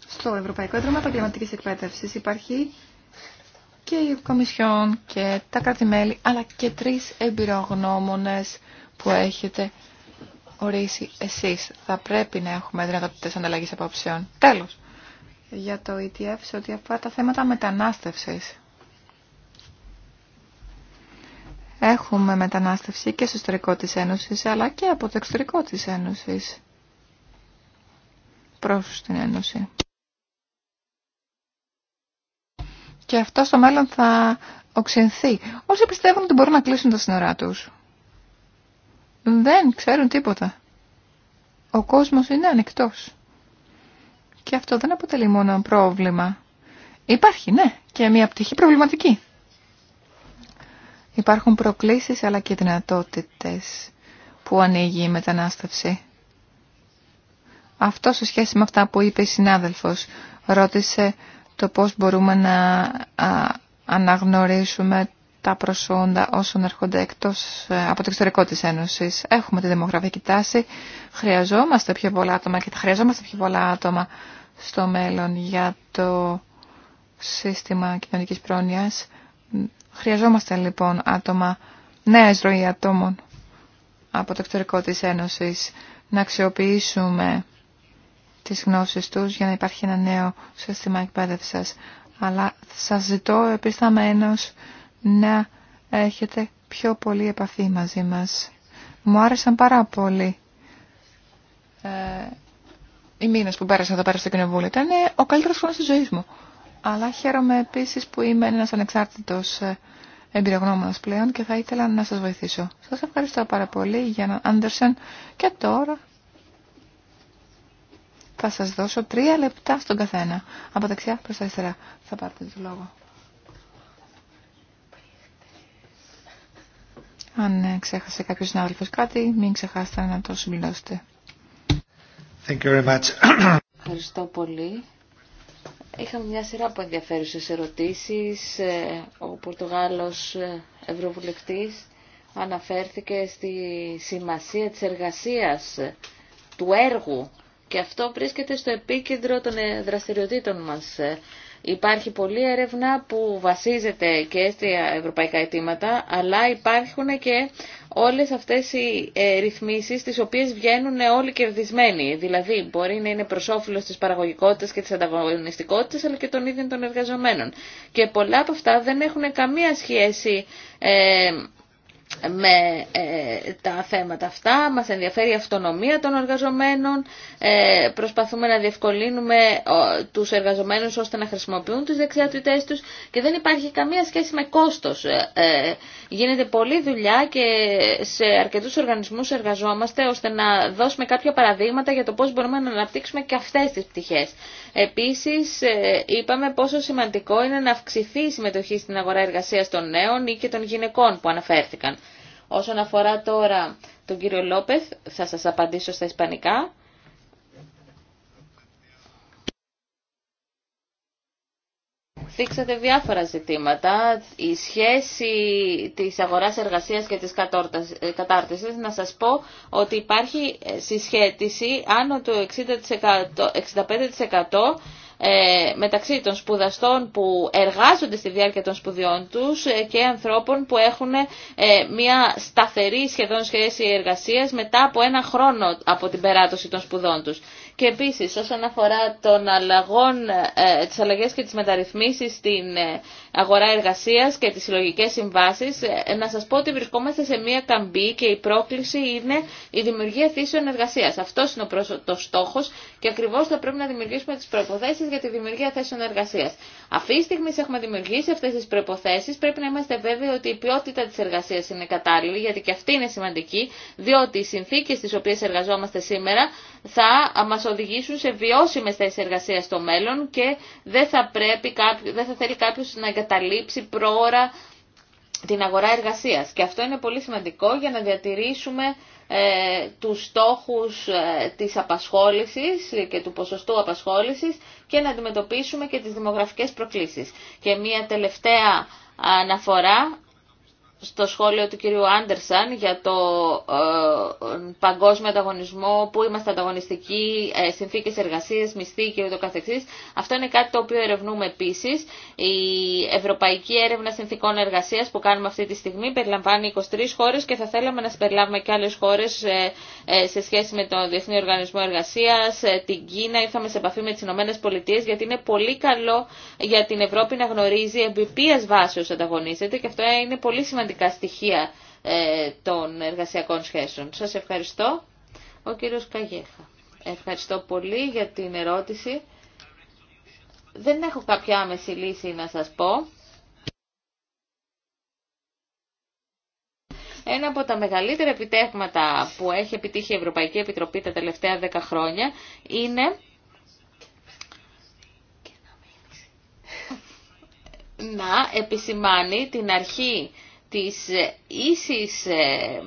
Στο Ευρωπαϊκό Έντρομα Επαγγελματικής Εκπαίδευσης υπάρχει και η Κομισιόν και τα κράτη-μέλη, αλλά και τρεις εμπειρογνώμονες που έχετε ορίσει εσείς. Θα πρέπει να έχουμε δυνατότητες ανταλλαγής απόψεων. Τέλος για το ETF σε ό,τι αφορά τα θέματα μετανάστευσης. Έχουμε μετανάστευση και στο εσωτερικό της Ένωσης, αλλά και από το εξωτερικό της Ένωσης προς την Ένωση. Και αυτό στο μέλλον θα οξυνθεί. Όσοι πιστεύουν ότι μπορούν να κλείσουν τα σύνορά τους. Δεν ξέρουν τίποτα. Ο κόσμος είναι ανοιχτός. Και αυτό δεν αποτελεί μόνο πρόβλημα. Υπάρχει, ναι, και μια πτυχή προβληματική. Υπάρχουν προκλήσεις αλλά και δυνατότητες που ανοίγει η μετανάστευση. Αυτό σε σχέση με αυτά που είπε η συνάδελφος, ρώτησε το πώς μπορούμε να αναγνωρίσουμε τα προσόντα όσων έρχονται εκτός ε, από το εξωτερικό της Ένωσης. Έχουμε τη δημογραφική τάση, χρειαζόμαστε πιο πολλά άτομα και θα χρειαζόμαστε πιο πολλά άτομα στο μέλλον για το σύστημα κοινωνικής πρόνοιας. Χρειαζόμαστε λοιπόν άτομα, νέα ροή ατόμων από το εξωτερικό της Ένωσης, να αξιοποιήσουμε τις γνώσεις τους για να υπάρχει ένα νέο σύστημα εκπαίδευσης. Αλλά σας ζητώ επισταμένως να έχετε πιο πολύ επαφή μαζί μας. Μου άρεσαν πάρα πολύ ε, οι μήνες που πέρασαν εδώ πέρα στο κοινοβούλιο. Ήταν ε, ο καλύτερος χρόνος της ζωής μου. Αλλά χαίρομαι επίσης που είμαι ένας ανεξάρτητος ε, εμπειρογνώμονας πλέον και θα ήθελα να σας βοηθήσω. Σας ευχαριστώ πάρα πολύ για Άντερσεν και τώρα θα σας δώσω τρία λεπτά στον καθένα. Από δεξιά προς αριστερά θα πάρετε το λόγο. Αν ε, ξέχασε κάποιος συνάδελφος κάτι, μην ξεχάσετε να το συμπληρώσετε. Ευχαριστώ πολύ. Είχαμε μια σειρά από ενδιαφέρουσες ερωτήσεις. Ε, ο Πορτογάλος ε, Ευρωβουλευτής αναφέρθηκε στη σημασία της εργασίας, του έργου και αυτό βρίσκεται στο επίκεντρο των δραστηριοτήτων μας. Υπάρχει πολλή έρευνα που βασίζεται και στα ευρωπαϊκά αιτήματα, αλλά υπάρχουν και όλες αυτές οι ε, ρυθμίσεις τις οποίες βγαίνουν όλοι κερδισμένοι. Δηλαδή μπορεί να είναι προς όφελος της παραγωγικότητας και της ανταγωνιστικότητας αλλά και των ίδιων των εργαζομένων. Και πολλά από αυτά δεν έχουν καμία σχέση ε, με ε, τα θέματα αυτά. Μας ενδιαφέρει η αυτονομία των εργαζομένων. Ε, προσπαθούμε να διευκολύνουμε ο, τους εργαζομένους ώστε να χρησιμοποιούν τις δεξιότητές τους και δεν υπάρχει καμία σχέση με κόστος. Ε, ε, γίνεται πολλή δουλειά και σε αρκετούς οργανισμούς εργαζόμαστε ώστε να δώσουμε κάποια παραδείγματα για το πώς μπορούμε να αναπτύξουμε και αυτές τις πτυχές. Επίσης, ε, είπαμε πόσο σημαντικό είναι να αυξηθεί η συμμετοχή στην αγορά εργασίας των νέων ή και των γυναικών που αναφέρθηκαν. Όσον αφορά τώρα τον κύριο Λόπεθ, θα σας απαντήσω στα ισπανικά. θίξατε διάφορα ζητήματα. Η σχέση της αγοράς εργασίας και της ε, κατάρτισης, να σας πω ότι υπάρχει ε, συσχέτιση άνω του 60%, 65% ε, μεταξύ των σπουδαστών που εργάζονται στη διάρκεια των σπουδιών τους ε, και ανθρώπων που έχουν ε, μια σταθερή σχεδόν σχέση εργασίας μετά από ένα χρόνο από την περάτωση των σπουδών τους. Και επίσης όσον αφορά των αλλαγών, τις αλλαγές και τις μεταρρυθμίσεις στην αγορά εργασίας και τις συλλογικές συμβάσεις, ε, να σας πω ότι βρισκόμαστε σε μία καμπή και η πρόκληση είναι η δημιουργία θέσεων εργασίας. Αυτός είναι ο το στόχος και ακριβώς θα πρέπει να δημιουργήσουμε τις προϋποθέσεις για τη δημιουργία θέσεων εργασίας. Αυτή τη στιγμή έχουμε δημιουργήσει αυτές τις προϋποθέσεις, πρέπει να είμαστε βέβαιοι ότι η ποιότητα της εργασίας είναι κατάλληλη, γιατί και αυτή είναι σημαντική, διότι οι συνθήκες στις οποίες εργαζόμαστε σήμερα θα μας οδηγήσουν σε βιώσιμες θέσει εργασία στο μέλλον και δεν θα, πρέπει, δεν θα θέλει να πρόωρα την αγορά εργασίας. Και αυτό είναι πολύ σημαντικό για να διατηρήσουμε ε, τους στόχους ε, της απασχόλησης και του ποσοστού απασχόλησης και να αντιμετωπίσουμε και τις δημογραφικές προκλήσεις. Και μία τελευταία αναφορά στο σχόλιο του κυρίου Άντερσαν για το ε, παγκόσμιο ανταγωνισμό, που είμαστε ανταγωνιστικοί, ε, συνθήκες εργασίας, μισθή και ούτω καθεξής. Αυτό είναι κάτι το οποίο ερευνούμε επίσης. Η Ευρωπαϊκή Έρευνα Συνθήκων Εργασίας που κάνουμε αυτή τη στιγμή περιλαμβάνει 23 χώρες και θα θέλαμε να συμπεριλάβουμε και άλλες χώρες ε, ε, σε σχέση με τον Διεθνή Οργανισμό Εργασίας, την Κίνα, ήρθαμε σε επαφή με τις ΗΠΑ γιατί είναι πολύ καλό για την Ευρώπη να γνωρίζει βάσεως ανταγωνίζεται και αυτό είναι πολύ σημαντικό σημαντικά στοιχεία ε, των εργασιακών σχέσεων. Σας ευχαριστώ. Ο κύριος Καγέχα. Ευχαριστώ πολύ για την ερώτηση. Δεν έχω κάποια άμεση λύση να σας πω. Ένα από τα μεγαλύτερα επιτεύγματα που έχει επιτύχει η Ευρωπαϊκή Επιτροπή τα τελευταία 10 χρόνια είναι να επισημάνει την αρχή της ίσης ε,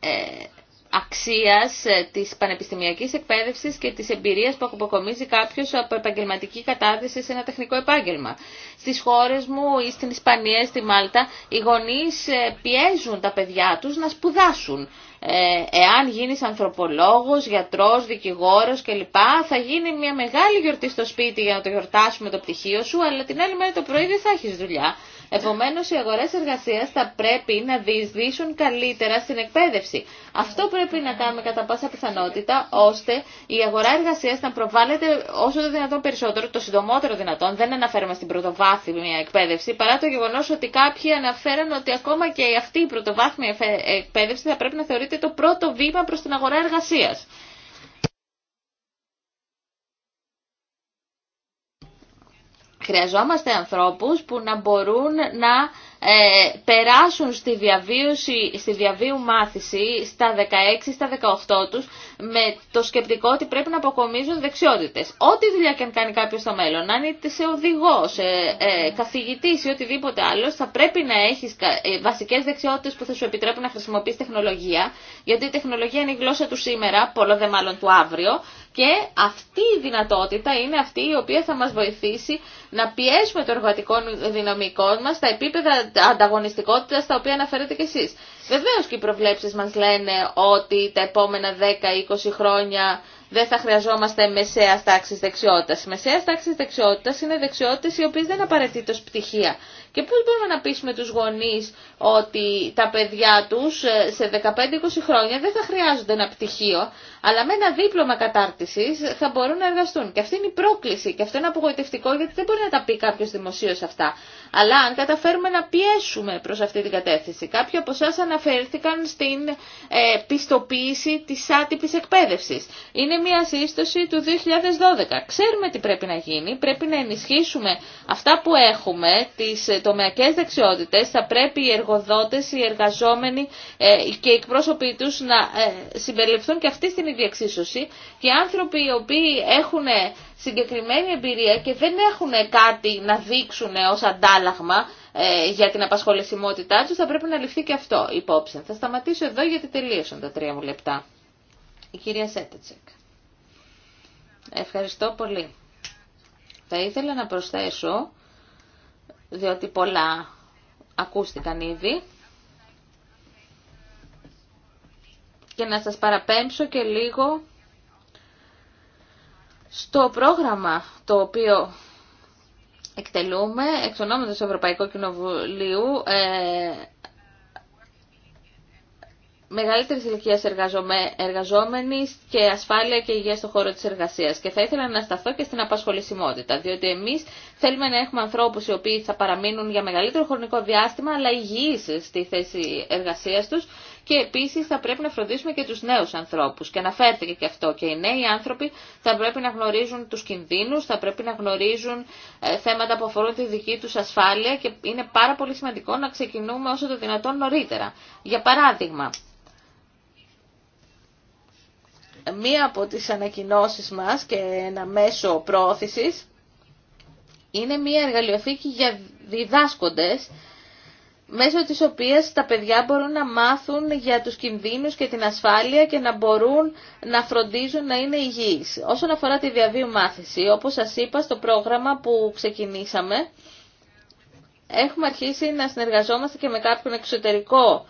ε, αξίας της πανεπιστημιακής εκπαίδευσης και της εμπειρίας που αποκομίζει κάποιος από επαγγελματική κατάδυση σε ένα τεχνικό επάγγελμα. Στις χώρες μου ή στην Ισπανία ή στη Μάλτα οι γονείς ε, πιέζουν τα παιδιά τους να σπουδάσουν. εάν γίνεις ανθρωπολόγος, γιατρός, δικηγόρος κλπ. θα γίνει μια μεγάλη γιορτή στο σπίτι για να το γιορτάσουμε το πτυχίο σου, αλλά την άλλη μέρα το πρωί δεν θα έχεις δουλειά. Επομένως, οι αγορές εργασίας θα πρέπει να διεισδύσουν καλύτερα στην εκπαίδευση. Αυτό πρέπει να κάνουμε κατά πάσα πιθανότητα, ώστε η αγορά εργασίας να προβάλλεται όσο το δυνατόν περισσότερο, το συντομότερο δυνατόν. Δεν αναφέρουμε στην πρωτοβάθμια εκπαίδευση, παρά το γεγονός ότι κάποιοι αναφέραν ότι ακόμα και αυτή η πρωτοβάθμια εκπαίδευση θα πρέπει να θεωρείται το πρώτο βήμα προς την αγορά εργασίας. Χρειαζόμαστε ανθρώπους που να μπορούν να ε, περάσουν στη, διαβίωση, στη διαβίου μάθηση στα 16, στα 18 τους με το σκεπτικό ότι πρέπει να αποκομίζουν δεξιότητες. Ό,τι δουλειά και αν κάνει κάποιος στο μέλλον, αν είναι σε οδηγό, ε, καθηγητής ή οτιδήποτε άλλο, θα πρέπει να έχεις ε, βασικές δεξιότητες που θα σου επιτρέπουν να χρησιμοποιείς τεχνολογία, γιατί η τεχνολογία είναι η γλώσσα του σήμερα, πολλό δε μάλλον του αύριο, και αυτή η δυνατότητα είναι αυτή η οποία θα μας βοηθήσει να πιέσουμε το εργατικό δυναμικό μας στα επίπεδα ανταγωνιστικότητας στα οποία αναφέρετε κι εσείς. Βεβαίως και οι προβλέψεις μας λένε ότι τα επόμενα 10-20 χρόνια δεν θα χρειαζόμαστε μεσαία τάξη δεξιότητα. Μεσαία τάξη δεξιότητα είναι δεξιότητε οι οποίε δεν απαραίτητο πτυχία. Και πώς μπορούμε να πείσουμε τους γονείς ότι τα παιδιά τους ε, σε 15-20 χρόνια δεν θα χρειάζονται ένα πτυχίο, αλλά με ένα δίπλωμα κατάρτισης θα μπορούν να εργαστούν. Και αυτή είναι η πρόκληση και αυτό είναι απογοητευτικό γιατί δεν μπορεί να τα πει κάποιος δημοσίως αυτά. Αλλά αν καταφέρουμε να πιέσουμε προς αυτή την κατεύθυνση. Κάποιοι από εσά αναφέρθηκαν στην ε, πιστοποίηση της άτυπης εκπαίδευσης. Είναι μια σύστοση του 2012. Ξέρουμε τι πρέπει να γίνει. Πρέπει να ενισχύσουμε αυτά που έχουμε, τις τομεακές δεξιότητες θα πρέπει οι εργοδότες, οι εργαζόμενοι ε, και οι εκπρόσωποι τους να ε, συμπεριληφθούν και αυτοί στην ίδια εξίσωση και άνθρωποι οι οποίοι έχουν ε, συγκεκριμένη εμπειρία και δεν έχουν κάτι να δείξουν ως αντάλλαγμα για την απασχολησιμότητά τους θα πρέπει να ληφθεί και αυτό υπόψη. Θα σταματήσω εδώ γιατί τελείωσαν τα τρία μου λεπτά. Η κυρία Σέτετσεκ. Ευχαριστώ πολύ. Θα ήθελα να προσθέσω διότι πολλά ακούστηκαν ήδη. Και να σας παραπέμψω και λίγο στο πρόγραμμα το οποίο εκτελούμε εξ ονόματος Ευρωπαϊκού Κοινοβουλίου ε, μεγαλύτερη ηλικία εργαζόμενοι και ασφάλεια και υγεία στον χώρο τη εργασία. Και θα ήθελα να σταθώ και στην απασχολησιμότητα, διότι εμεί θέλουμε να έχουμε ανθρώπου οι οποίοι θα παραμείνουν για μεγαλύτερο χρονικό διάστημα, αλλά υγιεί στη θέση εργασία του. και επίση θα πρέπει να φροντίσουμε και του νέου ανθρώπου Και αναφέρθηκε και αυτό και οι νέοι άνθρωποι θα πρέπει να γνωρίζουν του κινδύνου, θα πρέπει να γνωρίζουν ε, θέματα που αφορούν τη δική του ασφάλεια και είναι πάρα πολύ σημαντικό να ξεκινούμε όσο το δυνατόν νωρίτερα. Για παράδειγμα, μία από τις ανακοινώσεις μας και ένα μέσο πρόθεσης είναι μία εργαλειοθήκη για διδάσκοντες μέσω της οποίας τα παιδιά μπορούν να μάθουν για τους κινδύνους και την ασφάλεια και να μπορούν να φροντίζουν να είναι υγιείς. Όσον αφορά τη διαβίου μάθηση, όπως σας είπα στο πρόγραμμα που ξεκινήσαμε, έχουμε αρχίσει να συνεργαζόμαστε και με κάποιον εξωτερικό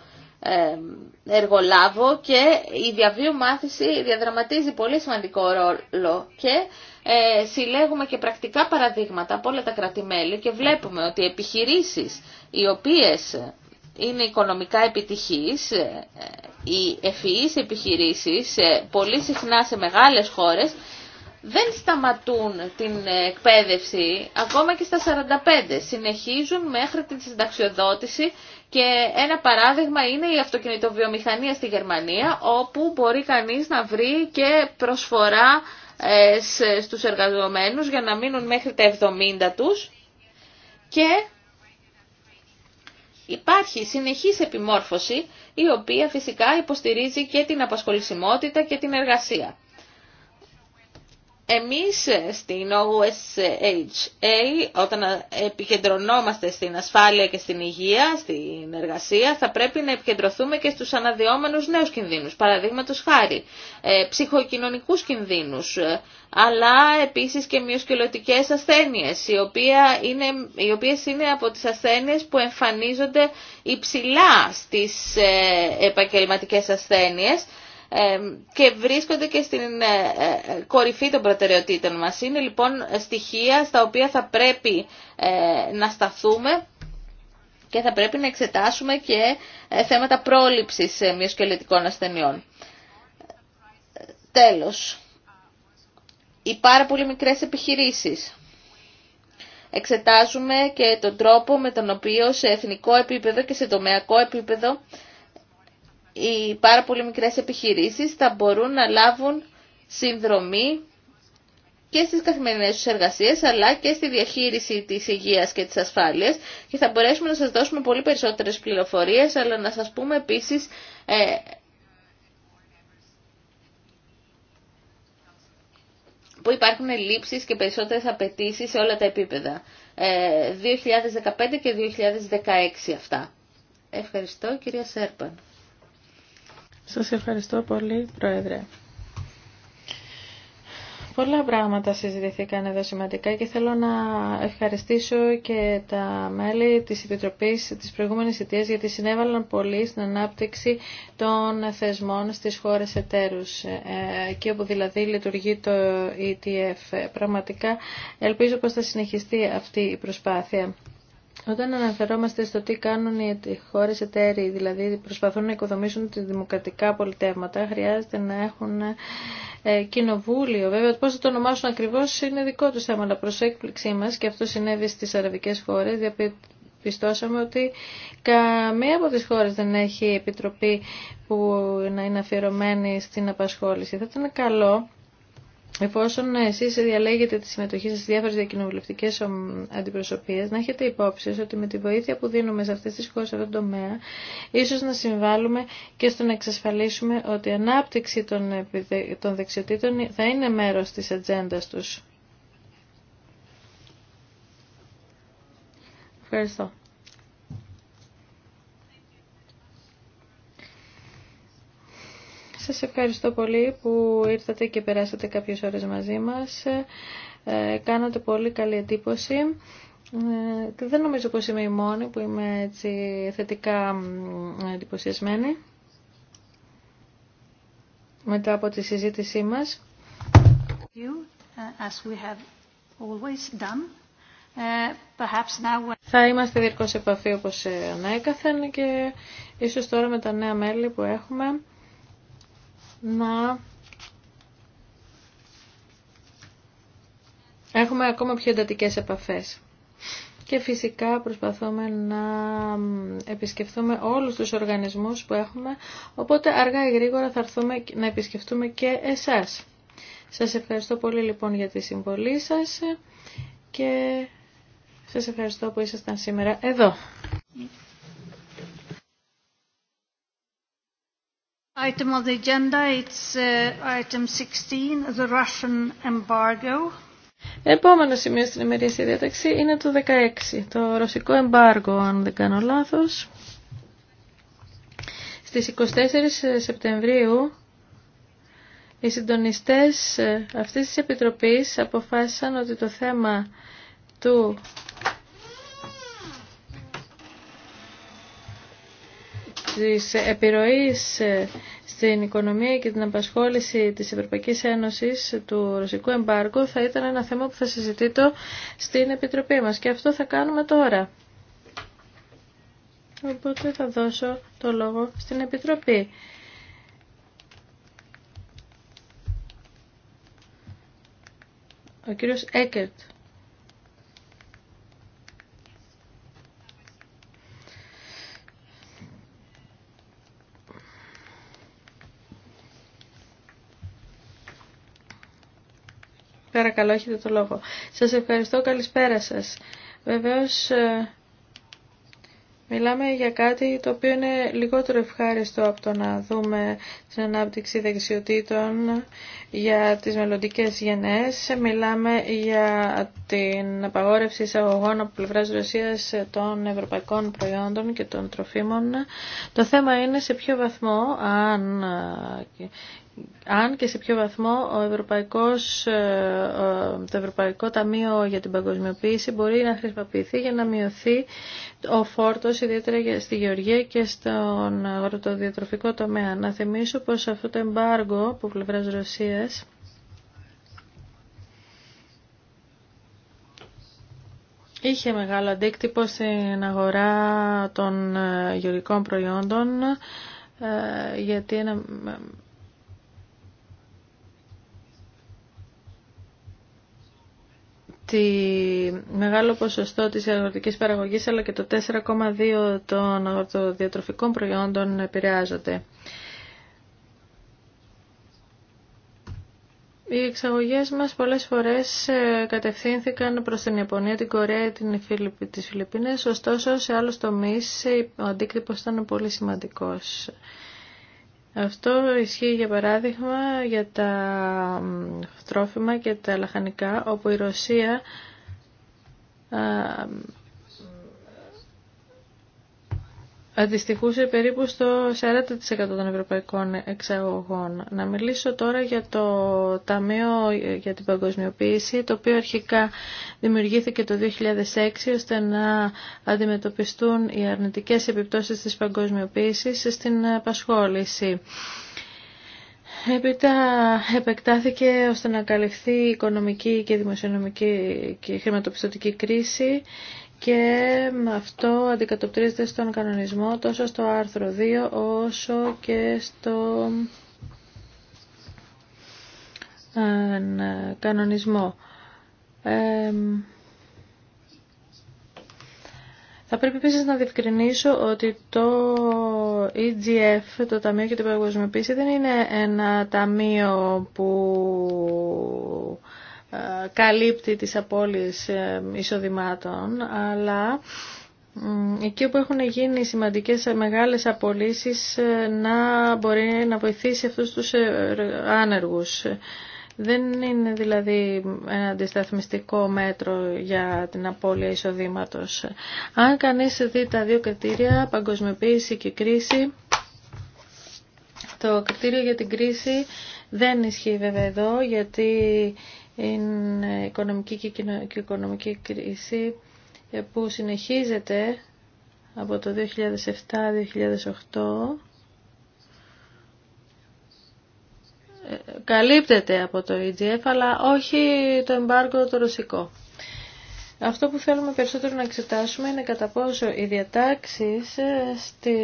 εργολάβο και η διαβίου μάθηση διαδραματίζει πολύ σημαντικό ρόλο και ε, συλλέγουμε και πρακτικά παραδείγματα από όλα τα κρατημέλη και βλέπουμε ότι επιχειρήσεις οι οποίες είναι οικονομικά επιτυχής, ε, οι ευφυείς επιχειρήσεις ε, πολύ συχνά σε μεγάλες χώρες δεν σταματούν την εκπαίδευση ακόμα και στα 45. Συνεχίζουν μέχρι την συνταξιοδότηση και ένα παράδειγμα είναι η αυτοκινητοβιομηχανία στη Γερμανία, όπου μπορεί κανείς να βρει και προσφορά ε, στους εργαζομένους για να μείνουν μέχρι τα 70 τους και υπάρχει συνεχής επιμόρφωση η οποία φυσικά υποστηρίζει και την απασχολησιμότητα και την εργασία. Εμείς στην OSHA, ε, όταν επικεντρωνόμαστε στην ασφάλεια και στην υγεία, στην εργασία, θα πρέπει να επικεντρωθούμε και στους αναδυόμενους νέους κινδύνους, παραδείγματος χάρη, ε, ψυχοκοινωνικούς κινδύνους, ε, αλλά επίσης και μειοσκελωτικές ασθένειες, οι, οποία είναι, οι οποίες είναι από τις ασθένειες που εμφανίζονται υψηλά στις ε, επαγγελματικές ασθένειες, και βρίσκονται και στην ε, ε, κορυφή των προτεραιοτήτων μας. Είναι λοιπόν στοιχεία στα οποία θα πρέπει ε, να σταθούμε και θα πρέπει να εξετάσουμε και θέματα πρόληψης μυοσκελετικών ασθενειών. Τέλος, οι πάρα πολύ μικρές επιχειρήσεις. Εξετάζουμε και τον τρόπο με τον οποίο σε εθνικό επίπεδο και σε τομεακό επίπεδο οι πάρα πολύ μικρές επιχειρήσεις θα μπορούν να λάβουν συνδρομή και στις καθημερινές τους εργασίες αλλά και στη διαχείριση της υγείας και της ασφάλειας και θα μπορέσουμε να σας δώσουμε πολύ περισσότερες πληροφορίες αλλά να σας πούμε επίσης ε, που υπάρχουν λήψεις και περισσότερες απαιτήσεις σε όλα τα επίπεδα. Ε, 2015 και 2016 αυτά. Ευχαριστώ κυρία Σέρπαν. Σας ευχαριστώ πολύ, Πρόεδρε. Πολλά πράγματα συζητηθήκαν εδώ σημαντικά και θέλω να ευχαριστήσω και τα μέλη της Επιτροπής της προηγούμενης ειτίας γιατί συνέβαλαν πολύ στην ανάπτυξη των θεσμών στις χώρες εταίρους ε, και όπου δηλαδή λειτουργεί το ETF. Πραγματικά ελπίζω πως θα συνεχιστεί αυτή η προσπάθεια. Όταν αναφερόμαστε στο τι κάνουν οι χώρες εταίροι, δηλαδή προσπαθούν να οικοδομήσουν τις δημοκρατικά πολιτεύματα, χρειάζεται να έχουν ε, κοινοβούλιο. Βέβαια, πώς θα το ονομάσουν ακριβώς είναι δικό τους θέμα, αλλά προς έκπληξή μας, και αυτό συνέβη στις αραβικές χώρες, πιστώσαμε ότι καμία από τις χώρες δεν έχει επιτροπή που να είναι αφιερωμένη στην απασχόληση. Θα ήταν καλό Εφόσον εσείς διαλέγετε τη συμμετοχή σας στις διάφορες διακοινοβουλευτικές αντιπροσωπείες, να έχετε υπόψη ότι με τη βοήθεια που δίνουμε σε αυτές τις χώρες, σε αυτόν τον τομέα, ίσως να συμβάλλουμε και στο να εξασφαλίσουμε ότι η ανάπτυξη των δεξιοτήτων θα είναι μέρος της ατζέντα τους. Ευχαριστώ. Σας ευχαριστώ πολύ που ήρθατε και περάσατε κάποιες ώρες μαζί μας. Ε, κάνατε πολύ καλή εντύπωση. Ε, δεν νομίζω πως είμαι η μόνη που είμαι έτσι θετικά εντυπωσιασμένη μετά από τη συζήτησή μας. Θα είμαστε διαρκώς σε επαφή όπως ανέκαθεν και ίσως τώρα με τα νέα μέλη που έχουμε να έχουμε ακόμα πιο εντατικές επαφές. Και φυσικά προσπαθούμε να επισκεφθούμε όλους τους οργανισμούς που έχουμε, οπότε αργά ή γρήγορα θα έρθουμε να επισκεφτούμε και εσάς. Σας ευχαριστώ πολύ λοιπόν για τη συμβολή σας και σας ευχαριστώ που ήσασταν σήμερα εδώ. Item 16, uh, the Russian embargo. Επόμενο σημείο στην ημερήσια διάταξη είναι το 16, το ρωσικό εμπάργο, αν δεν κάνω λάθος. Στις 24 Σεπτεμβρίου οι συντονιστές αυτής της Επιτροπής αποφάσισαν ότι το θέμα του της επιρροής ε, στην οικονομία και την απασχόληση της Ευρωπαϊκής Ένωσης του ρωσικού Εμπάρκου θα ήταν ένα θέμα που θα συζητήσω στην Επιτροπή μας και αυτό θα κάνουμε τώρα. Οπότε θα δώσω το λόγο στην Επιτροπή. Ο κύριος Έκερτ. Παρακαλώ, έχετε το λόγο. Σας ευχαριστώ, καλησπέρα σας. Βεβαίως, ε, Μιλάμε για κάτι το οποίο είναι λιγότερο ευχάριστο από το να δούμε την ανάπτυξη δεξιοτήτων για τις μελλοντικέ γενναίες. Μιλάμε για την απαγόρευση εισαγωγών από πλευράς Ρωσίας των ευρωπαϊκών προϊόντων και των τροφίμων. Το θέμα είναι σε ποιο βαθμό αν αν και σε ποιο βαθμό ο Ευρωπαϊκός, ε, το Ευρωπαϊκό Ταμείο για την Παγκοσμιοποίηση μπορεί να χρησιμοποιηθεί για να μειωθεί ο φόρτος ιδιαίτερα στη γεωργία και στον αγροτοδιατροφικό τομέα. Να θυμίσω πως αυτό το εμπάργο που πλευρά Ρωσίας είχε μεγάλο αντίκτυπο στην αγορά των ε, γεωργικών προϊόντων ε, γιατί ότι μεγάλο ποσοστό της αγροτικής παραγωγής αλλά και το 4,2 των αγροτοδιατροφικών προϊόντων επηρεάζονται. Οι εξαγωγές μας πολλές φορές ε, κατευθύνθηκαν προς την Ιαπωνία, την Κορέα και τις Φιλιππίνες, ωστόσο σε άλλους τομείς ε, ο αντίκτυπος ήταν πολύ σημαντικός. Αυτό ισχύει για παράδειγμα για τα τρόφιμα και τα λαχανικά, όπου η Ρωσία αντιστοιχούσε περίπου στο 40% των ευρωπαϊκών εξαγωγών. Να μιλήσω τώρα για το Ταμείο για την Παγκοσμιοποίηση, το οποίο αρχικά δημιουργήθηκε το 2006 ώστε να αντιμετωπιστούν οι αρνητικές επιπτώσεις της παγκοσμιοποίησης στην απασχόληση. Επίτα επεκτάθηκε ώστε να καλυφθεί η οικονομική και δημοσιονομική και χρηματοπιστωτική κρίση και αυτό αντικατοπτρίζεται στον κανονισμό τόσο στο άρθρο 2 όσο και στο ε, ναι, κανονισμό. θα πρέπει επίση να διευκρινίσω ότι το EGF, το Ταμείο για την Παγκοσμιοποίηση, δεν είναι ένα ταμείο που ε, καλύπτει τις απώλειες ε, εισοδημάτων, αλλά εκεί όπου έχουν γίνει σημαντικές ε, μεγάλες απολύσεις να μπορεί να βοηθήσει αυτούς τους άνεργους. Δεν είναι δηλαδή ένα αντισταθμιστικό μέτρο για την απώλεια εισοδήματος. Αν κανείς δει τα δύο κριτήρια, παγκοσμιοποίηση και κρίση, το κριτήριο για την κρίση δεν ισχύει βέβαια εδώ γιατί είναι οικονομική και, κοινο... οικονομική κρίση ε, που συνεχίζεται από το 2007-2008 ε, καλύπτεται από το EGF αλλά όχι το εμπάργκο το ρωσικό. Αυτό που θέλουμε περισσότερο να εξετάσουμε είναι κατά πόσο οι διατάξεις ε, στη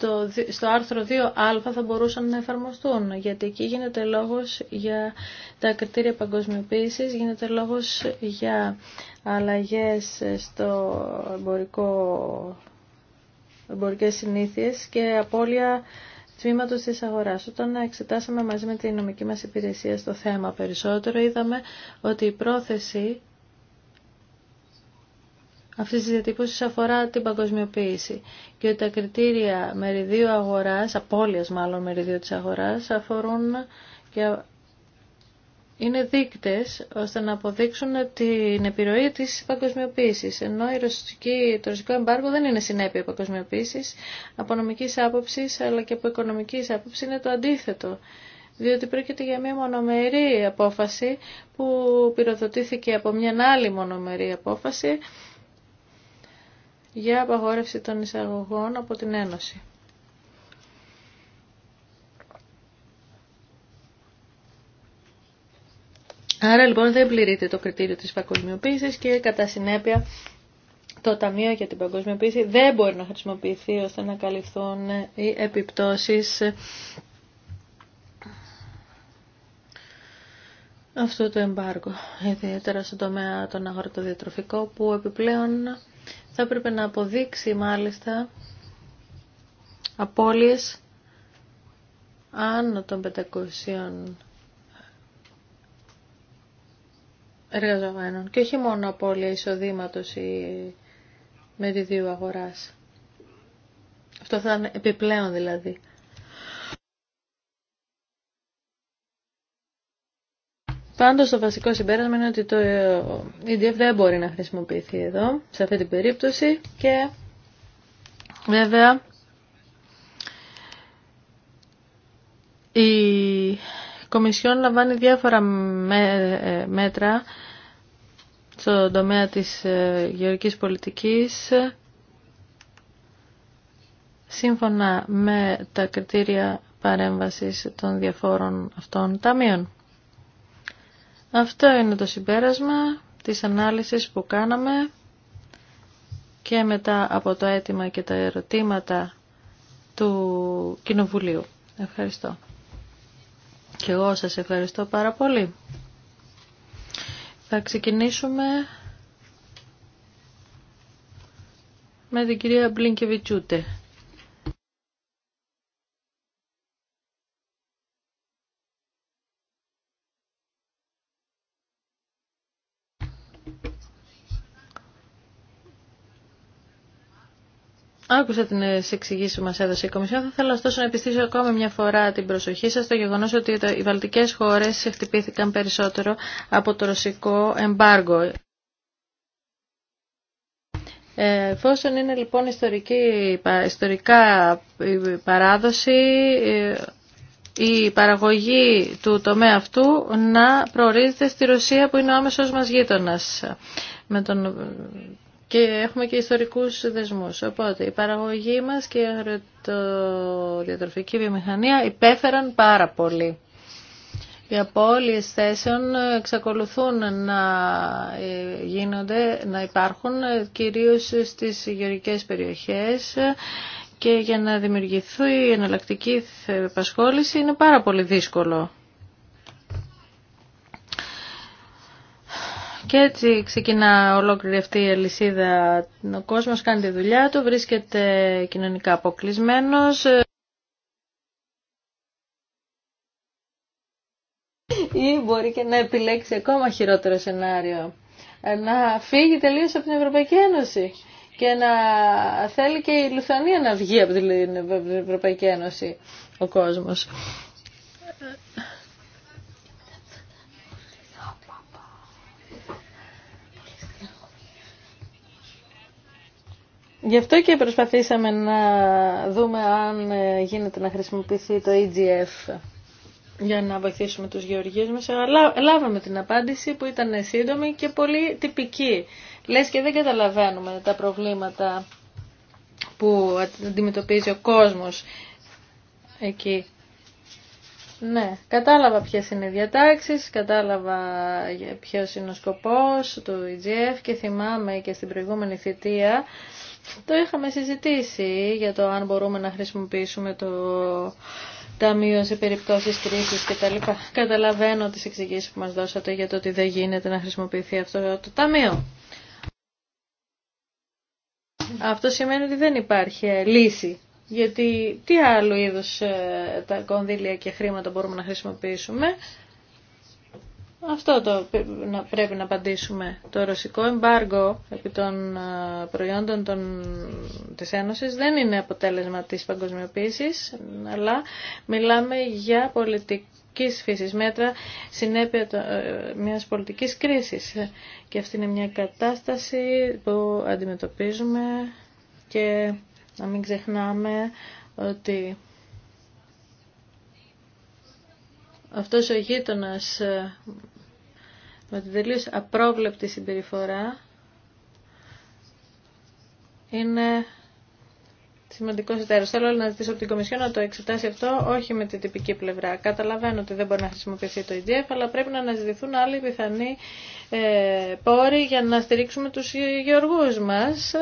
στο, στο άρθρο 2α θα μπορούσαν να εφαρμοστούν, γιατί εκεί γίνεται λόγος για τα κριτήρια παγκοσμιοποίησης, γίνεται λόγος για αλλαγές στο εμπορικό, εμπορικές συνήθειες και απώλεια τμήματο της αγοράς. Όταν εξετάσαμε μαζί με την νομική μας υπηρεσία στο θέμα περισσότερο, είδαμε ότι η πρόθεση αυτή τη διατύπωση αφορά την παγκοσμιοποίηση και ότι τα κριτήρια μεριδίου αγοράς, απώλεια μάλλον μεριδίου τη αγορά αφορούν και είναι δείκτε ώστε να αποδείξουν την επιρροή τη παγκοσμιοποίηση, ενώ η ρωσική, το ρωσικό εμπάργο δεν είναι συνέπεια παγκοσμιοποίηση από νομική άποψη, αλλά και από οικονομική άποψη, είναι το αντίθετο διότι πρόκειται για μια μονομερή απόφαση που πυροδοτήθηκε από μια άλλη μονομερή απόφαση για απαγόρευση των εισαγωγών από την Ένωση. Άρα λοιπόν δεν πληρείται το κριτήριο της παγκοσμιοποίησης και κατά συνέπεια το Ταμείο για την Παγκοσμιοποίηση δεν μπορεί να χρησιμοποιηθεί ώστε να καλυφθούν οι επιπτώσεις αυτού του εμπάργου, ιδιαίτερα στον τομέα των αγροτοδιατροφικών που επιπλέον θα έπρεπε να αποδείξει μάλιστα απώλειες άνω των 500 εργαζομένων και όχι μόνο απώλεια εισοδήματος ή μεριδίου αγοράς. Αυτό θα είναι επιπλέον δηλαδή. Πάντως το βασικό συμπέρασμα είναι ότι το EDF δεν μπορεί να χρησιμοποιηθεί εδώ, σε αυτή την περίπτωση και βέβαια η Κομισιόν λαμβάνει διάφορα ε, μέτρα στον τομέα της ε, γεωργικής πολιτικής σύμφωνα με τα κριτήρια παρέμβασης των διαφόρων αυτών ταμείων. Αυτό είναι το συμπέρασμα της ανάλυσης που κάναμε και μετά από το αίτημα και τα ερωτήματα του Κοινοβουλίου. Ευχαριστώ. Και εγώ σας ευχαριστώ πάρα πολύ. Θα ξεκινήσουμε με την κυρία Μπλίνκεβιτσούτε. Άκουσα την ε, εξηγήση που μα έδωσε η Κομισιόν. Θα ήθελα ωστόσο να επιστήσω ακόμη μια φορά την προσοχή σας στο γεγονό ότι οι βαλτικέ χώρες χτυπήθηκαν περισσότερο από το ρωσικό Ε, Εφόσον είναι λοιπόν ιστορική, ιστορικά ε, παράδοση, ε, η παραγωγή του τομέα αυτού να προορίζεται στη Ρωσία που είναι ο άμεσος μας γείτονας. Με τον και έχουμε και ιστορικούς δεσμούς. Οπότε η παραγωγή μας και η αγροτοδιατροφική βιομηχανία υπέφεραν πάρα πολύ. Οι απώλειες θέσεων εξακολουθούν να ε, γίνονται, να υπάρχουν ε, κυρίως στις γεωργικές περιοχές και για να δημιουργηθεί η εναλλακτική επασχόληση είναι πάρα πολύ δύσκολο. Και έτσι ξεκινά ολόκληρη αυτή η αλυσίδα. Ο κόσμος κάνει τη δουλειά του, βρίσκεται κοινωνικά αποκλεισμένο. Ή μπορεί και να επιλέξει ακόμα χειρότερο σενάριο. Να φύγει τελείως από την Ευρωπαϊκή Ένωση και να θέλει και η Λουθανία να βγει από την Ευρωπαϊκή Ένωση ο κόσμος. Γι' αυτό και προσπαθήσαμε να δούμε αν ε, γίνεται να χρησιμοποιηθεί το EGF για να βοηθήσουμε τους γεωργίους μας. Αλλά λάβαμε την απάντηση που ήταν σύντομη και πολύ τυπική. Λες και δεν καταλαβαίνουμε τα προβλήματα που αντιμετωπίζει ο κόσμος εκεί. Ναι, κατάλαβα ποιες είναι οι διατάξεις, κατάλαβα ποιος είναι ο σκοπός του EGF και θυμάμαι και στην προηγούμενη θητεία το είχαμε συζητήσει για το αν μπορούμε να χρησιμοποιήσουμε το ταμείο σε περιπτώσεις κρίσης κτλ. Καταλαβαίνω τις εξηγήσεις που μας δώσατε για το ότι δεν γίνεται να χρησιμοποιηθεί αυτό το ταμείο. Αυτό σημαίνει ότι δεν υπάρχει ε, λύση. Γιατί τι άλλο είδος ε, τα κονδύλια και χρήματα μπορούμε να χρησιμοποιήσουμε. Αυτό το πρέπει να απαντήσουμε. Το ρωσικό εμπάργκο επί των προϊόντων των, της Ένωσης δεν είναι αποτέλεσμα της παγκοσμιοποίησης, αλλά μιλάμε για πολιτικής φύσης μέτρα, συνέπεια ε, μιας πολιτικής κρίσης. Και αυτή είναι μια κατάσταση που αντιμετωπίζουμε και να μην ξεχνάμε ότι αυτός ο γείτονας ε, με την τελείως απρόβλεπτη συμπεριφορά είναι σημαντικό εταίρο. Θέλω να ζητήσω από την Κομισιό να το εξετάσει αυτό, όχι με την τυπική πλευρά. Καταλαβαίνω ότι δεν μπορεί να χρησιμοποιηθεί το EGF, αλλά πρέπει να αναζητηθούν άλλοι πιθανοί ε, πόροι για να στηρίξουμε τους γεωργούς μας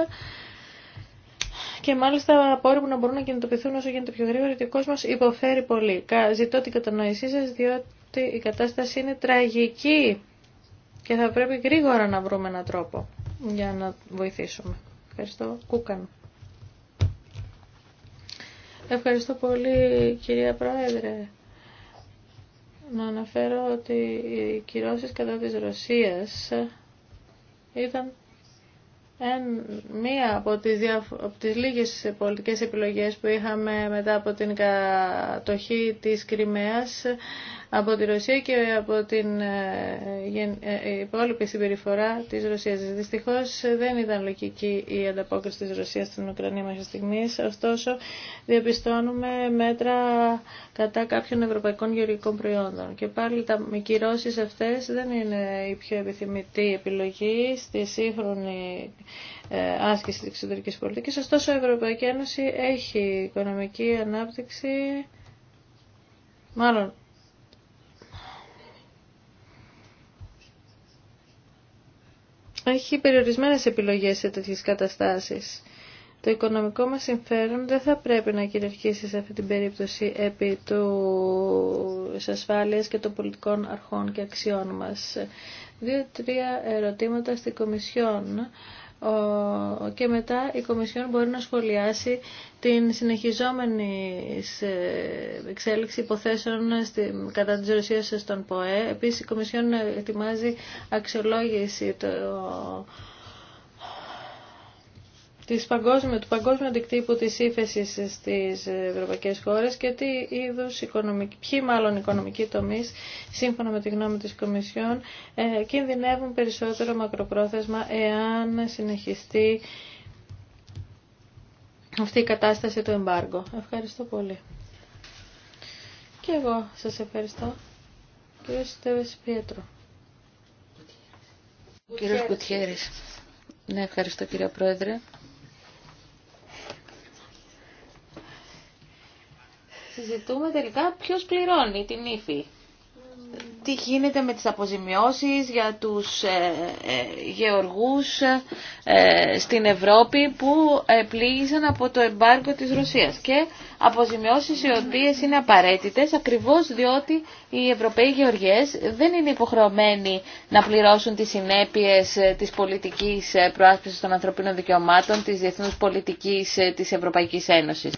και μάλιστα πόροι που να μπορούν να κινητοποιηθούν όσο γίνεται πιο γρήγορα γιατί ο κόσμο υποφέρει πολύ. Ζητώ την κατανόησή σα, διότι η κατάσταση είναι τραγική και θα πρέπει γρήγορα να βρούμε έναν τρόπο για να βοηθήσουμε. Ευχαριστώ. Κούκαν. Ευχαριστώ πολύ κυρία Πρόεδρε. Να αναφέρω ότι οι κυρώσεις κατά της Ρωσίας ήταν ε, μία από τις, από τις λίγες πολιτικές επιλογές που είχαμε μετά από την κατοχή της Κρυμαίας από τη Ρωσία και από την ε, ε, ε, υπόλοιπη συμπεριφορά της Ρωσίας. Δυστυχώς δεν ήταν λογική η ανταπόκριση της Ρωσίας στην Ουκρανία μέχρι στιγμής. Ωστόσο, διαπιστώνουμε μέτρα κατά κάποιων ευρωπαϊκών γεωργικών προϊόντων. Και πάλι τα κυρώσεις αυτές δεν είναι η πιο επιθυμητή επιλογή στη σύγχρονη άσκηση της εξωτερικής πολιτικής. Ωστόσο, η Ευρωπαϊκή Ένωση έχει οικονομική ανάπτυξη, μάλλον έχει περιορισμένες επιλογές σε τέτοιες καταστάσεις. Το οικονομικό μας συμφέρον δεν θα πρέπει να κυριαρχήσει σε αυτή την περίπτωση επί του ασφάλεια και των πολιτικών αρχών και αξιών μας. Δύο-τρία ερωτήματα στην Κομισιόν και μετά η Κομισιόν μπορεί να σχολιάσει την συνεχιζόμενη ε, εξέλιξη υποθέσεων κατά τη Ρωσία στον ΠΟΕ. Επίσης η Κομισιόν ετοιμάζει αξιολόγηση το, της του παγκόσμιου αντικτύπου της ύφεση στις ευρωπαϊκές χώρες και τι είδους οικονομικοί, ποιοι μάλλον οικονομικοί τομείς, σύμφωνα με τη γνώμη της Κομισιόν, ε, κινδυνεύουν περισσότερο μακροπρόθεσμα εάν συνεχιστεί αυτή η κατάσταση του εμπάργου. Ευχαριστώ πολύ. Και εγώ σας ευχαριστώ. Κύριε Στέβες Πιέτρο. Κύριε Κουτιέρης. Ναι, ευχαριστώ κύριε Πρόεδρε. συζητούμε τελικά ποιο πληρώνει την ύφη. Τι γίνεται με τις αποζημιώσεις για τους ε, ε, γεωργούς ε, στην Ευρώπη που πλήγησαν από το εμπάρκο της Ρωσίας. Και αποζημιώσεις οι οποίες είναι απαραίτητες ακριβώς διότι οι Ευρωπαίοι γεωργιές δεν είναι υποχρεωμένοι να πληρώσουν τις συνέπειες της πολιτικής προάσπισης των ανθρωπίνων δικαιωμάτων της διεθνούς πολιτικής της Ευρωπαϊκής Ένωσης.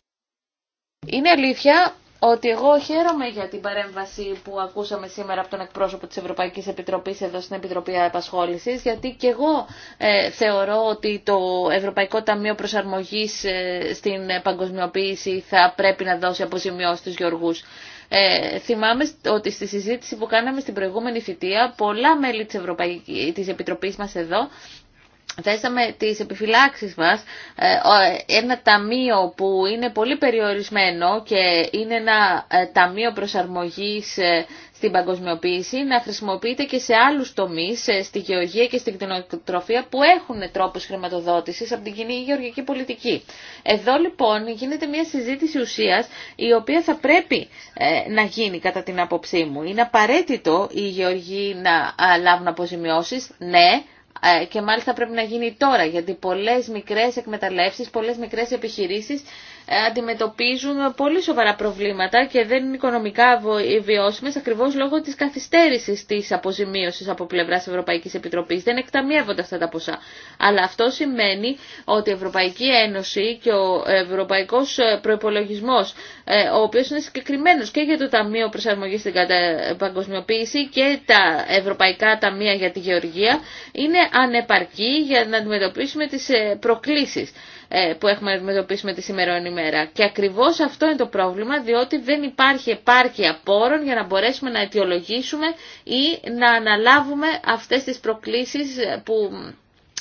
Είναι αλήθεια ότι εγώ χαίρομαι για την παρέμβαση που ακούσαμε σήμερα από τον εκπρόσωπο της Ευρωπαϊκής Επιτροπής εδώ στην Επιτροπή Επασχόλησης, γιατί και εγώ ε, θεωρώ ότι το Ευρωπαϊκό Ταμείο Προσαρμογής ε, στην Παγκοσμιοποίηση θα πρέπει να δώσει αποζημιώσεις στους γεωργούς. Ε, θυμάμαι ότι στη συζήτηση που κάναμε στην προηγούμενη θητεία πολλά μέλη της, Ευρωπαϊκής, της Επιτροπής μας εδώ θέσαμε τις επιφυλάξεις μας ε, ένα ταμείο που είναι πολύ περιορισμένο και είναι ένα ε, ταμείο προσαρμογής ε, στην παγκοσμιοποίηση να χρησιμοποιείται και σε άλλους τομείς, στη γεωργία και στην κτηνοτροφία που έχουν τρόπους χρηματοδότησης από την κοινή γεωργική πολιτική. Εδώ λοιπόν γίνεται μια συζήτηση ουσίας η οποία θα πρέπει να γίνει κατά την άποψή μου. Είναι απαραίτητο οι γεωργοί να λάβουν αποζημιώσεις, ναι, ε, και μάλιστα πρέπει να γίνει τώρα, γιατί πολλές μικρές εκμεταλλεύσεις, πολλές μικρές επιχειρήσεις ε, αντιμετωπίζουν πολύ σοβαρά προβλήματα και δεν είναι οικονομικά βιώσιμες ακριβώς λόγω της καθυστέρησης της αποζημίωσης από πλευράς Ευρωπαϊκής Επιτροπής. Δεν εκταμιεύονται αυτά τα ποσά. Αλλά αυτό σημαίνει ότι η Ευρωπαϊκή Ένωση και ο Ευρωπαϊκός ε, Προϋπολογισμός, ο οποίος είναι συγκεκριμένο και για το Ταμείο Προσαρμογής στην Παγκοσμιοποίηση και τα Ευρωπαϊκά Ταμεία για τη Γεωργία, είναι είναι ανεπαρκή για να αντιμετωπίσουμε τις ε, προκλήσεις ε, που έχουμε να αντιμετωπίσουμε τη σημερινή ημέρα. Και ακριβώς αυτό είναι το πρόβλημα, διότι δεν υπάρχει επάρκεια πόρων για να μπορέσουμε να αιτιολογήσουμε ή να αναλάβουμε αυτές τις προκλήσεις ε, που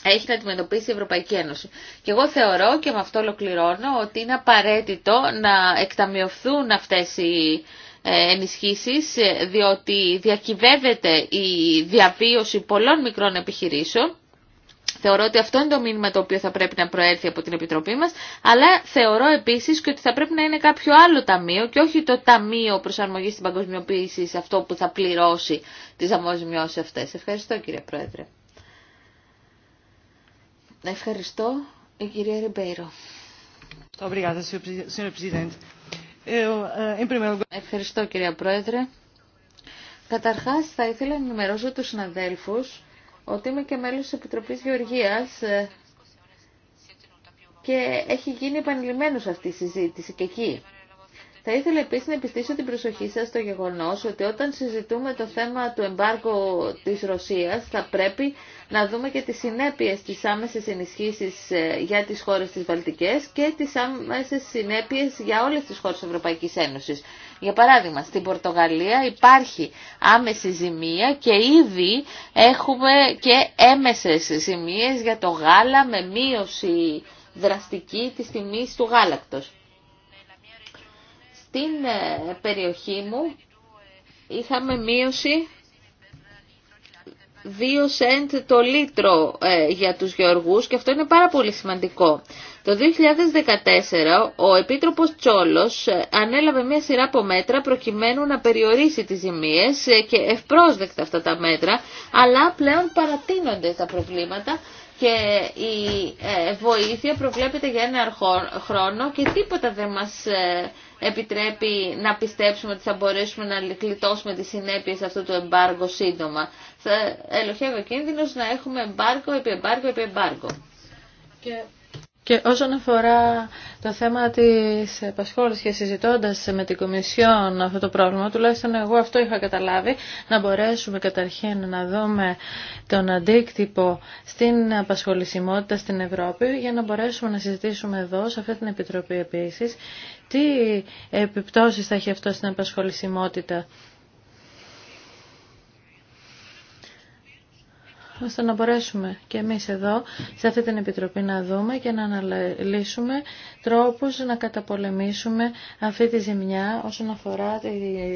έχει να αντιμετωπίσει η Ευρωπαϊκή Ένωση. Και εγώ θεωρώ και με αυτό ολοκληρώνω ότι είναι απαραίτητο να εκταμιωθούν αυτές οι ε, ενισχύσεις ε, διότι διακυβεύεται η διαβίωση πολλών μικρών επιχειρήσεων Θεωρώ ότι αυτό είναι το μήνυμα το οποίο θα πρέπει να προέρθει από την Επιτροπή μας, αλλά θεωρώ επίσης και ότι θα πρέπει να είναι κάποιο άλλο ταμείο και όχι το Ταμείο Προσαρμογής στην Παγκοσμιοποίηση σε αυτό που θα πληρώσει τις αμοσμιώσεις αυτές. Ευχαριστώ κύριε Πρόεδρε. Ευχαριστώ η κυρία Ριμπέιρο. Ε, ε, Ευχαριστώ κυρία Πρόεδρε. Καταρχάς θα ήθελα να ενημερώσω τους συναδέλφους ότι είμαι και μέλος της Επιτροπής Γεωργίας ε, και έχει γίνει επανειλημμένος αυτή η συζήτηση και εκεί. Θα ήθελα επίσης να επιστήσω την προσοχή σας στο γεγονός ότι όταν συζητούμε το θέμα του εμπάργου της Ρωσίας θα πρέπει να δούμε και τις συνέπειε τη άμεσης ενισχύση ε, για τις χώρες της Βαλτικές και τις άμεσες συνέπειε για όλες τις χώρες τη Ευρωπαϊκής Ένωσης. Για παράδειγμα, στην Πορτογαλία υπάρχει άμεση ζημία και ήδη έχουμε και έμεσε ζημίε για το γάλα με μείωση δραστική της τιμής του γάλακτος στην ε, περιοχή μου είχαμε μείωση 2 σέντ το λίτρο ε, για τους γεωργούς και αυτό είναι πάρα πολύ σημαντικό. Το 2014 ο Επίτροπος Τσόλος ε, ανέλαβε μια σειρά από μέτρα προκειμένου να περιορίσει τις ζημίες και ευπρόσδεκτα αυτά τα μέτρα, αλλά πλέον παρατείνονται τα προβλήματα και η ε, βοήθεια προβλέπεται για ένα χρόνο και τίποτα δεν μας ε, επιτρέπει να πιστέψουμε ότι θα μπορέσουμε να κλειτώσουμε τις συνέπειες αυτού του εμπάργου σύντομα. Θα ελοχεύει ο κίνδυνος να έχουμε εμπάργο επί εμπάργο επί εμπάργο. Και όσον αφορά το θέμα της επασχόλησης και συζητώντας με την Κομισιόν αυτό το πρόβλημα, τουλάχιστον εγώ αυτό είχα καταλάβει, να μπορέσουμε καταρχήν να δούμε τον αντίκτυπο στην απασχολησιμότητα στην Ευρώπη για να μπορέσουμε να συζητήσουμε εδώ, σε αυτή την Επιτροπή επίσης, τι επιπτώσεις θα έχει αυτό στην απασχολησιμότητα ώστε να μπορέσουμε και εμείς εδώ, σε αυτή την Επιτροπή, να δούμε και να αναλύσουμε τρόπους να καταπολεμήσουμε αυτή τη ζημιά όσον αφορά τη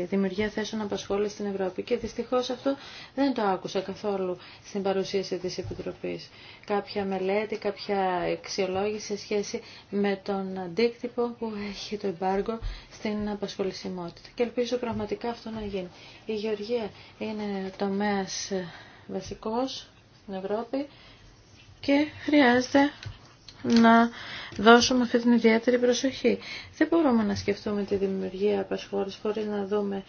δημιουργία θέσεων απασχόλησης στην Ευρώπη. Και δυστυχώς αυτό δεν το άκουσα καθόλου στην παρουσίαση της Επιτροπής. Κάποια μελέτη, κάποια εξιολόγηση σε σχέση με τον αντίκτυπο που έχει το εμπάργκο στην απασχολησιμότητα. Και ελπίζω πραγματικά αυτό να γίνει. Η Γεωργία είναι τομέας βασικός στην Ευρώπη και χρειάζεται να δώσουμε αυτή την ιδιαίτερη προσοχή. Δεν μπορούμε να σκεφτούμε τη δημιουργία απασχόλησης χωρίς να δούμε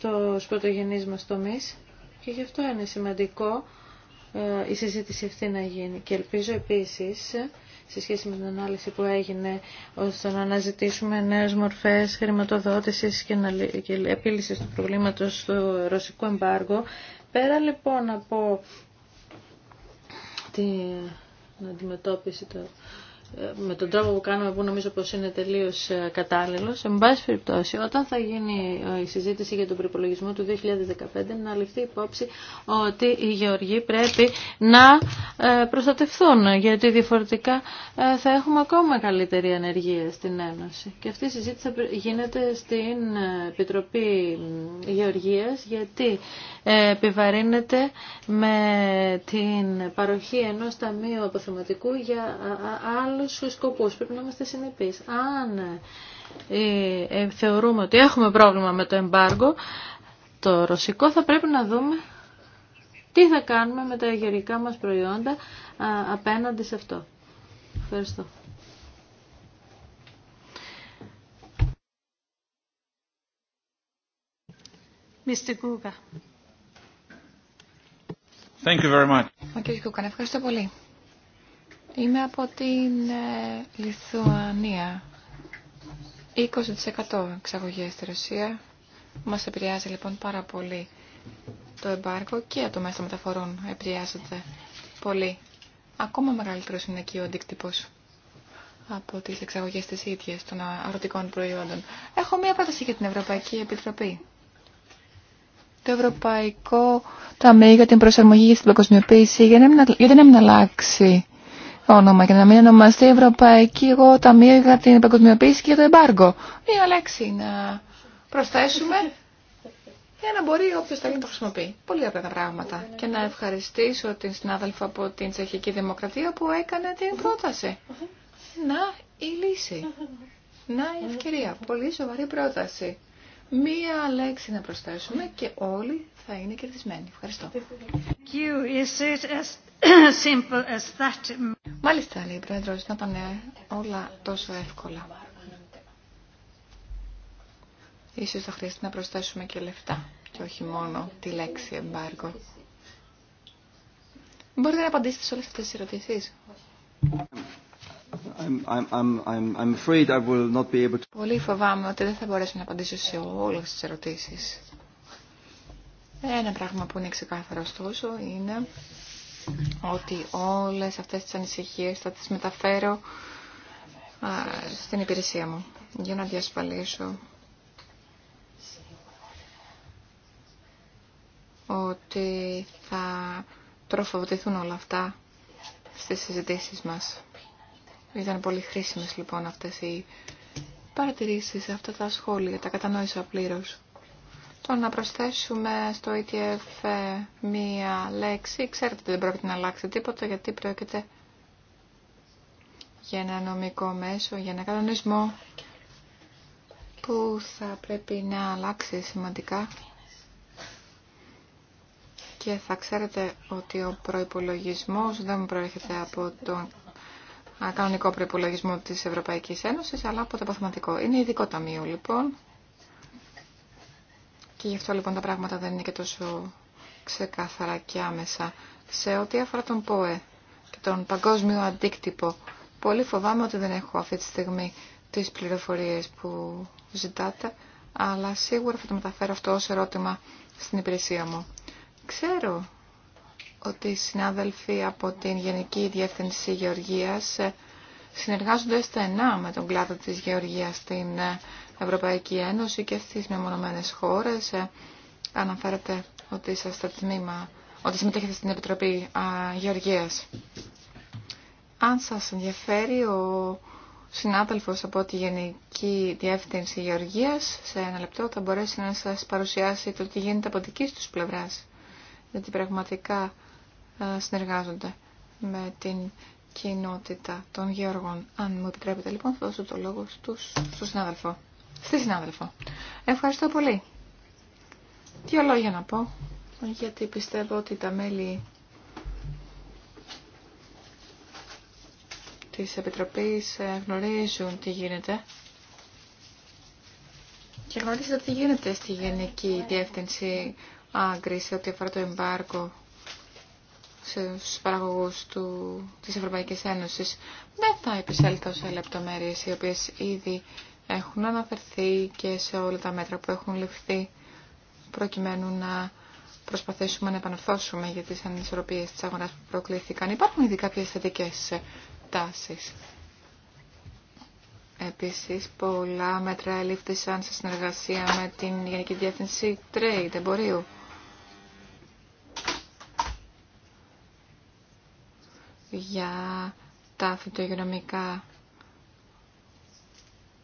το πρωτογενείς μας τομείς και γι' αυτό είναι σημαντικό ε, η συζήτηση αυτή να γίνει. Και ελπίζω επίσης, σε σχέση με την ανάλυση που έγινε, ώστε να αναζητήσουμε νέες μορφές χρηματοδότησης και επίλυσης του προβλήματος του ρωσικού εμπάργου, πέρα λοιπόν από την αντιμετώπιση των με τον τρόπο που κάνουμε που νομίζω πως είναι τελείως ε, κατάλληλος. Εν πάση περιπτώσει, όταν θα γίνει ε, η συζήτηση για τον προπολογισμό του 2015 να ληφθεί υπόψη ότι οι γεωργοί πρέπει να ε, προστατευθούν γιατί διαφορετικά θα έχουμε ακόμα καλύτερη ανεργία στην Ένωση. Και αυτή η συζήτηση θα γίνεται στην Επιτροπή Γεωργίας γιατί επιβαρύνεται με την παροχή ενός ταμείου αποθεματικού για άλλο στους σκοπούς. Πρέπει να είμαστε συνεπεί. Αν ε, ε, θεωρούμε ότι έχουμε πρόβλημα με το εμπάργκο, το ρωσικό θα πρέπει να δούμε τι θα κάνουμε με τα γεωργικά μας προϊόντα απέναντι σε αυτό. Ευχαριστώ. Mr. Thank you very much. ευχαριστώ πολύ. Είμαι από την ε, Λιθουανία. 20% εξαγωγές στη Ρωσία. Μας επηρεάζει λοιπόν πάρα πολύ το εμπάρκο και το μέσο μεταφορών επηρεάζεται πολύ. Ακόμα μεγαλύτερο είναι εκεί ο αντίκτυπο από τις εξαγωγές της ίδιας των αγροτικών προϊόντων. Έχω μία πρόταση για την Ευρωπαϊκή Επιτροπή. Το Ευρωπαϊκό Ταμείο για την Προσαρμογή στην Παγκοσμιοποίηση, για να μην αλλάξει όνομα και να μην ονομαστεί Ευρωπαϊκή εγώ, Ταμείο για την Παγκοσμιοποίηση και για το εμπάργκο. Μία λέξη να προσθέσουμε για να μπορεί όποιο θέλει να το χρησιμοποιεί. Πολύ απλά τα πράγματα. Και να ευχαριστήσω την συνάδελφα από την Τσεχική Δημοκρατία που έκανε την πρόταση. Να η λύση. Να η ευκαιρία. Πολύ σοβαρή πρόταση. Μία λέξη να προσθέσουμε και όλοι θα είναι κερδισμένοι. Ευχαριστώ. Μάλιστα, λέει η Πρόεδρος, να πάνε όλα τόσο εύκολα. Ίσως θα χρειαστεί να προσθέσουμε και λεφτά και όχι μόνο τη λέξη embargo. Μπορείτε να απαντήσετε σε όλες αυτές τις ερωτήσεις. Πολύ φοβάμαι ότι δεν θα μπορέσω να απαντήσω σε όλες τις ερωτήσεις. Ένα πράγμα που είναι ξεκάθαρο ωστόσο είναι ότι όλες αυτές τις ανησυχίες θα τις μεταφέρω στην υπηρεσία μου για να διασφαλίσω ότι θα τροφοδοτηθούν όλα αυτά στις συζητήσεις μας. Ήταν πολύ χρήσιμες λοιπόν αυτές οι παρατηρήσεις, αυτά τα σχόλια, τα κατανόησα πλήρως. Το να προσθέσουμε στο ETF ε, μία λέξη, ξέρετε δεν πρόκειται να αλλάξει τίποτα γιατί πρόκειται για ένα νομικό μέσο, για ένα κανονισμό που θα πρέπει να αλλάξει σημαντικά και θα ξέρετε ότι ο προϋπολογισμός δεν προέρχεται από τον κανονικό προπολογισμό τη Ευρωπαϊκής Ένωση, αλλά από το παθηματικό. Είναι ειδικό ταμείο, λοιπόν. Και γι' αυτό, λοιπόν, τα πράγματα δεν είναι και τόσο ξεκάθαρα και άμεσα. Σε ό,τι αφορά τον ΠΟΕ και τον παγκόσμιο αντίκτυπο, πολύ φοβάμαι ότι δεν έχω αυτή τη στιγμή τις πληροφορίες που ζητάτε, αλλά σίγουρα θα το μεταφέρω αυτό ω ερώτημα στην υπηρεσία μου. Ξέρω ότι οι συνάδελφοι από την Γενική Διεύθυνση Γεωργίας ε, συνεργάζονται στενά με τον κλάδο της γεωργίας στην ε, Ευρωπαϊκή Ένωση και στις μεμονωμένες χώρες. Ε, Αναφέρατε ότι είσαστε τμήμα, ότι συμμετέχετε στην Επιτροπή Γεωργίας. Αν σας ενδιαφέρει ο συνάδελφος από τη Γενική Διεύθυνση Γεωργίας, σε ένα λεπτό θα μπορέσει να σας παρουσιάσει το τι γίνεται από δική τους πλευράς. Γιατί πραγματικά ε, συνεργάζονται με την κοινότητα των Γεωργών. Αν μου επιτρέπετε λοιπόν θα δώσω το λόγο στους, στον Στη συνάδελφο. Ευχαριστώ πολύ. Δύο λόγια να πω, γιατί πιστεύω ότι τα μέλη της Επιτροπής ε, γνωρίζουν τι γίνεται και γνωρίζετε τι γίνεται στη Γενική Διεύθυνση Άγκρη σε ό,τι αφορά το εμπάρκο στους παραγωγούς του, της Ευρωπαϊκής Ένωσης. Δεν θα επισέλθω σε λεπτομέρειες οι οποίες ήδη έχουν αναφερθεί και σε όλα τα μέτρα που έχουν ληφθεί προκειμένου να προσπαθήσουμε να επανορθώσουμε για τις ανισορροπίες της αγοράς που προκλήθηκαν. Υπάρχουν ήδη κάποιες θετικέ τάσεις. Επίσης, πολλά μέτρα ελήφθησαν σε συνεργασία με την Γενική Διεύθυνση Trade, εμπορίου. για τα φυτογενομικά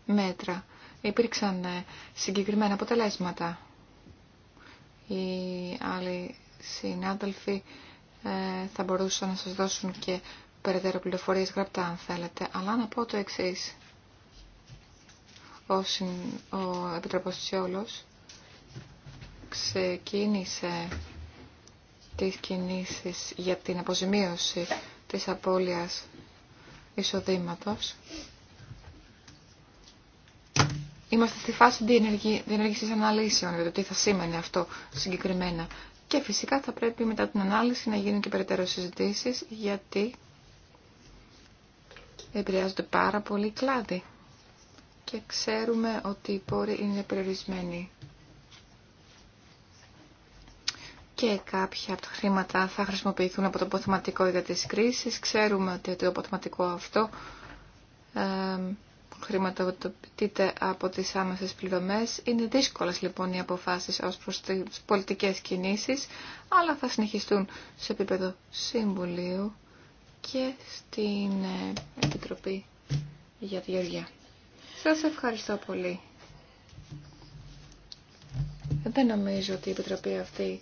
μέτρα. Υπήρξαν ε, συγκεκριμένα αποτελέσματα. Οι άλλοι συνάδελφοι ε, θα μπορούσαν να σας δώσουν και περαιτέρω πληροφορίες γραπτά αν θέλετε. Αλλά να πω το εξής. Ο, ο Επιτροπός Τσιόλος ξεκίνησε τις κινήσεις για την αποζημίωση της απώλειας εισοδήματος. Είμαστε στη φάση διενέργησης αναλύσεων για το τι θα σήμαινε αυτό συγκεκριμένα. Και φυσικά θα πρέπει μετά την ανάλυση να γίνουν και περαιτέρω συζητήσει γιατί επηρεάζονται πάρα πολύ κλάδοι. Και ξέρουμε ότι οι πόροι είναι περιορισμένοι. και κάποια από τα χρήματα θα χρησιμοποιηθούν από το ποθηματικό για τις κρίσεις. Ξέρουμε ότι το ποθηματικό αυτό ε, χρηματοδοτείται από τις άμεσες πληρωμές. Είναι δύσκολες λοιπόν οι αποφάσεις ως προς τις πολιτικές κινήσεις, αλλά θα συνεχιστούν σε επίπεδο Συμβουλίου και στην ε, Επιτροπή για τη Γεωργία. Σας ευχαριστώ πολύ. Δεν νομίζω ότι η Επιτροπή αυτή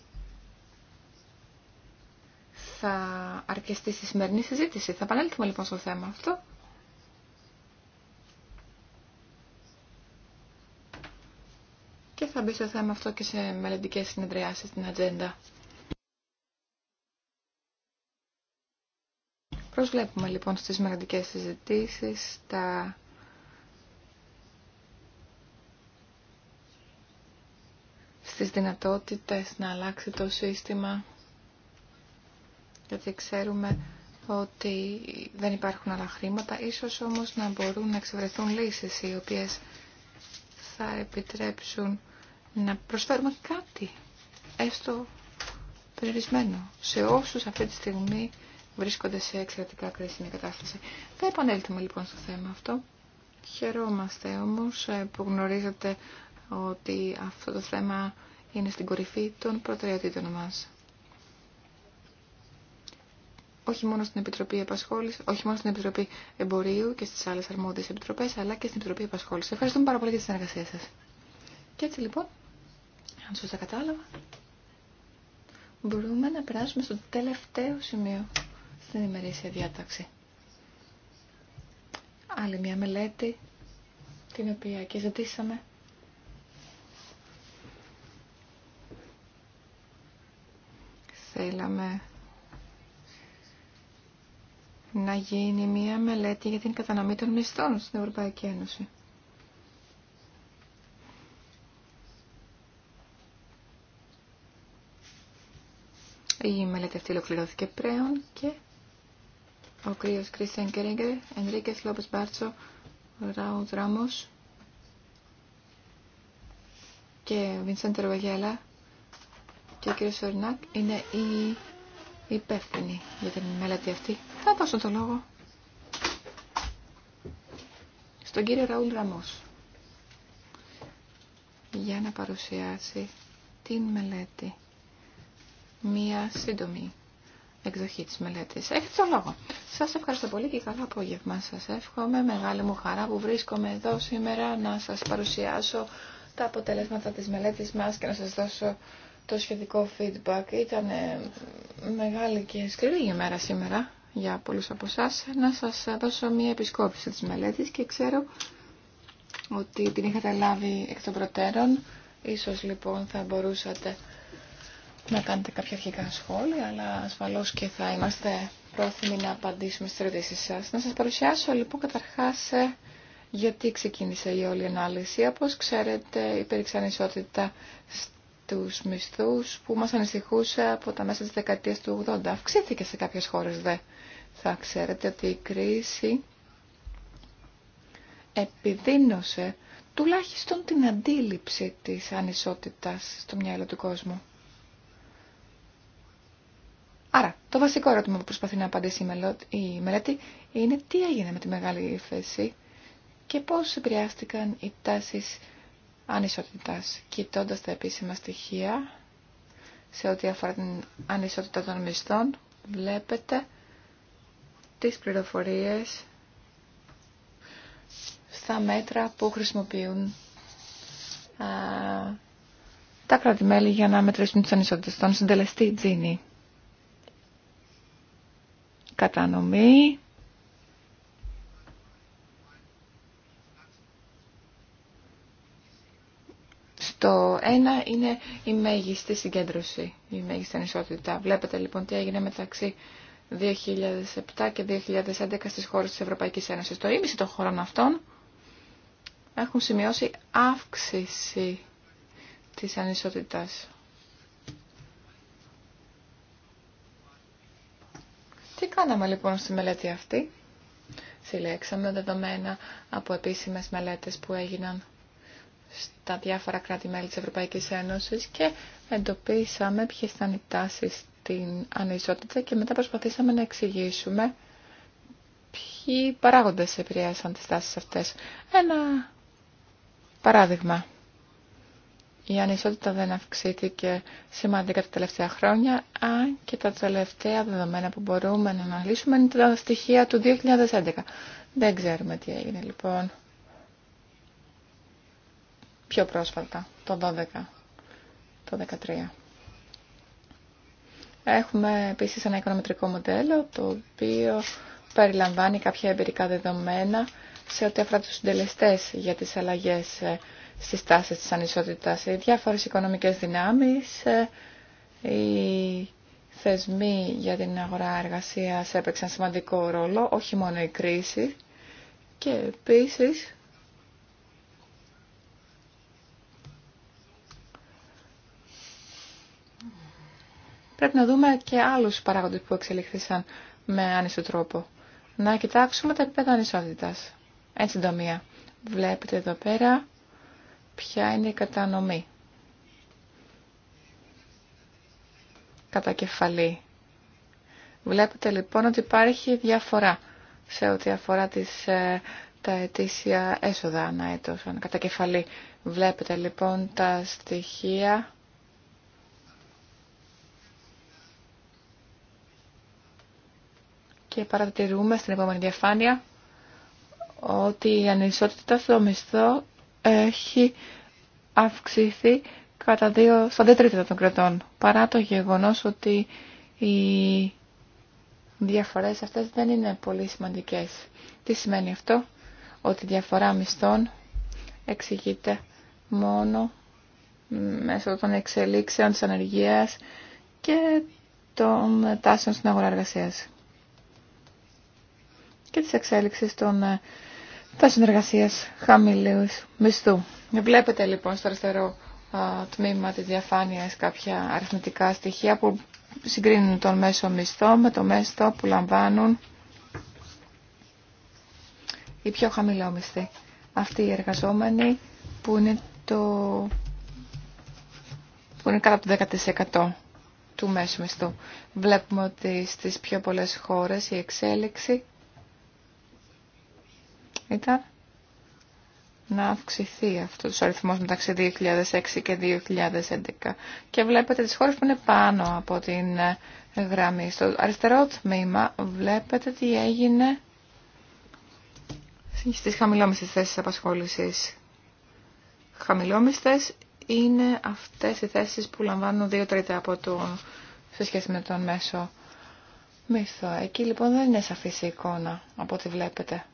θα αρκεστεί στη σημερινή συζήτηση. Θα επανέλθουμε λοιπόν στο θέμα αυτό. Και θα μπει στο θέμα αυτό και σε μελλοντικέ συνεδριάσεις στην ατζέντα. Προσβλέπουμε λοιπόν στις μελλοντικές συζητήσεις τα στις δυνατότητες να αλλάξει το σύστημα γιατί ξέρουμε ότι δεν υπάρχουν άλλα χρήματα, ίσως όμως να μπορούν να εξευρεθούν λύσεις οι οποίες θα επιτρέψουν να προσφέρουμε κάτι, έστω περιορισμένο, σε όσους αυτή τη στιγμή βρίσκονται σε εξαιρετικά κρίσιμη κατάσταση. Θα επανέλθουμε λοιπόν στο θέμα αυτό. Χαιρόμαστε όμως ε, που γνωρίζετε ότι αυτό το θέμα είναι στην κορυφή των προτεραιοτήτων μας όχι μόνο στην Επιτροπή Επασχόληση, όχι μόνο στην Επιτροπή Εμπορίου και στις άλλες αρμόδιες επιτροπές, αλλά και στην Επιτροπή Επασχόληση. Ευχαριστούμε πάρα πολύ για τη συνεργασία σας. Και έτσι λοιπόν, αν σωστά κατάλαβα, μπορούμε να περάσουμε στο τελευταίο σημείο στην ημερήσια διάταξη. Άλλη μια μελέτη, την οποία και ζητήσαμε. Θέλαμε να γίνει μία μελέτη για την κατανομή των μισθών στην Ευρωπαϊκή Ένωση. Η μελέτη αυτή ολοκληρώθηκε πρέον και ο κρύος Κρίστιαν Κέριγκερ, Ενρίκες Λόπες Μπάρτσο, Ράου Δράμος και Βινσέντερ Βαγιέλα και ο κύριος Σορνάκ είναι οι υπεύθυνοι για την μελέτη αυτή. Θα δώσω το λόγο στον κύριο Ραούλ Ραμός για να παρουσιάσει την μελέτη. Μία σύντομη εκδοχή της μελέτης. Έχετε το λόγο. Σας ευχαριστώ πολύ και καλό απόγευμα σας εύχομαι. Μεγάλη μου χαρά που βρίσκομαι εδώ σήμερα να σας παρουσιάσω τα αποτελέσματα της μελέτης μας και να σας δώσω το σχετικό feedback. Ήταν ε, μεγάλη και σκληρή η μέρα σήμερα για πολλούς από εσά. Να σας δώσω μια επισκόπηση της μελέτης και ξέρω ότι την είχατε λάβει εκ των προτέρων. Ίσως λοιπόν θα μπορούσατε να κάνετε κάποια αρχικά σχόλια, αλλά ασφαλώς και θα είμαστε πρόθυμοι να απαντήσουμε στις ερωτήσεις σας. Να σας παρουσιάσω λοιπόν καταρχάς ε, γιατί ξεκίνησε η όλη ανάλυση. Όπως ξέρετε, η περιξανισότητα τους μισθούς που μας ανησυχούσε από τα μέσα της δεκαετίας του 80. Αυξήθηκε σε κάποιες χώρες δε. Θα ξέρετε ότι η κρίση επιδίνωσε τουλάχιστον την αντίληψη της ανισότητας στο μυαλό του κόσμου. Άρα, το βασικό ερώτημα που προσπαθεί να απαντήσει η μελέτη είναι τι έγινε με τη μεγάλη ύφεση και πώς επηρεάστηκαν οι τάσεις ανισότητας. Κοιτώντας τα επίσημα στοιχεία σε ό,τι αφορά την ανισότητα των μισθών, βλέπετε τις πληροφορίες στα μέτρα που χρησιμοποιούν α, τα κρατημέλη για να μετρήσουν τις ανισότητες. των συντελεστή Τζίνι. Κατανομή Το ένα είναι η μέγιστη συγκέντρωση, η μέγιστη ανισότητα. Βλέπετε λοιπόν τι έγινε μεταξύ 2007 και 2011 στις χώρες της Ευρωπαϊκής Ένωσης. Το ίμιση των χωρών αυτών έχουν σημειώσει αύξηση της ανισότητας. Τι κάναμε λοιπόν στη μελέτη αυτή. Συλλέξαμε δεδομένα από επίσημες μελέτες που έγιναν στα διάφορα κράτη-μέλη της Ευρωπαϊκής Ένωσης και εντοπίσαμε ποιες ήταν οι τάσεις στην ανισότητα και μετά προσπαθήσαμε να εξηγήσουμε ποιοι παράγοντες επηρέασαν τις τάσεις αυτές. Ένα παράδειγμα. Η ανισότητα δεν αυξήθηκε σημαντικά τα τελευταία χρόνια, αν και τα τελευταία δεδομένα που μπορούμε να αναλύσουμε είναι τα στοιχεία του 2011. Δεν ξέρουμε τι έγινε λοιπόν πιο πρόσφατα, το 12, το 13. Έχουμε επίσης ένα οικονομετρικό μοντέλο, το οποίο περιλαμβάνει κάποια εμπειρικά δεδομένα σε ό,τι αφορά τους συντελεστές για τις αλλαγές ε, στις τάσεις της ανισότητας. Οι διάφορες οικονομικές δυνάμεις, ε, οι θεσμοί για την αγορά εργασίας έπαιξαν σημαντικό ρόλο, όχι μόνο η κρίση. Και επίσης πρέπει να δούμε και άλλους παράγοντες που εξελίχθησαν με άνισο τρόπο. Να κοιτάξουμε τα επίπεδα ανισότητας. Εν συντομία, βλέπετε εδώ πέρα ποια είναι η κατανομή. Κατά κεφαλή. Βλέπετε λοιπόν ότι υπάρχει διαφορά σε ό,τι αφορά τις, ε, τα ετήσια έσοδα ανά έτος, κατά Βλέπετε λοιπόν τα στοιχεία και παρατηρούμε στην επόμενη διαφάνεια ότι η ανισότητα στο μισθό έχει αυξηθεί κατά δύο, στα δύο τρίτα των κρατών, παρά το γεγονός ότι οι διαφορές αυτές δεν είναι πολύ σημαντικές. Τι σημαίνει αυτό, ότι η διαφορά μισθών εξηγείται μόνο μέσω των εξελίξεων της ανεργίας και των τάσεων στην αγορά εργασίας και της εξέλιξης των ε, τα συνεργασίας χαμηλού μισθού. Βλέπετε λοιπόν στο αριστερό τμήμα τη διαφάνεια... κάποια αριθμητικά στοιχεία που συγκρίνουν τον μέσο μισθό με το μέσο που λαμβάνουν οι πιο χαμηλόμισθοι. Αυτοί οι εργαζόμενοι που είναι, το... που είναι κάτω από το 10% του μέσου μισθού. Βλέπουμε ότι στις πιο πολλές χώρες η εξέλιξη ήταν να αυξηθεί αυτός ο αριθμός μεταξύ 2006 και 2011. Και βλέπετε τις χώρες που είναι πάνω από την ε, γραμμή. Στο αριστερό τμήμα βλέπετε τι έγινε στις χαμηλόμιστες θέσεις απασχόλησης. Χαμηλόμιστες είναι αυτές οι θέσεις που λαμβάνουν δύο τρίτα από το σε σχέση με τον μέσο μισθό. Εκεί λοιπόν δεν είναι σαφής η εικόνα από ό,τι βλέπετε.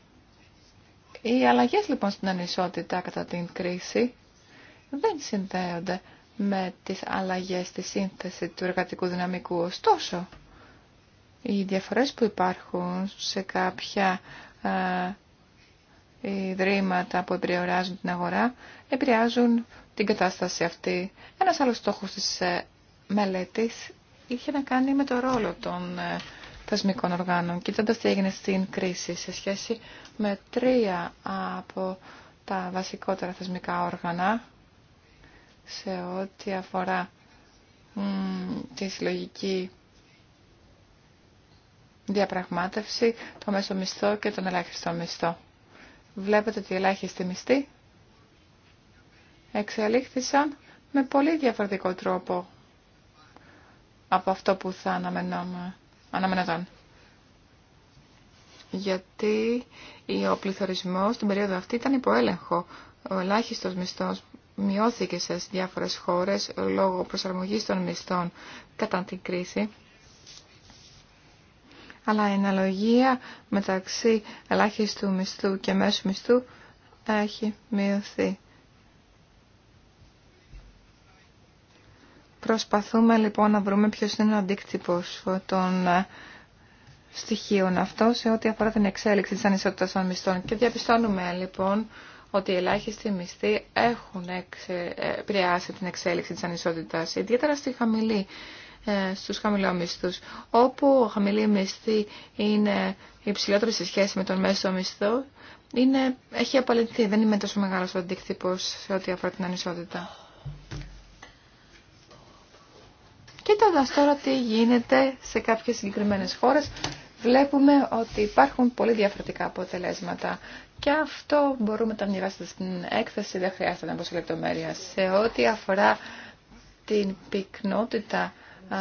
Οι αλλαγές λοιπόν στην ανισότητα κατά την κρίση δεν συνδέονται με τις αλλαγές στη σύνθεση του εργατικού δυναμικού. Ωστόσο, οι διαφορές που υπάρχουν σε κάποια ε, ιδρύματα που επηρεάζουν την αγορά επηρεάζουν την κατάσταση αυτή. Ένας άλλος στόχος της ε, μελέτης είχε να κάνει με το ρόλο των ε, θεσμικών οργάνων. Κοιτώντας τι έγινε στην κρίση σε σχέση με τρία από τα βασικότερα θεσμικά όργανα σε ό,τι αφορά τη συλλογική διαπραγμάτευση, το μέσο μισθό και τον ελάχιστο μισθό. Βλέπετε ότι οι ελάχιστοι μισθοί εξελίχθησαν με πολύ διαφορετικό τρόπο από αυτό που θα αναμενόμε αναμενόταν. Γιατί ο πληθωρισμό στην περίοδο αυτή ήταν υποέλεγχο. Ο ελάχιστο μισθό μειώθηκε σε διάφορες χώρες λόγω προσαρμογής των μισθών κατά την κρίση. Αλλά η αναλογία μεταξύ ελάχιστου μισθού και μέσου μισθού έχει μειωθεί. Προσπαθούμε λοιπόν να βρούμε ποιος είναι ο αντίκτυπος των ε, στοιχείων αυτό σε ό,τι αφορά την εξέλιξη της ανισότητας των μισθών. Και διαπιστώνουμε λοιπόν ότι οι ελάχιστοι μισθοί έχουν ε, επηρεάσει την εξέλιξη της ανισότητας, ιδιαίτερα στη χαμηλή, ε, στους χαμηλόμισθους, όπου ο χαμηλή μισθή είναι υψηλότερη σε σχέση με τον μέσο μισθό, είναι, έχει απαλληλθεί, δεν είναι τόσο μεγάλος ο αντίκτυπος σε ό,τι αφορά την ανισότητα. Κοιτώντα τώρα τι γίνεται σε κάποιες συγκεκριμένες χώρες, βλέπουμε ότι υπάρχουν πολύ διαφορετικά αποτελέσματα. Και αυτό μπορούμε να μοιράσουμε στην έκθεση, δεν χρειάζεται να πω σε λεπτομέρεια. Σε ό,τι αφορά την πυκνότητα α,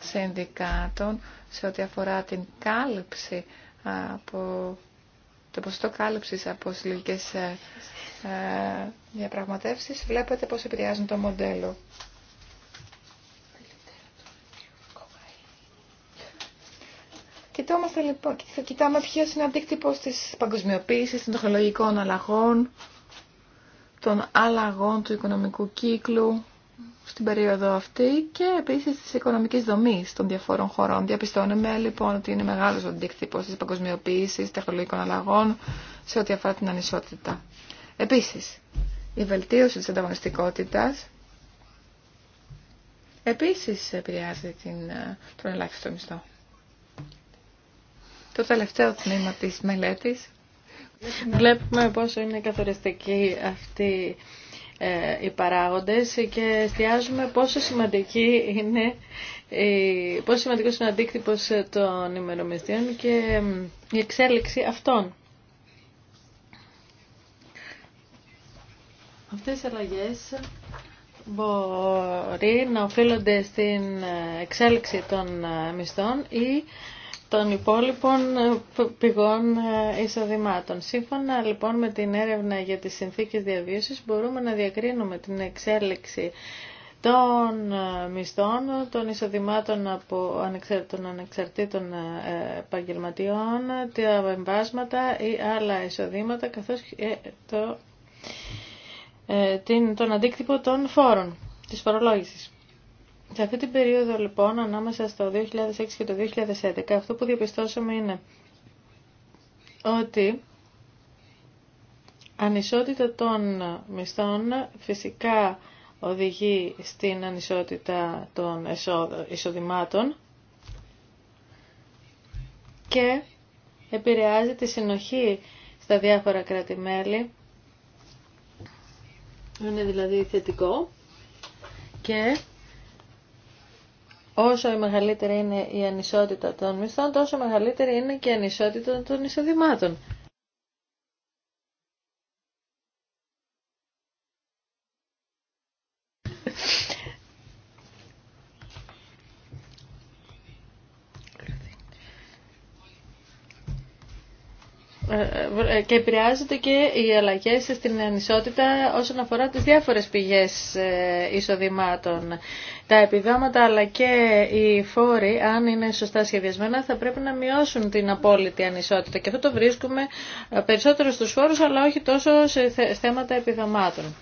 συνδικάτων, σε ό,τι αφορά την κάλυψη από το ποσοστό κάλυψης από συλλογικές ε, ε, διαπραγματεύσεις, βλέπετε πώς επηρεάζουν το μοντέλο. Κοιτόμαστε λοιπόν, κοιτάμε ποιο είναι ο αντίκτυπο τη παγκοσμιοποίηση, των τεχνολογικών αλλαγών, των αλλαγών του οικονομικού κύκλου στην περίοδο αυτή και επίση τη οικονομική δομή των διαφόρων χωρών. Διαπιστώνουμε λοιπόν ότι είναι μεγάλο ο τη της παγκοσμιοποίησης τεχνολογικών αλλαγών σε ό,τι αφορά την ανισότητα. Επίση, η βελτίωση τη ανταγωνιστικότητα επίσης επηρεάζει την, τον ελάχιστο μισθό το τελευταίο τμήμα της μελέτης. Βλέπουμε πόσο είναι καθοριστικοί αυτή οι ε, παράγοντες και εστιάζουμε πόσο σημαντική είναι πόσο σημαντικός είναι ο αντίκτυπος των ημερομυστίων και η εξέλιξη αυτών. Αυτές οι αλλαγές μπορεί να οφείλονται στην εξέλιξη των μισθών ή των υπόλοιπων ε, πηγών ε, εισοδημάτων. Σύμφωνα λοιπόν με την έρευνα για τις συνθήκες διαβίωσης μπορούμε να διακρίνουμε την εξέλιξη των ε, μισθών, των εισοδημάτων από των ανεξαρτήτων επαγγελματιών, τα εμβάσματα ή άλλα εισοδήματα, καθώς και την, τον αντίκτυπο των φόρων, της φορολόγησης. Σε αυτή την περίοδο λοιπόν, ανάμεσα στο 2006 και το 2011, αυτό που διαπιστώσαμε είναι ότι ανισότητα των μισθών φυσικά οδηγεί στην ανισότητα των εισοδημάτων και επηρεάζει τη συνοχή στα διάφορα κράτη-μέλη. Είναι δηλαδή θετικό και Όσο η μεγαλύτερη είναι η ανισότητα των μισθών, τόσο μεγαλύτερη είναι και η ανισότητα των εισοδημάτων. Ε, ε, και επηρεάζεται και οι αλλαγές στην ανισότητα όσον αφορά τις διάφορες πηγές ε, εισοδημάτων. Τα επιδόματα αλλά και οι φόροι, αν είναι σωστά σχεδιασμένα, θα πρέπει να μειώσουν την απόλυτη ανισότητα. Και αυτό το βρίσκουμε περισσότερο στους φόρους, αλλά όχι τόσο σε θέματα επιδομάτων.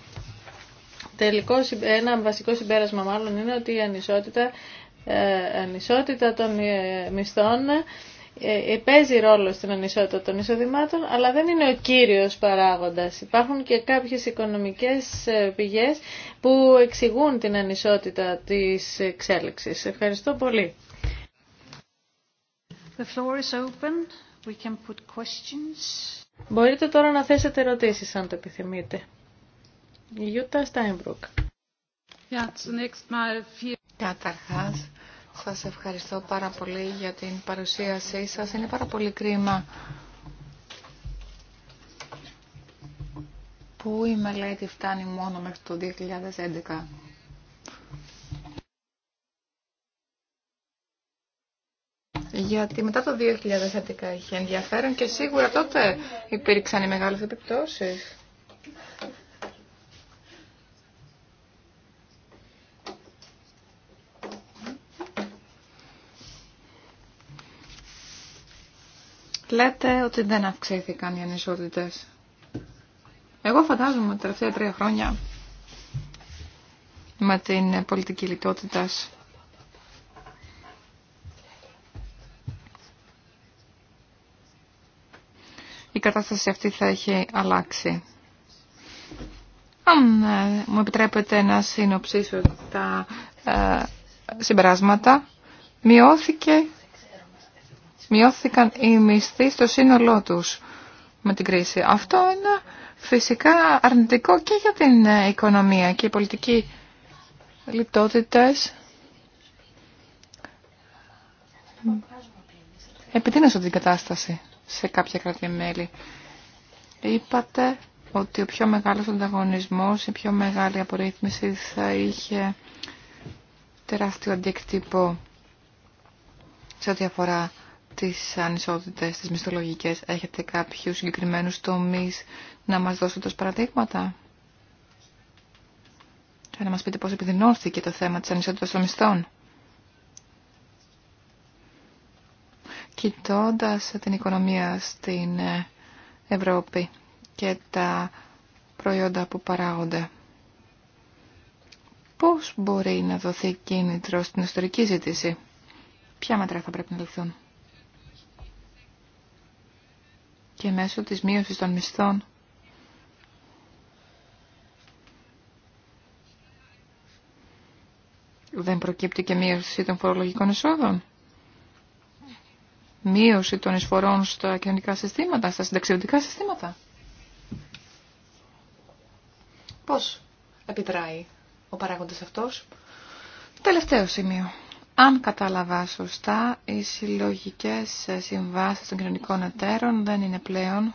Τελικό, ένα βασικό συμπέρασμα μάλλον είναι ότι η ανισότητα, ανισότητα των μισθών ε, ε, παίζει ρόλο στην ανισότητα των εισοδημάτων, αλλά δεν είναι ο κύριος παράγοντας. Υπάρχουν και κάποιες οικονομικές ε, πηγές που εξηγούν την ανισότητα της εξέλιξης. Ευχαριστώ πολύ. The floor is open. We can put questions. Μπορείτε τώρα να θέσετε ερωτήσεις αν το επιθυμείτε. Ιούτα viel... Καταρχάς, σας ευχαριστώ πάρα πολύ για την παρουσίασή σας. Είναι πάρα πολύ κρίμα που η μελέτη φτάνει μόνο μέχρι το 2011. Γιατί μετά το 2011 είχε ενδιαφέρον και σίγουρα τότε υπήρξαν οι μεγάλες επιπτώσεις. Λέτε ότι δεν αυξήθηκαν οι ανισότητες. Εγώ φαντάζομαι ότι τα τελευταία τρία χρόνια με την πολιτική λιτότητα. Η κατάσταση αυτή θα έχει αλλάξει. Αν ε, μου επιτρέπετε να συνοψίσω τα ε, συμπεράσματα, μειώθηκε μειώθηκαν οι μισθοί στο σύνολό τους με την κρίση. Αυτό είναι φυσικά αρνητικό και για την οικονομία και οι πολιτικοί λιτότητες επιδίνωσαν την κατάσταση σε κάποια κράτη-μέλη. Είπατε ότι ο πιο μεγάλος ανταγωνισμός, η πιο μεγάλη απορρίθμιση θα είχε τεράστιο αντίκτυπο σε ό,τι αφορά τις ανισότητες, τις μισθολογικές. Έχετε κάποιους συγκεκριμένους τομείς να μας δώσετε ως παραδείγματα. Και να μας πείτε πώς επιδεινώθηκε το θέμα της ανισότητας των μισθών. Κοιτώντας την οικονομία στην Ευρώπη και τα προϊόντα που παράγονται. Πώς μπορεί να δοθεί κίνητρο στην ιστορική ζήτηση. Ποια μέτρα θα πρέπει να ληφθούν. και μέσω της μείωσης των μισθών δεν προκύπτει και μείωση των φορολογικών εισόδων. Μείωση των εισφορών στα κοινωνικά συστήματα, στα συνταξιωτικά συστήματα. Πώς επιτράει ο παράγοντας αυτός. Τελευταίο σημείο. Αν κατάλαβα σωστά, οι συλλογικέ συμβάσεις των κοινωνικών εταίρων δεν είναι πλέον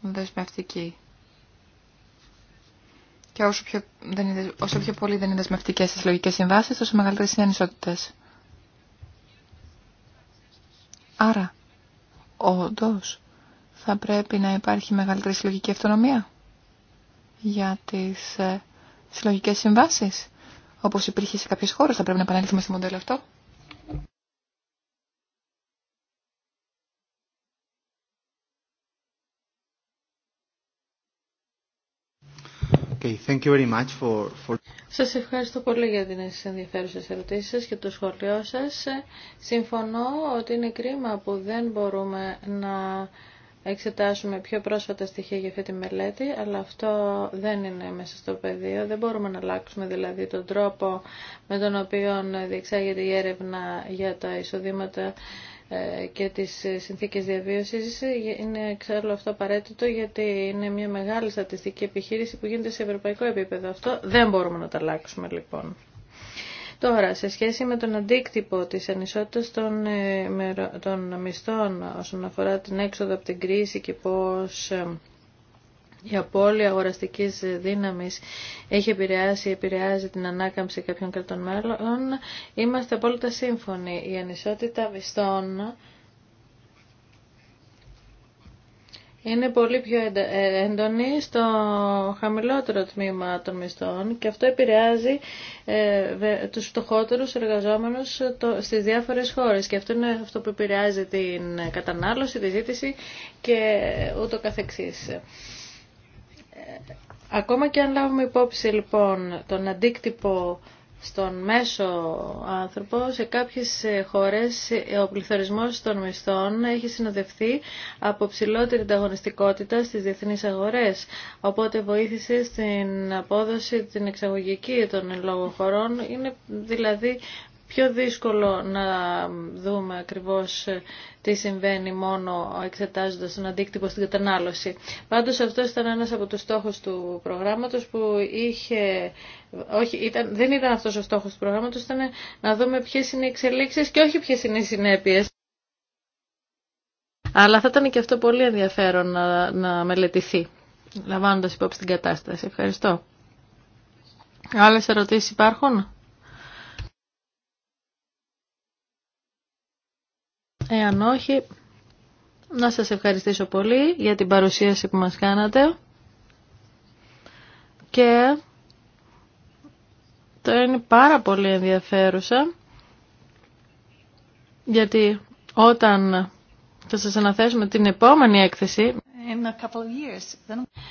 δεσμευτικοί. Και όσο πιο, δεν είναι, όσο πιο πολύ δεν είναι δεσμευτικέ οι συλλογικέ συμβάσει, τόσο μεγαλύτερε είναι οι ανισότητε. Άρα, όντω, θα πρέπει να υπάρχει μεγαλύτερη συλλογική αυτονομία για τι ε, συλλογικέ συμβάσει. Όπω υπήρχε σε κάποιες χώρες, θα πρέπει να επανέλθουμε στο μοντέλο αυτό. Okay, for, Σας ευχαριστώ πολύ για τις ενδιαφέρουσες ερωτήσεις και το σχολείο σας. Συμφωνώ ότι είναι κρίμα που δεν μπορούμε να εξετάσουμε πιο πρόσφατα στοιχεία για αυτή τη μελέτη, αλλά αυτό δεν είναι μέσα στο πεδίο. Δεν μπορούμε να αλλάξουμε δηλαδή τον τρόπο με τον οποίο διεξάγεται η έρευνα για τα εισοδήματα ε, και τις συνθήκες διαβίωσης είναι εξάλλου αυτό απαραίτητο γιατί είναι μια μεγάλη στατιστική επιχείρηση που γίνεται σε ευρωπαϊκό επίπεδο. Αυτό δεν μπορούμε να τα αλλάξουμε λοιπόν. Τώρα, σε σχέση με τον αντίκτυπο της ανισότητας των, ε, των μισθών όσον αφορά την έξοδο από την κρίση και πώς ε, η απώλεια αγοραστικής δύναμης έχει επηρεάσει ή επηρεάζει την ανάκαμψη κάποιων κρατών μέλων, είμαστε απόλυτα σύμφωνοι. Η ανισότητα ειμαστε απολυτα συμφωνοι η ανισοτητα μισθων είναι πολύ πιο ε, έντονη στο χαμηλότερο τμήμα των μισθών και αυτό επηρεάζει ε, τους φτωχότερους εργαζόμενους στις διάφορες χώρες και αυτό είναι αυτό που επηρεάζει την κατανάλωση, τη ζήτηση και ούτω καθεξής. Ε, ακόμα και αν λάβουμε υπόψη λοιπόν τον αντίκτυπο στον μέσο άνθρωπο, σε κάποιες ε, χώρες ε, ο πληθωρισμός των μισθών έχει συνοδευτεί από ψηλότερη ανταγωνιστικότητα στις διεθνείς αγορές, οπότε βοήθησε στην απόδοση την εξαγωγική των λόγων χωρών, είναι δηλαδή πιο δύσκολο να δούμε ακριβώς τι συμβαίνει μόνο εξετάζοντας τον αντίκτυπο στην κατανάλωση. Πάντως αυτό ήταν ένας από τους στόχους του προγράμματος που είχε, όχι, ήταν, δεν ήταν αυτός ο στόχος του προγράμματος, ήταν να δούμε ποιες είναι οι εξελίξεις και όχι ποιες είναι οι συνέπειες. Αλλά θα ήταν και αυτό πολύ ενδιαφέρον να, να μελετηθεί, λαμβάνοντας υπόψη την κατάσταση. Ευχαριστώ. Άλλες ερωτήσεις υπάρχουν? Εάν όχι, να σας ευχαριστήσω πολύ για την παρουσίαση που μας κάνατε και το είναι πάρα πολύ ενδιαφέρουσα γιατί όταν θα σας αναθέσουμε την επόμενη έκθεση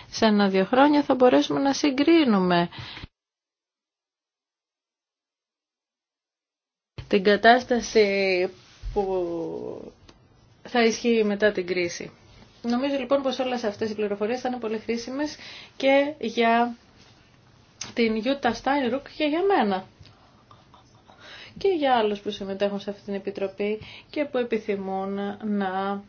σε ένα-δύο χρόνια θα μπορέσουμε να συγκρίνουμε την κατάσταση που θα ισχύει μετά την κρίση. Νομίζω λοιπόν πως όλες αυτές οι πληροφορίες θα είναι πολύ χρήσιμες και για την Γιούτα Στάινρουκ και για μένα. Και για άλλους που συμμετέχουν σε αυτή την Επιτροπή και που επιθυμούν να